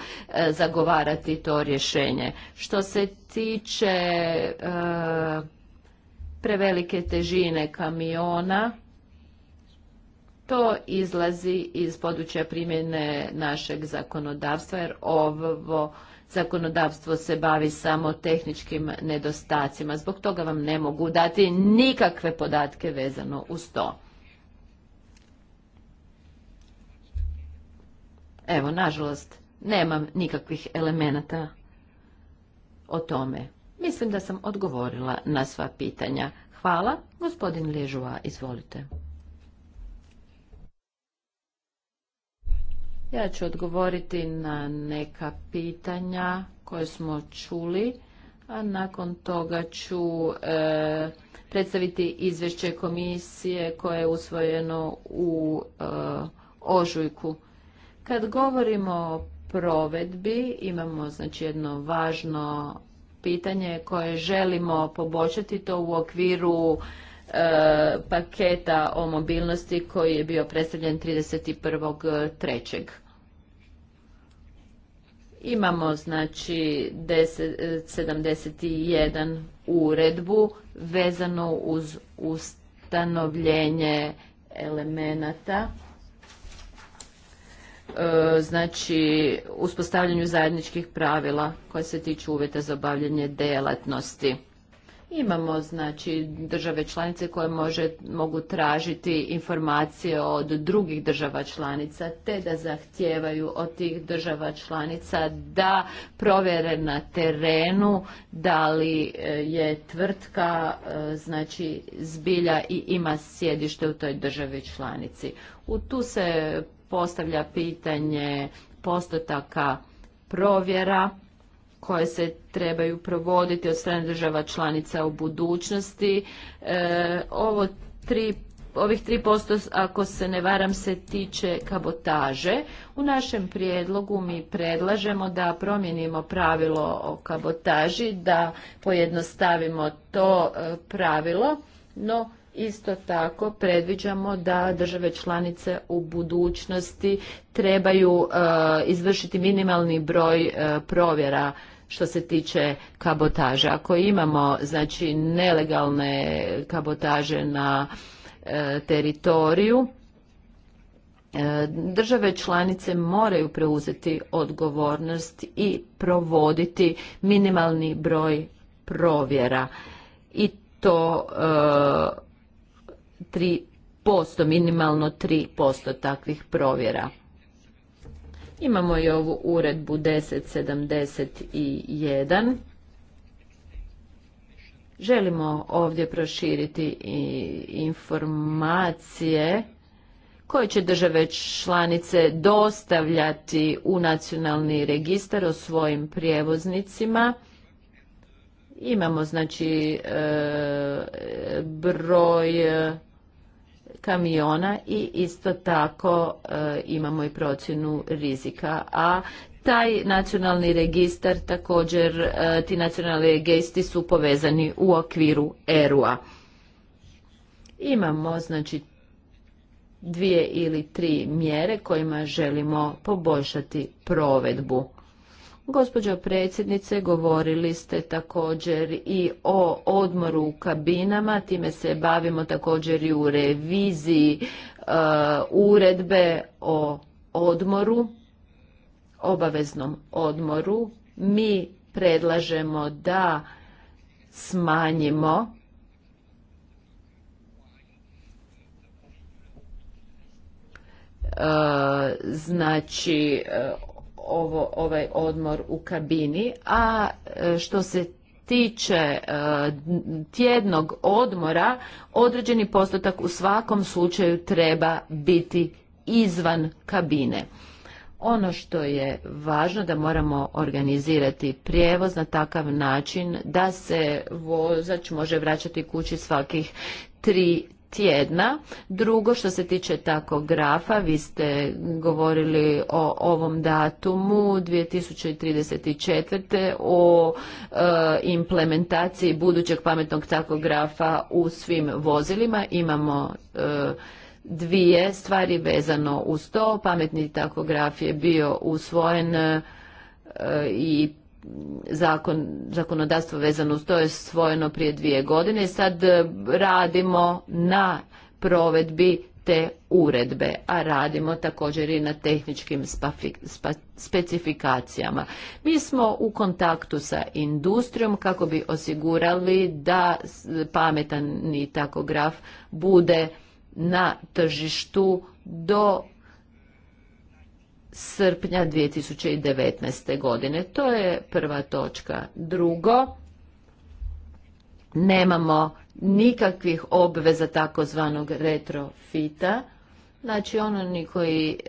zagovarati to rješenje. Što se tiče prevelike težine kamiona, to izlazi iz područja primjene našeg zakonodavstva jer ovo zakonodavstvo se bavi samo tehničkim nedostacima. Zbog toga vam ne mogu dati nikakve podatke vezano uz to. Evo, nažalost, nemam nikakvih elemenata o tome. Mislim da sam odgovorila na sva pitanja. Hvala, gospodin Ležua, izvolite. Ja ću odgovoriti na neka pitanja koje smo čuli, a nakon toga ću e, predstaviti izvješće komisije koje je usvojeno u e, ožujku. Kad govorimo o provedbi, imamo znači jedno važno pitanje koje želimo poboljšati to u okviru e, paketa o mobilnosti koji je bio predstavljen 31.3. Imamo znači sedamdeset 71 uredbu vezano uz ustanovljenje elemenata e, znači uspostavljanju zajedničkih pravila koje se tiču uvjeta za obavljanje delatnosti. Imamo znači države članice koje može, mogu tražiti informacije od drugih država članica te da zahtijevaju od tih država članica da provjere na terenu da li e, je tvrtka e, znači zbilja i ima sjedište u toj državi članici. U tu se postavlja pitanje postotaka provjera koje se trebaju provoditi od strane država članica u budućnosti. E, ovo tri, ovih 3%, ako se ne varam, se tiče kabotaže. U našem prijedlogu mi predlažemo da promijenimo pravilo o kabotaži, da pojednostavimo to e, pravilo, no Isto tako predviđamo da države članice u budućnosti trebaju e, izvršiti minimalni broj e, provjera što se tiče kabotaža, Ako imamo znači nelegalne kabotaže na e, teritoriju, e, države članice moraju preuzeti odgovornost i provoditi minimalni broj provjera i to e, posto, minimalno 3% takvih provjera. Imamo i ovu uredbu 1071. Želimo ovdje proširiti i informacije koje će države članice dostavljati u nacionalni registar o svojim prijevoznicima. Imamo znači e, broj kamiona i isto tako e, imamo i procjenu rizika, a taj nacionalni registar također, e, ti nacionalni registri su povezani u okviru ERU-a. Imamo znači dvije ili tri mjere kojima želimo poboljšati provedbu. Gospođo predsjednice, govorili ste također i o odmoru u kabinama, time se bavimo također i u reviziji e, uredbe o odmoru, obaveznom odmoru. Mi predlažemo da smanjimo e, znači e, ovo, ovaj odmor u kabini, a e, što se tiče e, tjednog odmora, određeni postotak u svakom slučaju treba biti izvan kabine. Ono što je važno da moramo organizirati prijevoz na takav način da se vozač može vraćati kući svakih tri tjedna. Drugo, što se tiče grafa vi ste govorili o ovom datumu 2034. o e, implementaciji budućeg pametnog takografa u svim vozilima. Imamo e, dvije stvari vezano uz to. Pametni takograf je bio usvojen e, i zakon, zakonodavstvo vezano uz to je svojeno prije dvije godine sad e, radimo na provedbi te uredbe, a radimo također i na tehničkim specifikacijama. Mi smo u kontaktu sa industrijom kako bi osigurali da pametan takograf bude na tržištu do srpnja 2019. godine. To je prva točka. Drugo, nemamo nikakvih obveza takozvanog retrofita. Znači oni koji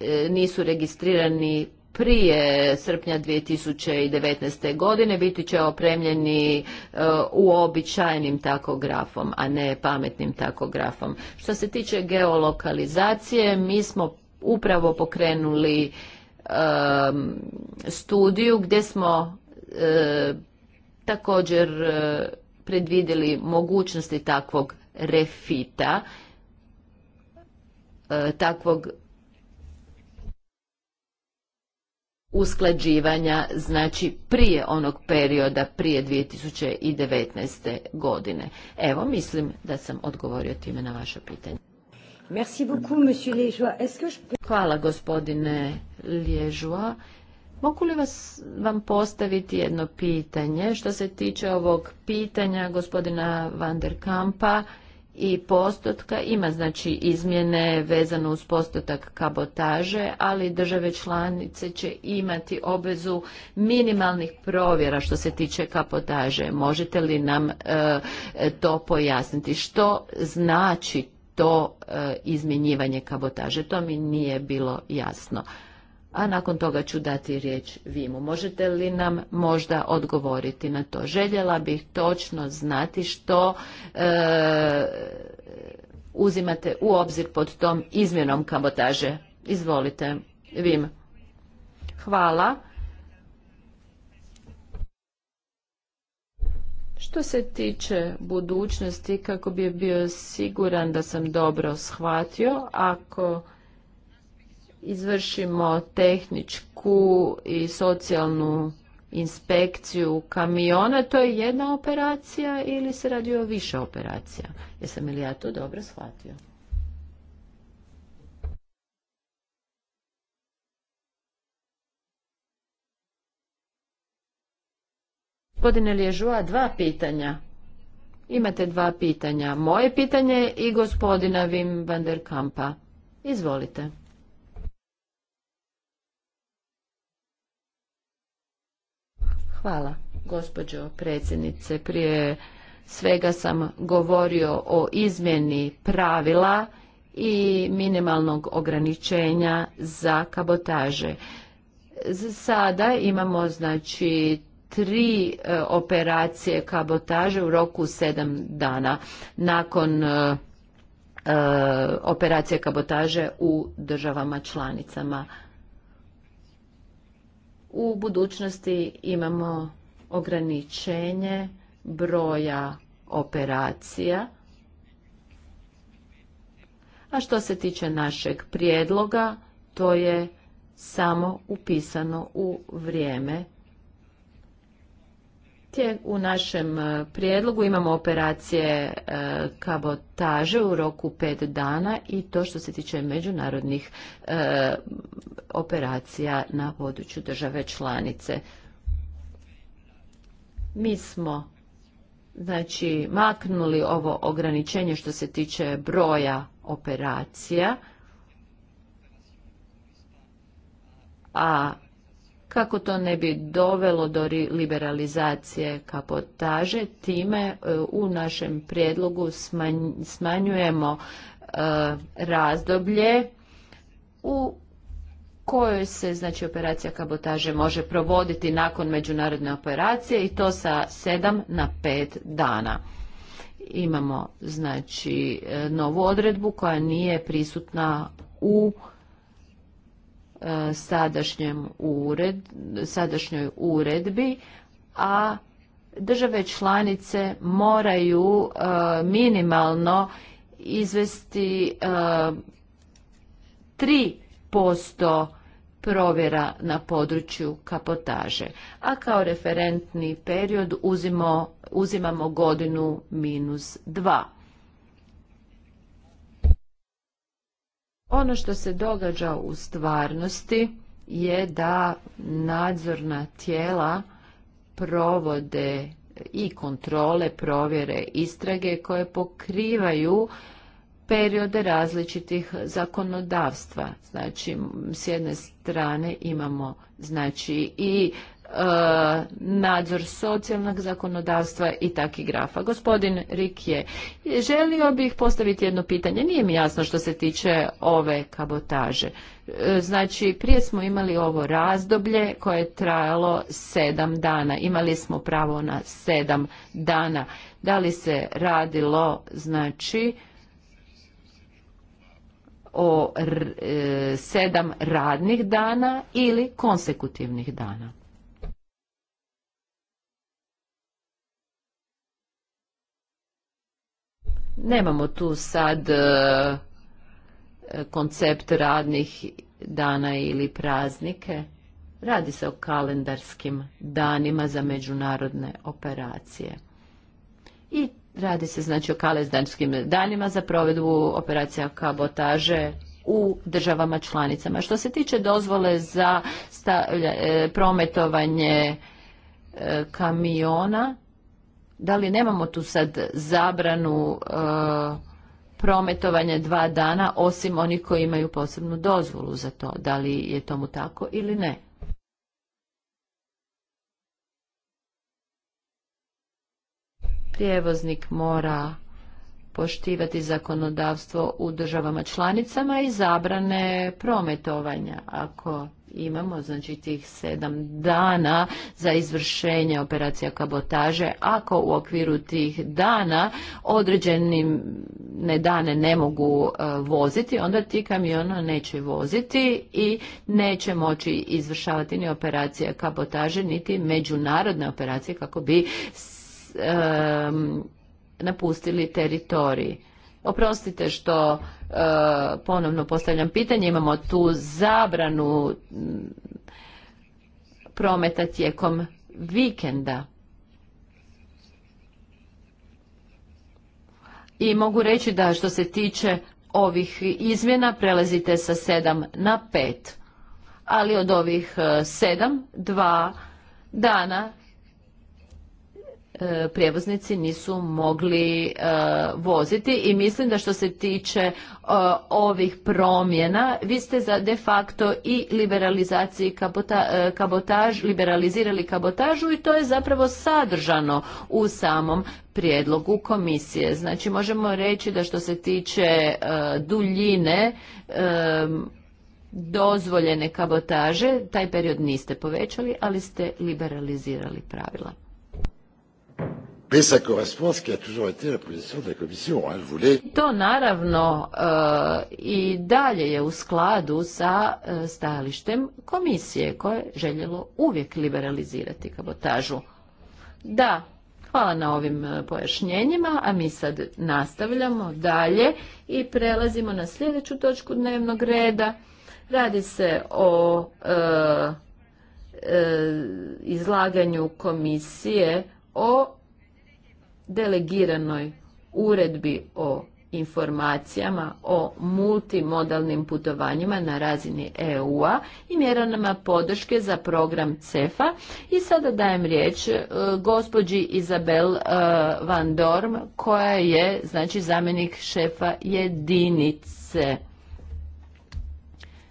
e, nisu registrirani prije srpnja 2019. godine biti će opremljeni e, u uobičajenim takografom, a ne pametnim takografom. Što se tiče geolokalizacije, mi smo upravo pokrenuli um, studiju gdje smo uh, također uh, predvidjeli mogućnosti takvog refita, uh, takvog usklađivanja znači prije onog perioda prije 2019. godine. Evo mislim da sam odgovorio time na vaše pitanje. Merci beaucoup, Hvala, gospodine Liježua. Mogu li vas, vam postaviti jedno pitanje što se tiče ovog pitanja gospodina Van der Kampa i postotka? Ima znači izmjene vezano uz postotak kabotaže, ali države članice će imati obvezu minimalnih provjera što se tiče kabotaže. Možete li nam eh, to pojasniti? Što znači to e, izmjenjivanje kabotaže. To mi nije bilo jasno. A nakon toga ću dati riječ Vimu. Možete li nam možda odgovoriti na to? Željela bih točno znati što e, uzimate u obzir pod tom izmjenom kabotaže. Izvolite, Vim. Hvala. Što se tiče budućnosti, kako bi bio siguran da sam dobro shvatio, ako izvršimo tehničku i socijalnu inspekciju kamiona, to je jedna operacija ili se radi o više operacija? Jesam li ja to dobro shvatio? Gospodine Lježua, dva pitanja. Imate dva pitanja. Moje pitanje i gospodina Wim van der Kampa. Izvolite. Hvala, gospođo predsjednice. Prije svega sam govorio o izmjeni pravila i minimalnog ograničenja za kabotaže. Sada imamo znači tri e, operacije kabotaže u roku sedam dana nakon e, e, operacije kabotaže u državama članicama. U budućnosti imamo ograničenje broja operacija. A što se tiče našeg prijedloga, to je samo upisano u vrijeme u našem e, prijedlogu imamo operacije e, kabotaže u roku pet dana i to što se tiče međunarodnih e, operacija na području države članice. Mi smo znači maknuli ovo ograničenje što se tiče broja operacija, a kako to ne bi dovelo do liberalizacije kapotaže. Time e, u našem prijedlogu smanjujemo e, razdoblje u kojoj se znači operacija kabotaže može provoditi nakon međunarodne operacije i to sa 7 na 5 dana. Imamo znači e, novu odredbu koja nije prisutna u E, ured, sadašnjoj uredbi, a države članice moraju e, minimalno izvesti 3% e, provjera na području kapotaže, a kao referentni period uzimamo godinu minus 2. Ono što se događa u stvarnosti je da nadzorna tijela provode i kontrole, provjere, istrage koje pokrivaju periode različitih zakonodavstva. Znači, s jedne strane imamo znači i E, nadzor socijalnog zakonodavstva i grafa. Gospodin Rik je, želio bih postaviti jedno pitanje, nije mi jasno što se tiče ove kabotaže. E, znači, prije smo imali ovo razdoblje koje je trajalo sedam dana. Imali smo pravo na sedam dana. Da li se radilo, znači, o e, sedam radnih dana ili konsekutivnih dana? Nemamo tu sad e, koncept radnih dana ili praznike. Radi se o kalendarskim danima za međunarodne operacije. I radi se znači o kalendarskim danima za provedbu operacija kabotaže u državama članicama. Što se tiče dozvole za e, prometovanje e, kamiona, da li nemamo tu sad zabranu e, prometovanja dva dana osim onih koji imaju posebnu dozvolu za to, da li je tomu tako ili ne. Prijevoznik mora poštivati zakonodavstvo u državama članicama i zabrane prometovanja. Ako imamo znači tih sedam dana za izvršenje operacija kabotaže. Ako u okviru tih dana određene ne dane ne mogu e, voziti, onda ti kamiona neće voziti i neće moći izvršavati ni operacije kabotaže, niti međunarodne operacije kako bi napustili teritorij. Oprostite što E, ponovno postavljam pitanje, imamo tu zabranu mm, prometa tijekom vikenda. I mogu reći da što se tiče ovih izmjena prelazite sa 7 na 5. Ali od ovih 7, e, 2 dana E, prijevoznici nisu mogli e, voziti i mislim da što se tiče e, ovih promjena vi ste za de facto i liberalizaciji liberalizirali kabotažu i to je zapravo sadržano u samom prijedlogu komisije. Znači možemo reći da što se tiče duljine dozvoljene kabotaže, taj period niste povećali, ali ste liberalizirali pravila. Mais ça correspond To naravno eh, i dalje je u skladu sa eh, stajalištem komisije koje je željelo uvijek liberalizirati kabotažu. Da, hvala na ovim eh, pojašnjenjima, a mi sad nastavljamo dalje i prelazimo na sljedeću točku dnevnog reda. Radi se o izlaganju komisije o delegiranoj uredbi o informacijama o multimodalnim putovanjima na razini EU-a i mjerama podrške za program CEFA. I sada dajem riječ e, gospođi Izabel e, Van Dorm koja je znači zamjenik šefa jedinice.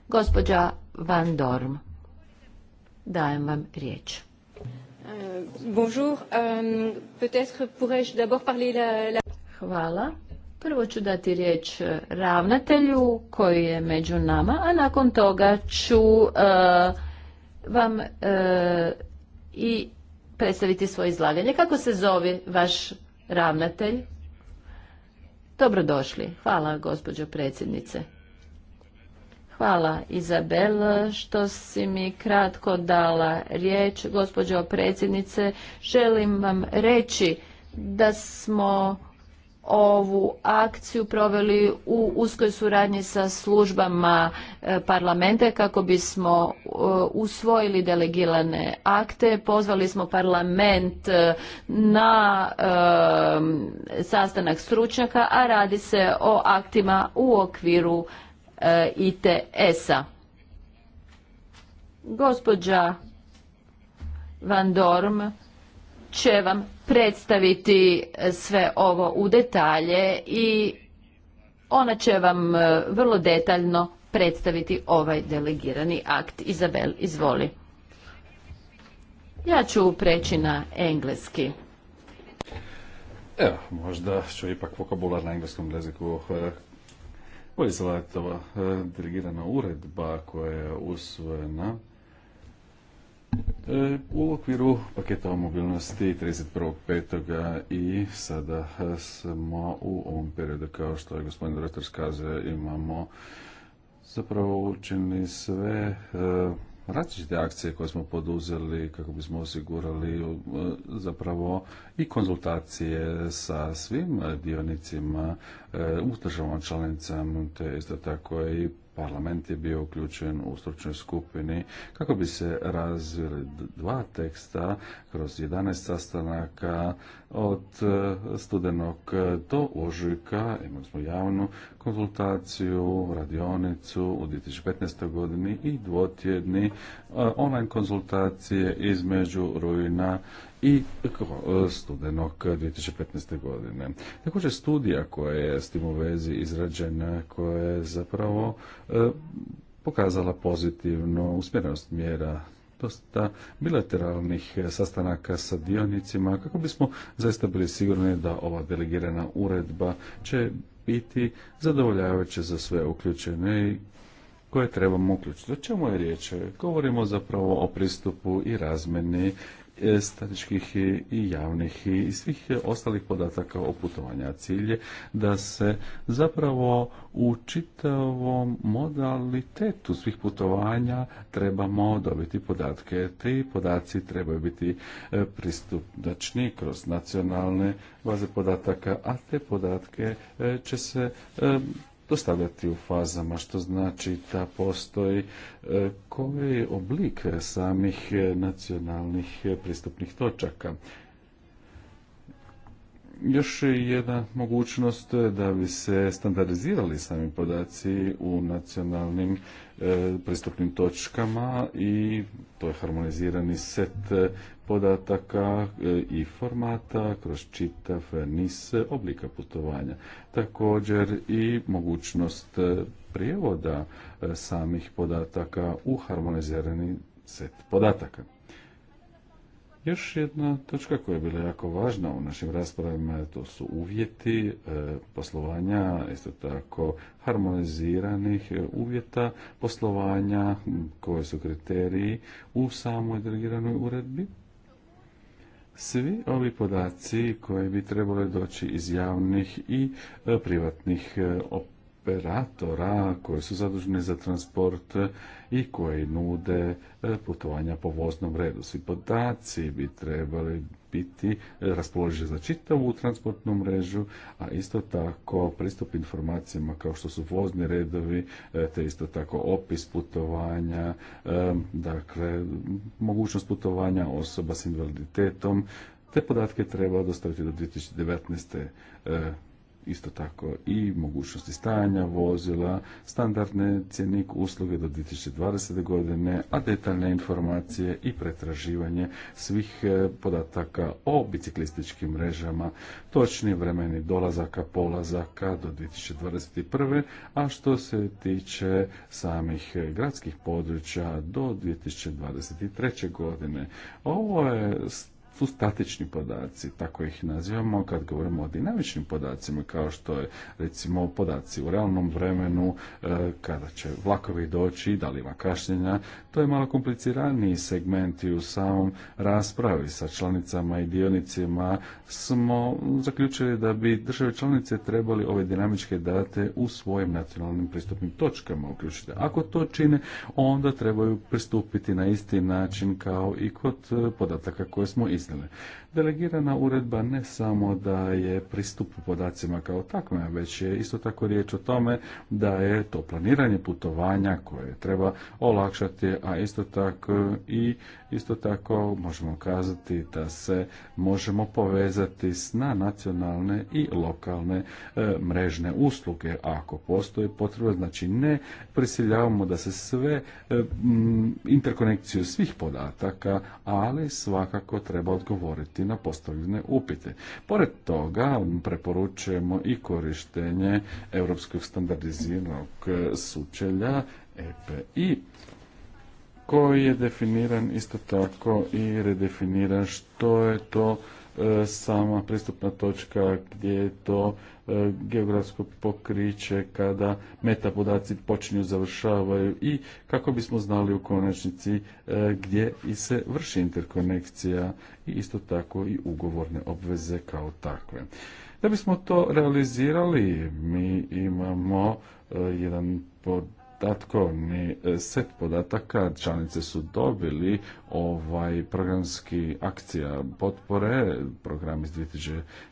Gospođa Van Dorm, dajem vam riječ. Euh, bonjour. Euh, peut-être Hvala. Prvo ću dati riječ ravnatelju koji je među nama, a nakon toga ću eh, vam eh, i predstaviti svoje izlaganje. Kako se zove vaš ravnatelj? Dobrodošli. Hvala, gospođo predsjednice. Hvala Izabel što si mi kratko dala riječ. Gospođo predsjednice, želim vam reći da smo ovu akciju proveli u uskoj suradnji sa službama e, parlamenta kako bismo e, usvojili delegirane akte. Pozvali smo parlament e, na sastanak stručnjaka, a radi se o aktima u okviru E, ITS-a. Gospođa Van Dorm će vam predstaviti e, sve ovo u detalje i ona će vam e, vrlo detaljno predstaviti ovaj delegirani akt. Izabel, izvoli. Ja ću preći na engleski. Evo, možda ću ipak vokabular na engleskom jeziku ovo je e, uredba koja je usvojena e, u okviru paketa o mobilnosti 31.5. i sada smo u ovom periodu, kao što je gospodin Dretar skazio, imamo zapravo učeni sve e, različite akcije koje smo poduzeli kako bismo osigurali e, zapravo i konzultacije sa svim dionicima e, u državama članicama, te isto tako i parlament je bio uključen u stručnoj skupini kako bi se razvili dva teksta kroz 11 sastanaka od e, studenog e, do ožujka imali smo javnu konzultaciju, radionicu u 2015. godini i dvotjedni e, online konzultacije između rujna i studenog 2015. godine. Također studija koja je s tim u vezi izrađena, koja je zapravo pokazala pozitivnu usmjerenost mjera dosta bilateralnih eh, sastanaka sa dionicima kako bismo zaista bili sigurni da ova delegirana uredba će biti zadovoljavajuća za sve uključene i koje trebamo uključiti. O čemu je riječ? Govorimo zapravo o pristupu i razmeni E, statičkih i javnih i svih ostalih podataka o putovanja. Cilj je da se zapravo u čitavom modalitetu svih putovanja trebamo dobiti podatke. Ti podaci trebaju biti e, pristupačni kroz nacionalne baze podataka, a te podatke e, će se dostavljati u fazama, što znači da postoji e, koji je oblik samih nacionalnih pristupnih točaka. Još jedna mogućnost da bi se standardizirali sami podaci u nacionalnim e, pristupnim točkama i to je harmonizirani set podataka e, i formata kroz čitav niz e, oblika putovanja. Također i mogućnost e, prijevoda samih podataka u harmonizirani set podataka. Još jedna točka koja je bila jako važna u našim raspravama, to su uvjeti poslovanja, isto tako harmoniziranih uvjeta poslovanja, koji su kriteriji u samoj delegiranoj uredbi. Svi ovi podaci koji bi trebali doći iz javnih i e, privatnih e, operatora koji su zaduženi za transport i koje nude e, putovanja po voznom redu. Svi podaci bi trebali biti e, raspoloživi za čitavu transportnu mrežu, a isto tako pristup informacijama kao što su vozni redovi, e, te isto tako opis putovanja, dakle mogućnost putovanja osoba s invaliditetom, te podatke treba dostaviti do 2019 isto tako i mogućnosti stajanja vozila, standardne cjenik usluge do 2020. godine, a detaljne informacije i pretraživanje svih e, podataka o biciklističkim mrežama, točni vremeni dolazaka, polazaka do 2021. a što se tiče samih gradskih područja do 2023. godine. Ovo je su statični podaci, tako ih nazivamo kad govorimo o dinamičnim podacima, kao što je recimo podaci u realnom vremenu, e, kada će vlakovi doći, da li ima kašnjenja, to je malo kompliciraniji segment i u samom raspravi sa članicama i dionicima smo zaključili da bi države članice trebali ove dinamičke date u svojim nacionalnim pristupnim točkama uključiti. Ako to čine, onda trebaju pristupiti na isti način kao i kod e, podataka koje smo iz mislili. Delegirana uredba ne samo da je pristup podacima kao takva, već je isto tako riječ o tome da je to planiranje putovanja koje treba olakšati, a isto tako i isto tako možemo kazati da se možemo povezati s na nacionalne i lokalne e, mrežne usluge ako postoji potreba, znači ne prisiljavamo da se sve e, interkonekciju svih podataka, ali svakako treba odgovoriti odgovoriti na postavljene upite. Pored toga, preporučujemo i korištenje Europskog standardiziranog sučelja EPI koji je definiran isto tako i redefiniran što je to E, sama pristupna točka gdje je to e, geografsko pokriće kada meta podaci počinju završavaju i kako bismo znali u konačnici e, gdje i se vrši interkonekcija i isto tako i ugovorne obveze kao takve. Da bismo to realizirali mi imamo jedan pod podatkovni e, set podataka članice su dobili ovaj programski akcija potpore, program iz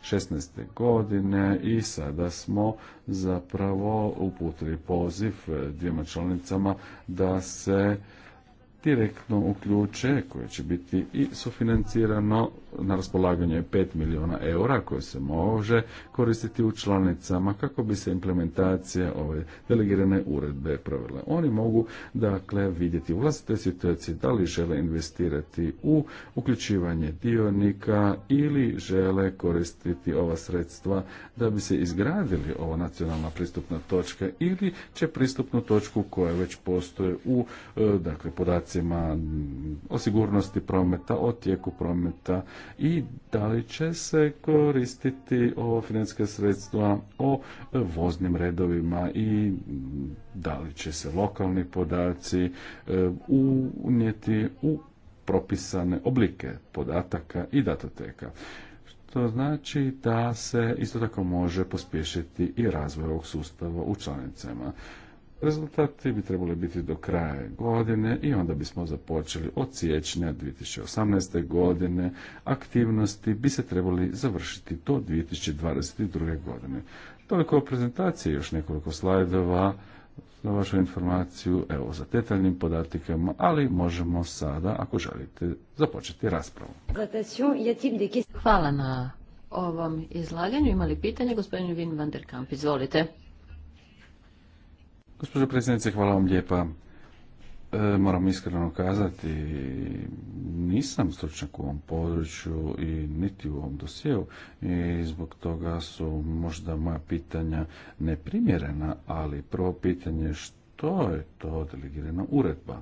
2016. godine i sada smo zapravo uputili poziv e, dvijema članicama da se direktno uključe, koje će biti i sufinancirano na raspolaganju je 5 milijuna eura koje se može koristiti u članicama kako bi se implementacije ove delegirane uredbe provele. Oni mogu dakle vidjeti u vlastite situacije da li žele investirati u uključivanje dionika ili žele koristiti ova sredstva da bi se izgradili ova nacionalna pristupna točka ili će pristupnu točku koja već postoje u e, dakle podacima o sigurnosti prometa, o tijeku prometa i da li će se koristiti ova financijska sredstva o voznim redovima i da li će se lokalni podaci e, unijeti u propisane oblike podataka i datoteka što znači da se isto tako može pospješiti i razvoj ovog sustava u članicama. Rezultati bi trebali biti do kraja godine i onda bismo započeli od siječnja 2018. godine. Aktivnosti bi se trebali završiti do 2022. godine. Toliko o prezentaciji, još nekoliko slajdova na vašu informaciju, evo, za detaljnim podatikama, ali možemo sada, ako želite, započeti raspravu. Hvala na ovom izlaganju. Imali pitanje, gospodin Vin van der Kamp, izvolite. Gospođo predsjednice, hvala vam lijepa. E, moram iskreno kazati, nisam stručnjak u ovom području i niti u ovom dosjeu i zbog toga su možda moja pitanja neprimjerena, ali prvo pitanje što je to delegirana uredba?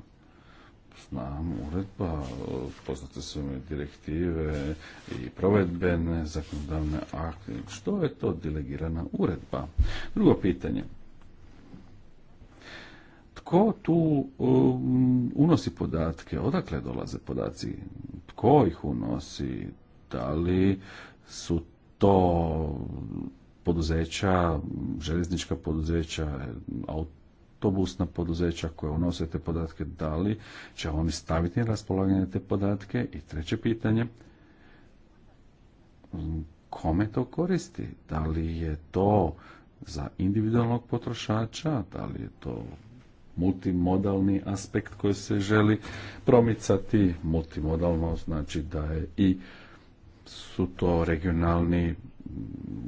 Znam, uredba, poznate su mi direktive i provedbene zakonodavne akte. Što je to delegirana uredba? Drugo pitanje, tko tu um, unosi podatke? Odakle dolaze podaci? Tko ih unosi? Da li su to poduzeća, željeznička poduzeća, autobusna poduzeća koja unose te podatke, da li će oni staviti na raspolaganje te podatke? I treće pitanje, kome to koristi? Da li je to za individualnog potrošača, da li je to multimodalni aspekt koji se želi promicati. Multimodalno znači da je i su to regionalni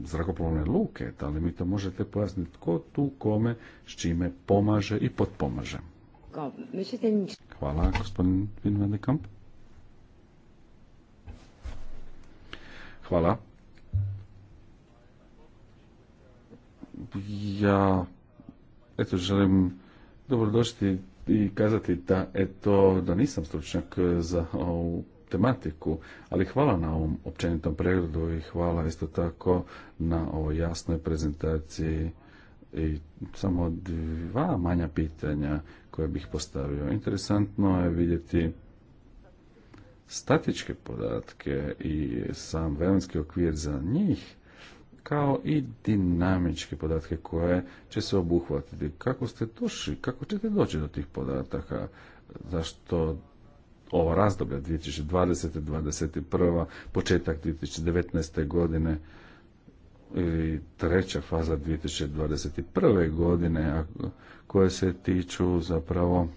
zrakoplovne luke. Da li mi to možete pojasniti tko tu kome s čime pomaže i potpomaže? Hvala, gospodin Hvala. Ja eto želim dobrodošli i kazati da eto da nisam stručnjak e, za ovu tematiku, ali hvala na ovom općenitom pregledu i hvala isto tako na ovoj jasnoj prezentaciji i samo dva manja pitanja koje bih postavio. Interesantno je vidjeti statičke podatke i sam vremenski okvir za njih kao i dinamičke podatke koje će se obuhvatiti. Kako ste došli, kako ćete doći do tih podataka, zašto ova razdoblja 2020. 2021. početak 2019. godine i treća faza 2021. godine koje se tiču zapravo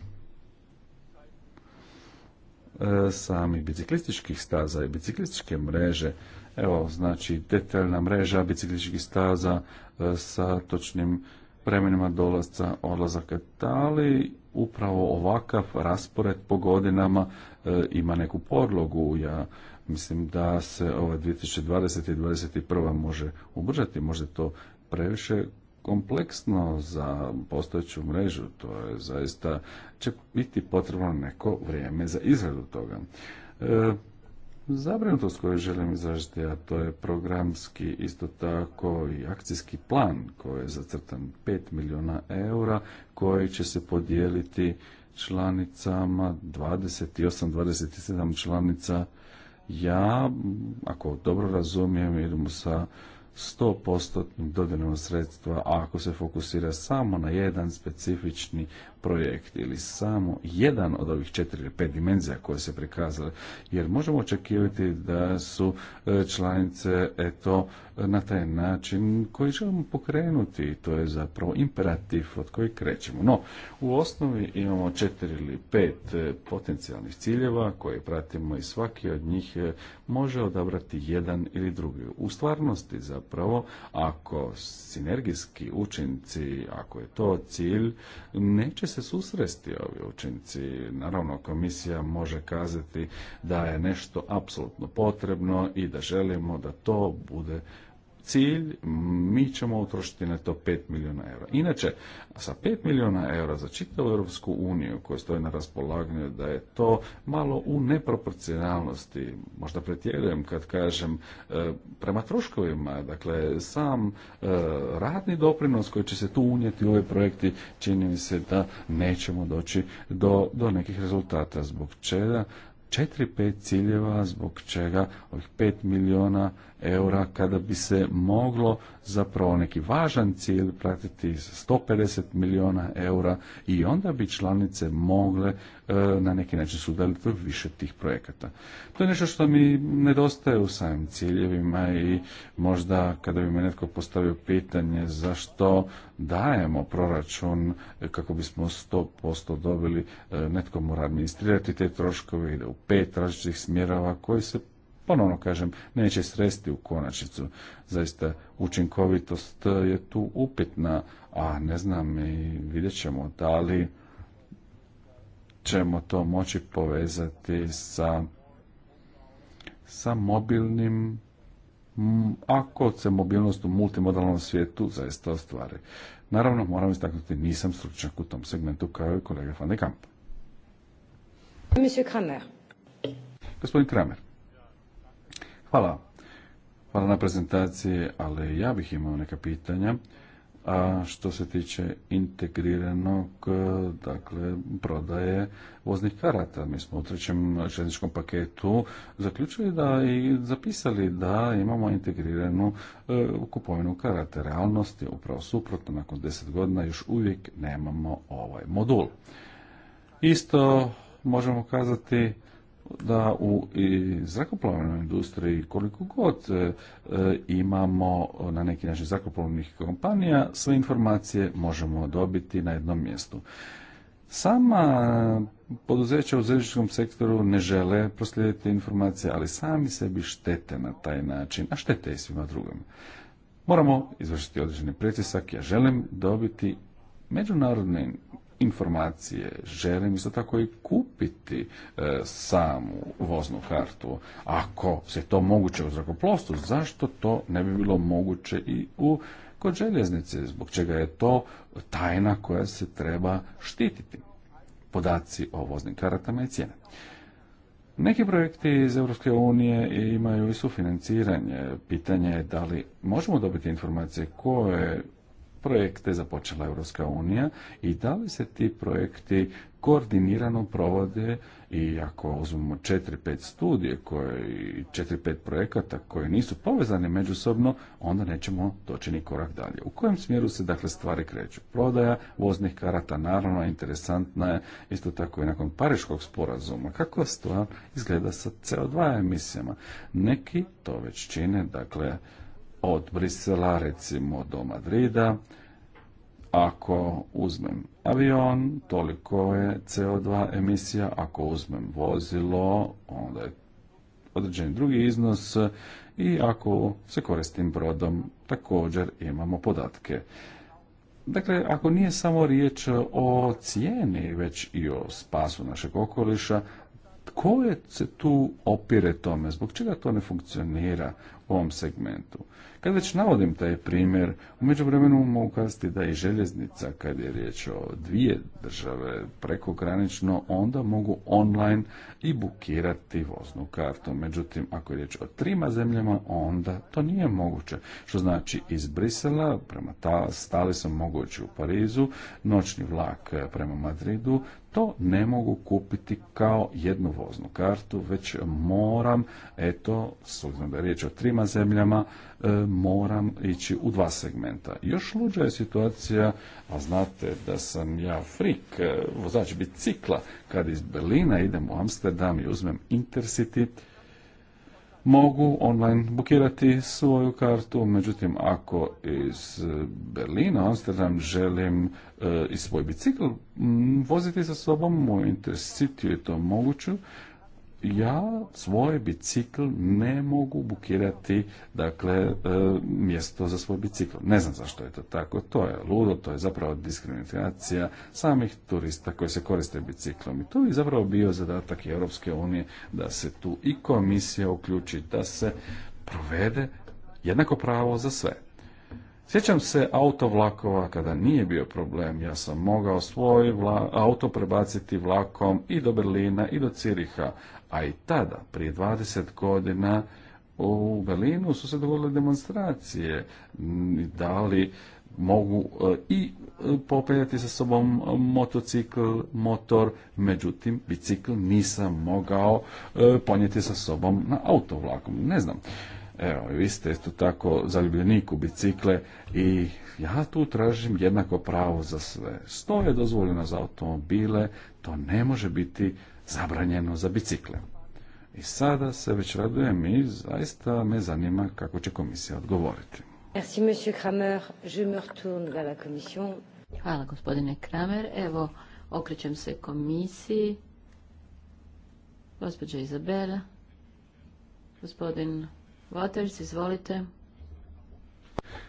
e, samih biciklističkih staza i biciklističke mreže Evo, znači, detaljna mreža biciklističkih staza e, sa točnim vremenima dolazca, odlazaka. Da upravo ovakav raspored po godinama e, ima neku podlogu? Ja mislim da se ova 2020. i 2021. može ubržati, možda to previše kompleksno za postojeću mrežu, to je zaista će biti potrebno neko vrijeme za izradu toga. E, Zabrinutost koju želim izražiti, a to je programski isto tako i akcijski plan koji je zacrtan 5 milijuna eura koji će se podijeliti članicama 28-27 članica. Ja, ako dobro razumijem, idemo sa 100% dodanom sredstva, a ako se fokusira samo na jedan specifični projekt ili samo jedan od ovih četiri ili pet dimenzija koje se prikazale, jer možemo očekivati da su e, članice eto na taj način koji želimo pokrenuti. To je zapravo imperativ od kojeg krećemo. No, u osnovi imamo četiri ili pet e, potencijalnih ciljeva koje pratimo i svaki od njih e, može odabrati jedan ili drugi. U stvarnosti zapravo, ako sinergijski učinci, ako je to cilj, neće se susresti ovi učinci. Naravno, komisija može kazati da je nešto apsolutno potrebno i da želimo da to bude cilj, mi ćemo utrošiti na to 5 milijuna eura. Inače, sa 5 milijuna eura za čitavu Europsku uniju koja stoji na raspolaganju, da je to malo u neproporcionalnosti, možda pretjerujem kad kažem, e, prema troškovima, dakle, sam e, radni doprinos koji će se tu unijeti u ove projekti, čini mi se da nećemo doći do, do nekih rezultata. Zbog čega? 4-5 ciljeva, zbog čega ovih 5 milijuna eura kada bi se moglo zapravo neki važan cilj pratiti 150 milijuna eura i onda bi članice mogle e, na neki način sudjeliti više tih projekata. To je nešto što mi nedostaje u samim ciljevima i možda kada bi me netko postavio pitanje zašto dajemo proračun kako bismo 100% dobili e, netko mora administrirati te troškove u pet različitih smjerova koji se ponovno kažem, neće sresti u konačnicu. Zaista učinkovitost je tu upitna, a ne znam i vidjet ćemo da li ćemo to moći povezati sa, sa mobilnim ako se mobilnost u multimodalnom svijetu zaista ostvari. Naravno, moram istaknuti, nisam stručnjak u tom segmentu kao i kolega Van Kamp. Monsieur Kramer. Gospodin Kramer. Hvala. Hvala na prezentaciji, ali ja bih imao neka pitanja. A što se tiče integriranog, dakle, prodaje voznih karata, mi smo u trećem željezničkom paketu zaključili da i zapisali da imamo integriranu e, kupovinu karata. Realnost upravo suprotno, nakon deset godina još uvijek nemamo ovaj modul. Isto možemo kazati da u zrakoplovnoj industriji koliko god e, e, imamo na neki način zrakoplovnih kompanija, sve informacije možemo dobiti na jednom mjestu. Sama poduzeća u zemljičkom sektoru ne žele proslijediti informacije, ali sami sebi štete na taj način, a štete i svima drugima. Moramo izvršiti određeni pritisak. Ja želim dobiti međunarodne informacije, želim isto tako i kupiti e, samu voznu kartu. Ako se to moguće u zrakoplovstvu, zašto to ne bi bilo moguće i u kod željeznice, zbog čega je to tajna koja se treba štititi. Podaci o voznim karatama i cijene. Neki projekti iz Europske unije imaju i sufinanciranje. Pitanje je da li možemo dobiti informacije koje projekte započela Europska unija i da li se ti projekti koordinirano provode i ako uzmemo 4-5 studije koje, i 4-5 projekata koje nisu povezane međusobno, onda nećemo doći ni korak dalje. U kojem smjeru se dakle stvari kreću? Prodaja voznih karata naravno interesantna je, isto tako i nakon pariškog sporazuma. Kako stvar izgleda sa CO2 emisijama? Neki to već čine, dakle, od Brisela recimo do Madrida, ako uzmem avion, toliko je CO2 emisija, ako uzmem vozilo, onda je određeni drugi iznos i ako se koristim brodom, također imamo podatke. Dakle, ako nije samo riječ o cijeni, već i o spasu našeg okoliša, koje se tu opire tome? Zbog čega to ne funkcionira u ovom segmentu? Kad već navodim taj primjer, u međuvremenu mogu kazati da i željeznica, kad je riječ o dvije države prekogranično, onda mogu online i bukirati voznu kartu. Međutim, ako je riječ o trima zemljama, onda to nije moguće. Što znači iz Brisela prema ta, stali sam mogući u Parizu, noćni vlak prema Madridu, to ne mogu kupiti kao jednu voznu kartu, već moram, eto, s obzirom da je riječ o trima zemljama, e, moram ići u dva segmenta. Još luđa je situacija, a znate da sam ja frik, e, vozač bicikla, kad iz Berlina idem u Amsterdam i uzmem Intercity, mogu online bukirati svoju kartu, međutim ako iz Berlina, Amsterdam želim e, i svoj bicikl voziti sa sobom, u Intercity je to moguće, ja svoj bicikl ne mogu bukirati dakle e, mjesto za svoj bicikl. Ne znam zašto je to tako, to je ludo, to je zapravo diskriminacija samih turista koji se koriste biciklom i to je zapravo bio zadatak Europske unije da se tu i komisija uključi, da se provede jednako pravo za sve. Sjećam se auto vlakova kada nije bio problem. Ja sam mogao svoj auto prebaciti vlakom i do Berlina i do Ciriha, a i tada, prije 20 godina, u Berlinu su se dogodile demonstracije. Da li mogu e, i e, popeljati sa sobom motocikl, motor, međutim bicikl nisam mogao e, ponijeti sa sobom na autovlakom, ne znam. Evo, vi ste isto tako zaljubljenik u bicikle i ja tu tražim jednako pravo za sve. Sto je dozvoljeno za automobile, to ne može biti zabranjeno za bicikle. I sada se već radujem i zaista me zanima kako će komisija odgovoriti. monsieur Kramer. Je me retourne vers Hvala, gospodine Kramer. Evo, okrećem se komisiji. Gospođa Izabela. Gospodin Waters, izvolite.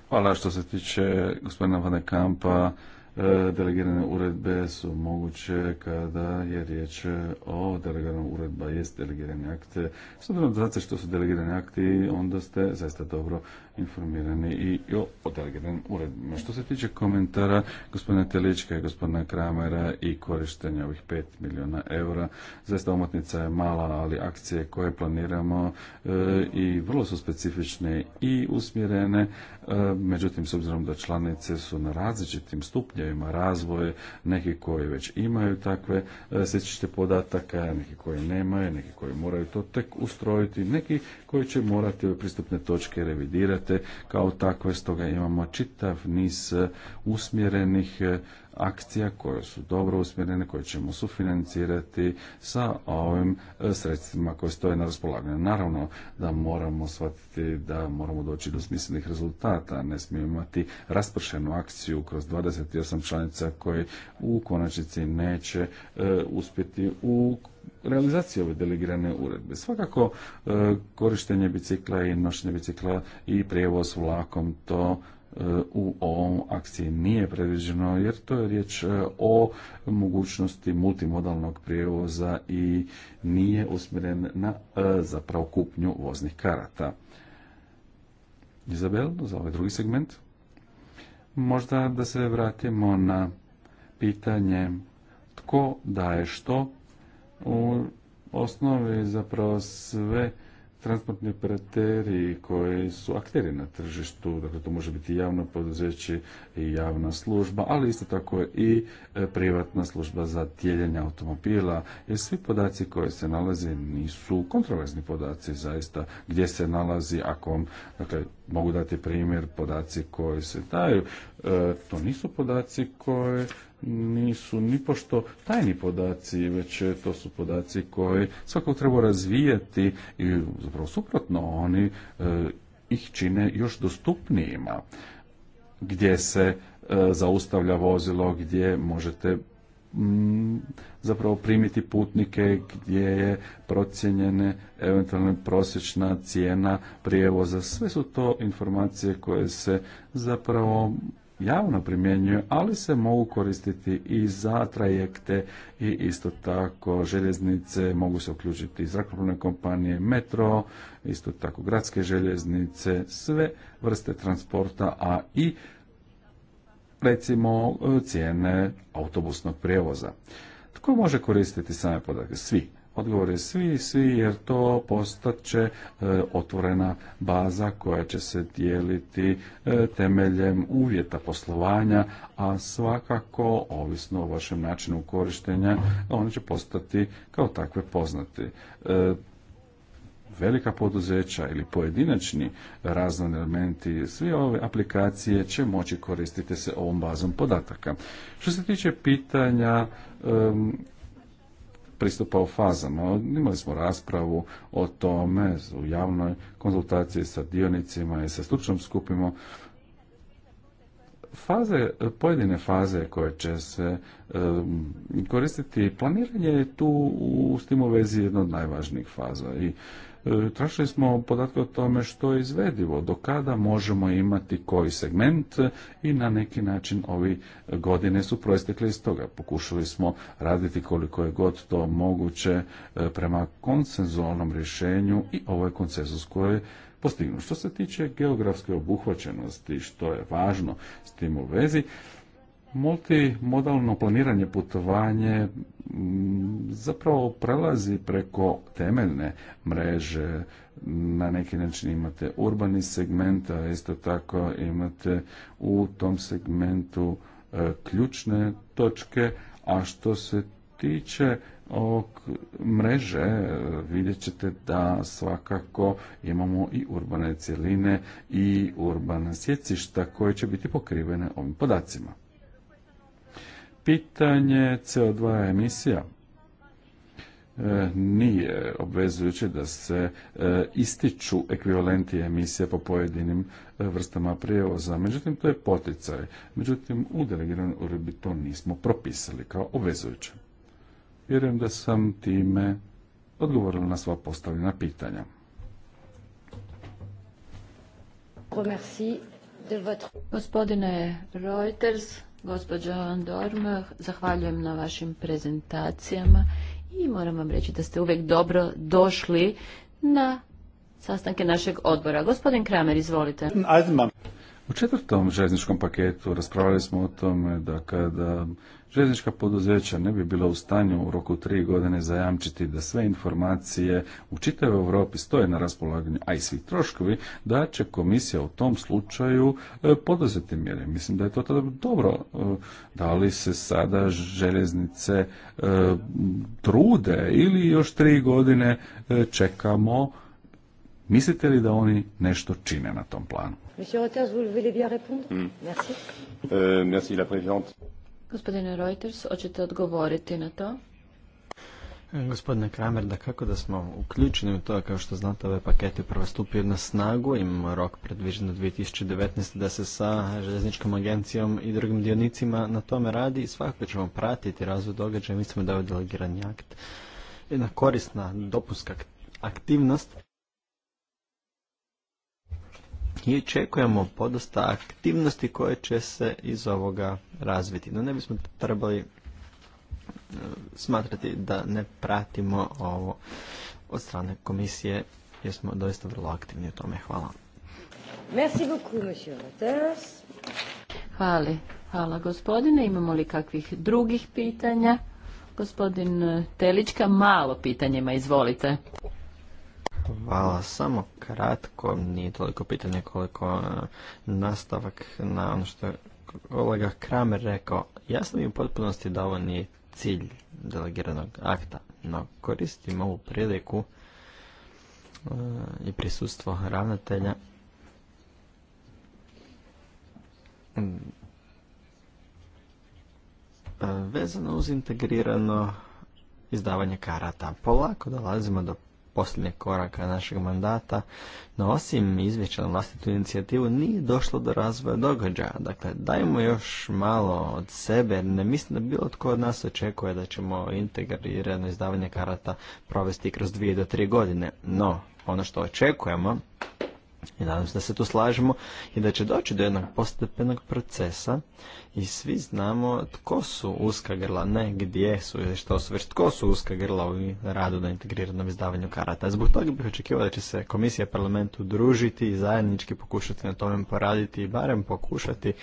Hvala što se tiče gospodina Vanekampa. Kampa E, delegirane uredbe su moguće kada je riječ o delegiranom uredba jest delegirani akte. S obzirom da znate što su delegirani akti, onda ste zaista dobro informirani i o određenim uredbama. Što se tiče komentara gospodina Telička i gospodina Kramera i korištenja ovih 5 milijuna eura, zaista omotnica je mala, ali akcije koje planiramo e, i vrlo su specifične i usmjerene, e, međutim s obzirom da članice su na različitim stupnjevima razvoje, neki koji već imaju takve e, podataka, neki koji nemaju, neki koji moraju to tek ustrojiti, neki koji će morati ove pristupne točke revidirati kao takve, stoga imamo čitav niz e, usmjerenih e, akcija koje su dobro usmjerene, koje ćemo sufinancirati sa ovim e, sredstvima koje stoje na raspolaganju. Naravno da moramo shvatiti da moramo doći do smislenih rezultata, ne smijemo imati raspršenu akciju kroz 28 članica koje u konačnici neće e, uspjeti u realizaciji ove delegirane uredbe. Svakako e, korištenje bicikla i nošenje bicikla i prijevoz vlakom to u ovom akciji nije predviđeno jer to je riječ e, o mogućnosti multimodalnog prijevoza i nije usmjeren na e, zapravo kupnju voznih karata. Izabel, za ovaj drugi segment. Možda da se vratimo na pitanje tko daje što. U osnovi zapravo sve transportni operateri koji su akteri na tržištu, dakle to može biti javno poduzeće i javna služba, ali isto tako i e, privatna služba za tijeljenje automobila, jer svi podaci koji se nalaze nisu kontroverzni podaci zaista gdje se nalazi ako dakle mogu dati primjer podaci koji se daju. E, to nisu podaci koje nisu ni pošto tajni podaci, već to su podaci koje svakog treba razvijati i zapravo suprotno oni e, ih čine još dostupnijima gdje se e, zaustavlja vozilo gdje možete zapravo primiti putnike gdje je procijenjene eventualno prosječna cijena prijevoza. Sve su to informacije koje se zapravo javno primjenjuju, ali se mogu koristiti i za trajekte i isto tako željeznice, mogu se uključiti i zrakoplovne kompanije, metro, isto tako gradske željeznice, sve vrste transporta, a i recimo e, cijene autobusnog prijevoza. Tko može koristiti same podatke? Svi. Odgovor je svi, svi, jer to postaće e, otvorena baza koja će se dijeliti e, temeljem uvjeta poslovanja, a svakako, ovisno o vašem načinu korištenja, oni će postati kao takve poznati velika poduzeća ili pojedinačni razni elementi, svi ove aplikacije će moći koristiti se ovom bazom podataka. Što se tiče pitanja pristupa u fazama. Imali smo raspravu o tome u javnoj konzultaciji sa dionicima i sa stručnom skupima. Faze, pojedine faze koje će se koristiti, planiranje je tu u, s tim vezi jedna od najvažnijih faza i E, tražili smo podatke o tome što je izvedivo, do kada možemo imati koji segment i na neki način ovi godine su proistekle iz toga. Pokušali smo raditi koliko je god to moguće e, prema konsenzualnom rješenju i ovoj je koji postignu. Što se tiče geografske obuhvaćenosti, što je važno s tim u vezi, Multimodalno planiranje putovanje zapravo prelazi preko temeljne mreže, na neki način imate urbani segment, a isto tako imate u tom segmentu e, ključne točke, a što se tiče ovog mreže e, vidjet ćete da svakako imamo i urbane cjeline i urbana sjecišta koje će biti pokrivene ovim podacima pitanje CO2 emisija e, nije obvezujuće da se e, ističu ekvivalenti emisije po pojedinim e, vrstama prijevoza. Međutim, to je poticaj. Međutim, u delegiranoj uredbi to nismo propisali kao obvezujuće. Vjerujem da sam time odgovorila na sva postavljena pitanja. Gospodine Reuters, Gospođo Dorma, zahvaljujem na vašim prezentacijama i moram vam reći da ste uvijek dobro došli na sastanke našeg odbora. Gospodin Kramer, izvolite. U četvrtom željezničkom paketu raspravljali smo o tome da kada željeznička poduzeća ne bi bila u stanju u roku tri godine zajamčiti da sve informacije u čitavoj Europi stoje na raspolaganju, a i svi troškovi, da će komisija u tom slučaju e, poduzeti mjere. Mislim da je to tada dobro. E, da li se sada željeznice e, trude ili još tri godine čekamo Mislite li da oni nešto čine na tom planu? Monsieur Reuters, vous voulez bien répondre mm. Merci. Euh, merci la présidente. Gospodine Reuters, hoćete odgovoriti na to? E, gospodine Kramer, da kako da smo uključeni u to, kao što znate, ovaj paket je prvo stupio na snagu, imamo rok predviđen do 2019. da se sa željezničkom agencijom i drugim dionicima na tome radi i svakako ćemo pratiti razvoj događaja, mislimo da je ovaj delegirani akt jedna korisna dopuska aktivnost i očekujemo podosta aktivnosti koje će se iz ovoga razviti. No ne bismo trebali e, smatrati da ne pratimo ovo od strane komisije jer smo doista vrlo aktivni u tome. Hvala. Merci beaucoup, monsieur Hvala. Hvala gospodine. Imamo li kakvih drugih pitanja? Gospodin Telička, malo pitanjima, izvolite. Hvala. Samo kratko, nije toliko pitanje koliko e, nastavak na ono što je kolega Kramer rekao. Jasno mi u potpunosti da ovo nije cilj delegiranog akta, no koristim ovu priliku e, i prisustvo ravnatelja e, vezano uz integrirano izdavanje karata. Polako dolazimo do posljednjeg koraka našeg mandata, no osim izvješća na vlastitu inicijativu nije došlo do razvoja događaja. Dakle, dajmo još malo od sebe, ne mislim da bilo tko od nas očekuje da ćemo integrirano izdavanje karata provesti kroz dvije do tri godine. No, ono što očekujemo i nadam se da se tu slažemo i da će doći do jednog postepenog procesa i svi znamo tko su uska grla, ne gdje su ili što su, već tko su uska grla u radu na integriranom izdavanju karata. Zbog toga bih očekivao da će se komisija parlamentu družiti i zajednički pokušati na tome poraditi i barem pokušati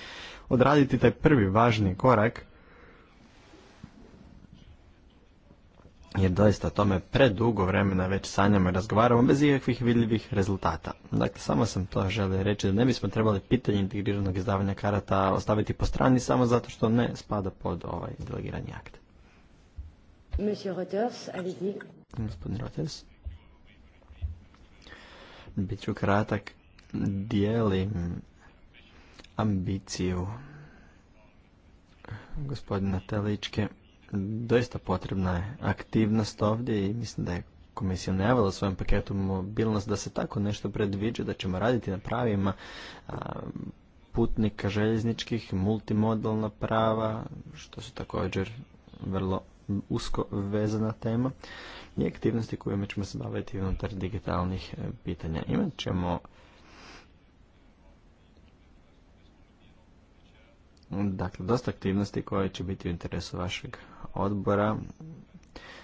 odraditi taj prvi važni korak jer doista o tome predugo vremena već sanjamo i razgovaramo bez ikakvih vidljivih rezultata. Dakle, samo sam to želio reći da ne bismo trebali pitanje integriranog izdavanja karata ostaviti po strani samo zato što ne spada pod ovaj delegirani akt. Monsieur Reuters, Gospodin Reuters. kratak. Dijelim ambiciju gospodina Teličke doista potrebna je aktivnost ovdje i mislim da je komisija najavila u svojem paketu mobilnost da se tako nešto predviđa, da ćemo raditi na pravima putnika željezničkih, multimodalna prava, što su također vrlo usko vezana tema i aktivnosti kojima ćemo se baviti unutar digitalnih e, pitanja. Imat ćemo dakle, dosta aktivnosti koje će biti u interesu vašeg odbora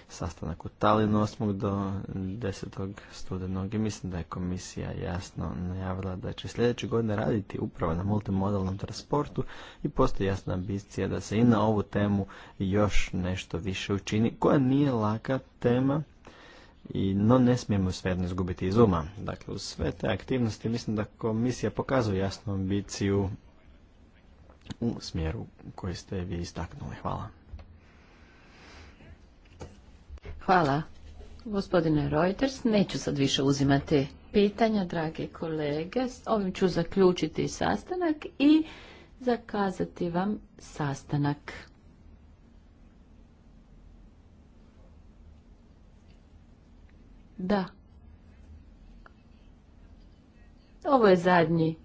sastanak u Talinu 8. do 10. studenog i mislim da je komisija jasno najavila da će sljedeće godine raditi upravo na multimodalnom transportu i postoji jasna ambicija da se i na ovu temu još nešto više učini koja nije laka tema i no ne smijemo svejedno izgubiti iz uma. Dakle, u sve te aktivnosti mislim da komisija pokazuje jasnu ambiciju u smjeru koji ste vi istaknuli. Hvala. Hvala. Gospodine Reuters, neću sad više uzimati pitanja, drage kolege. Ovim ću zaključiti sastanak i zakazati vam sastanak. Da. Ovo je zadnji.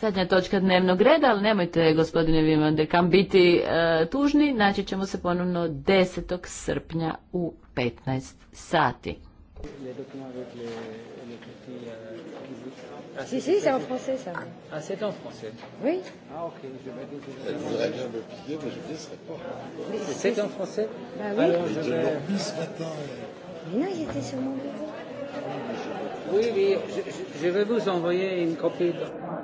Zadnja točka dnevnog reda, ali nemojte, gospodine Vimande, kam biti e, tužni. Naći ćemo se ponovno 10. srpnja u 15 sati. Ah, si, si, c'est en français, ça. Ah, c'est en français Oui. Ah, ok. Je vais... Elle voudrait bien me plier, mais je ne laisserai pas. C'est en français Bah oui. Alors, je vais... ce matin. Mais non, j'étais sur mon bureau. Oui, oui, je, je, je vais vous envoyer une copie. De...